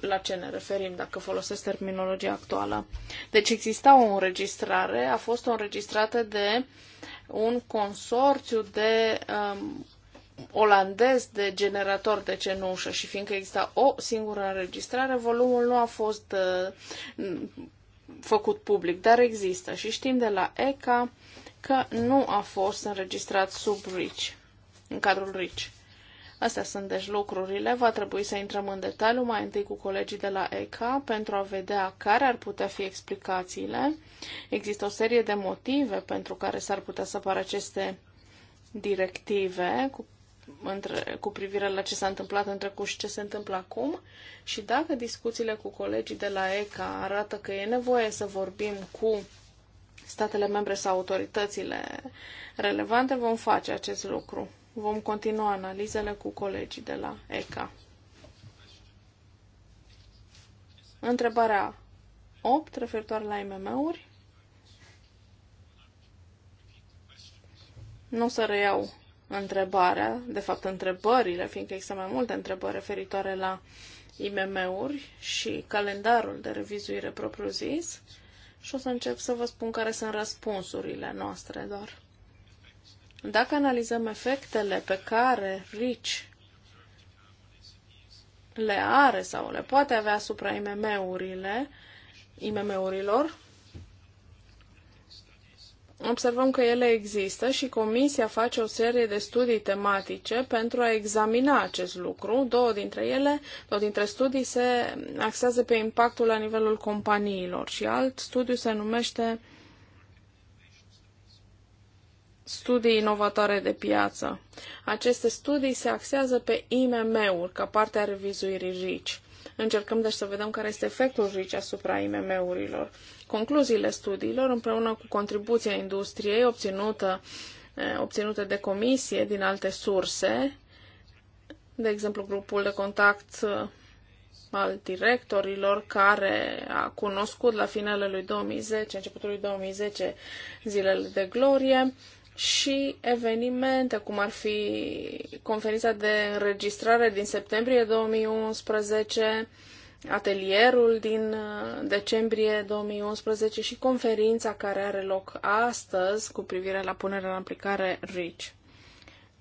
la ce ne referim dacă folosesc terminologia actuală. Deci exista o înregistrare, a fost o înregistrată de un consorțiu de um, olandez de generator de cenușă și fiindcă exista o singură înregistrare, volumul nu a fost uh, făcut public, dar există și știm de la ECA că nu a fost înregistrat sub RICH, în cadrul RICH. Astea sunt deci lucrurile. Va trebui să intrăm în detaliu mai întâi cu colegii de la ECA pentru a vedea care ar putea fi explicațiile. Există o serie de motive pentru care s-ar putea să apară aceste directive cu, între, cu privire la ce s-a întâmplat în trecut și ce se întâmplă acum. Și dacă discuțiile cu colegii de la ECA arată că e nevoie să vorbim cu statele membre sau autoritățile relevante, vom face acest lucru. Vom continua analizele cu colegii de la ECA. Întrebarea 8, referitoare la IMM-uri. Nu o să reiau întrebarea, de fapt întrebările, fiindcă există mai multe întrebări referitoare la IMM-uri și calendarul de revizuire propriu-zis și o să încep să vă spun care sunt răspunsurile noastre doar. Dacă analizăm efectele pe care Rich le are sau le poate avea asupra IMM-urile, IMM-urilor, observăm că ele există și Comisia face o serie de studii tematice pentru a examina acest lucru. Două dintre ele, două dintre studii se axează pe impactul la nivelul companiilor și alt studiu se numește studii inovatoare de piață. Aceste studii se axează pe IMM-uri ca parte a revizuirii RICI. Încercăm deci să vedem care este efectul RICI asupra IMM-urilor. Concluziile studiilor, împreună cu contribuția industriei obținută, eh, obținută de comisie din alte surse, de exemplu grupul de contact eh, al directorilor care a cunoscut la finele lui 2010, începutul lui 2010, zilele de glorie, și evenimente, cum ar fi conferința de înregistrare din septembrie 2011, atelierul din uh, decembrie 2011 și conferința care are loc astăzi cu privire la punerea în aplicare RICH.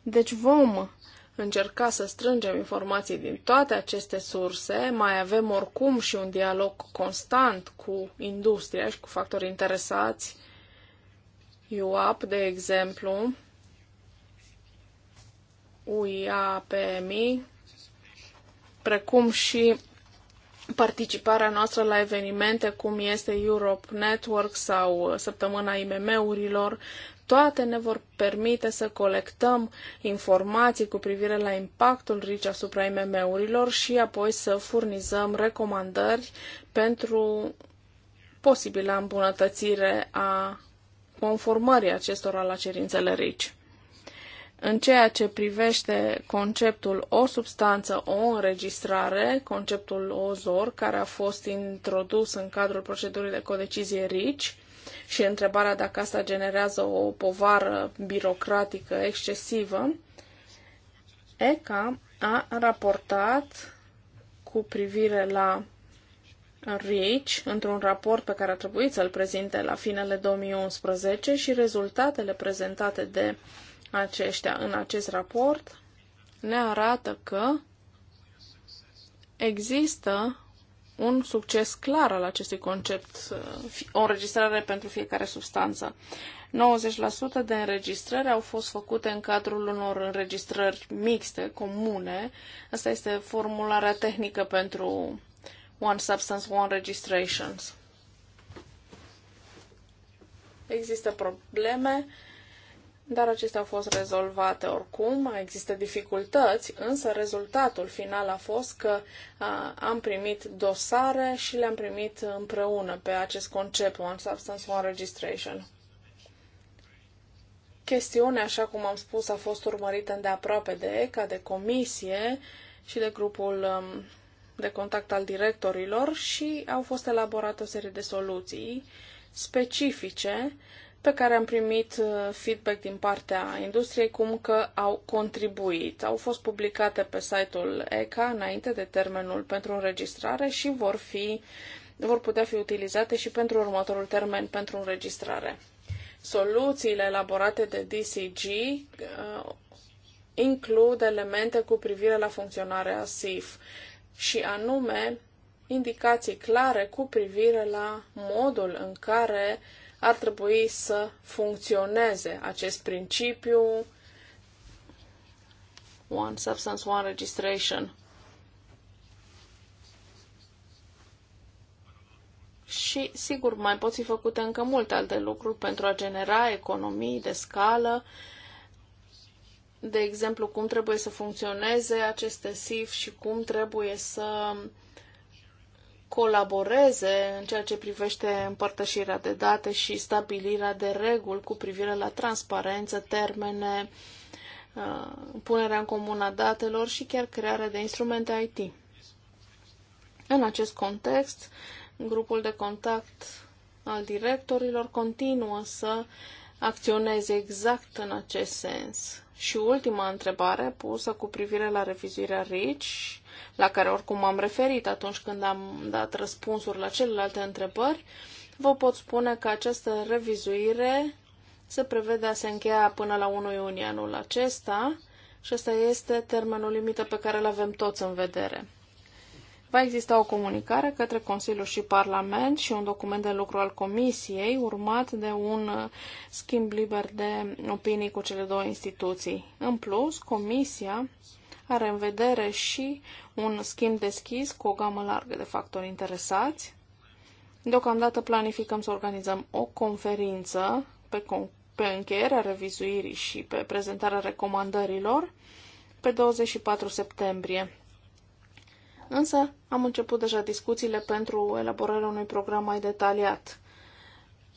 Deci vom încerca să strângem informații din toate aceste surse, mai avem oricum și un dialog constant cu industria și cu factorii interesați UAP, de exemplu, UIAPMI, precum și participarea noastră la evenimente cum este Europe Network sau Săptămâna IMM-urilor, toate ne vor permite să colectăm informații cu privire la impactul RICI asupra IMM-urilor și apoi să furnizăm recomandări pentru posibilă îmbunătățire a conformării acestora la cerințele RICI. În ceea ce privește conceptul o substanță, o înregistrare, conceptul OZOR, care a fost introdus în cadrul procedurii de codecizie RICI, și întrebarea dacă asta generează o povară birocratică excesivă, ECA a raportat cu privire la RICH într-un raport pe care a trebuit să-l prezinte la finele 2011 și rezultatele prezentate de aceștia în acest raport ne arată că există un succes clar al acestui concept, o înregistrare pentru fiecare substanță. 90% de înregistrări au fost făcute în cadrul unor înregistrări mixte, comune. Asta este formularea tehnică pentru One Substance, One Registrations. Există probleme, dar acestea au fost rezolvate oricum. Există dificultăți, însă rezultatul final a fost că a, am primit dosare și le-am primit împreună pe acest concept One Substance, One Registration. Chestiunea, așa cum am spus, a fost urmărită îndeaproape de ECA, de comisie și de grupul um, de contact al directorilor și au fost elaborate o serie de soluții specifice pe care am primit uh, feedback din partea industriei cum că au contribuit. Au fost publicate pe site-ul ECA înainte de termenul pentru înregistrare și vor, fi, vor putea fi utilizate și pentru următorul termen pentru înregistrare. Soluțiile elaborate de DCG uh, includ elemente cu privire la funcționarea SIF, și anume indicații clare cu privire la modul în care ar trebui să funcționeze acest principiu One Substance, One Registration. Și, sigur, mai pot fi făcute încă multe alte lucruri pentru a genera economii de scală de exemplu, cum trebuie să funcționeze aceste SIF și cum trebuie să colaboreze în ceea ce privește împărtășirea de date și stabilirea de reguli cu privire la transparență, termene, uh, punerea în comun a datelor și chiar crearea de instrumente IT. În acest context, grupul de contact al directorilor continuă să acționeze exact în acest sens și ultima întrebare pusă cu privire la revizuirea RICI, la care oricum m-am referit atunci când am dat răspunsuri la celelalte întrebări, vă pot spune că această revizuire se prevede a se încheia până la 1 iunie anul acesta și ăsta este termenul limită pe care îl avem toți în vedere. Va exista o comunicare către Consiliu și Parlament și un document de lucru al Comisiei, urmat de un schimb liber de opinii cu cele două instituții. În plus, Comisia are în vedere și un schimb deschis cu o gamă largă de factori interesați. Deocamdată planificăm să organizăm o conferință pe, pe încheierea revizuirii și pe prezentarea recomandărilor pe 24 septembrie. Însă am început deja discuțiile pentru elaborarea unui program mai detaliat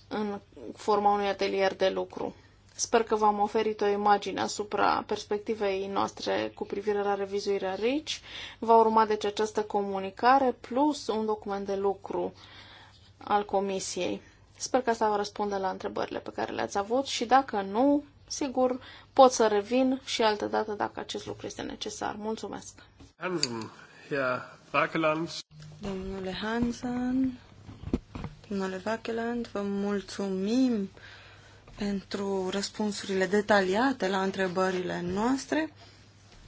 în forma unui atelier de lucru. Sper că v-am oferit o imagine asupra perspectivei noastre cu privire la revizuirea RICI. Va urma deci această comunicare plus un document de lucru al Comisiei. Sper că asta vă răspunde la întrebările pe care le-ați avut și dacă nu, sigur, pot să revin și altă dată dacă acest lucru este necesar. Mulțumesc! Herr Brakeland. Domnule Hansen, domnule Vakeland, vă mulțumim pentru răspunsurile detaliate la întrebările noastre.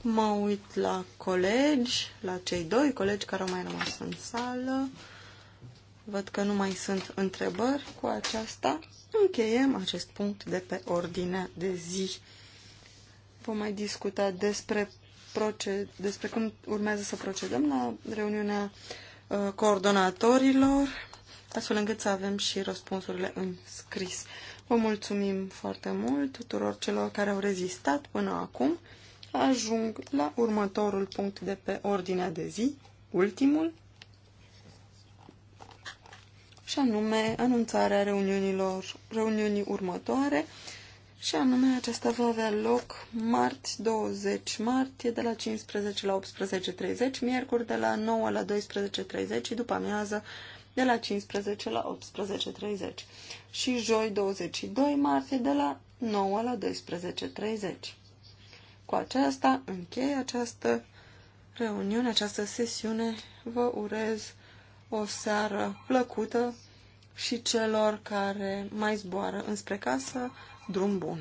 Mă uit la colegi, la cei doi colegi care au mai rămas în sală. Văd că nu mai sunt întrebări cu aceasta. Încheiem acest punct de pe ordinea de zi. Vom mai discuta despre proced, despre cum urmează să procedăm la reuniunea uh, coordonatorilor, astfel încât să avem și răspunsurile în scris. Vă mulțumim foarte mult tuturor celor care au rezistat până acum. Ajung la următorul punct de pe ordinea de zi, ultimul, și anume anunțarea reuniunilor, reuniunii următoare, și anume aceasta va avea loc marți 20 martie de la 15 la 18.30, miercuri de la 9 la 12.30 și după amiază de la 15 la 18.30 și joi 22 martie de la 9 la 12.30. Cu aceasta închei această reuniune, această sesiune. Vă urez o seară plăcută și celor care mai zboară înspre casă drum bun.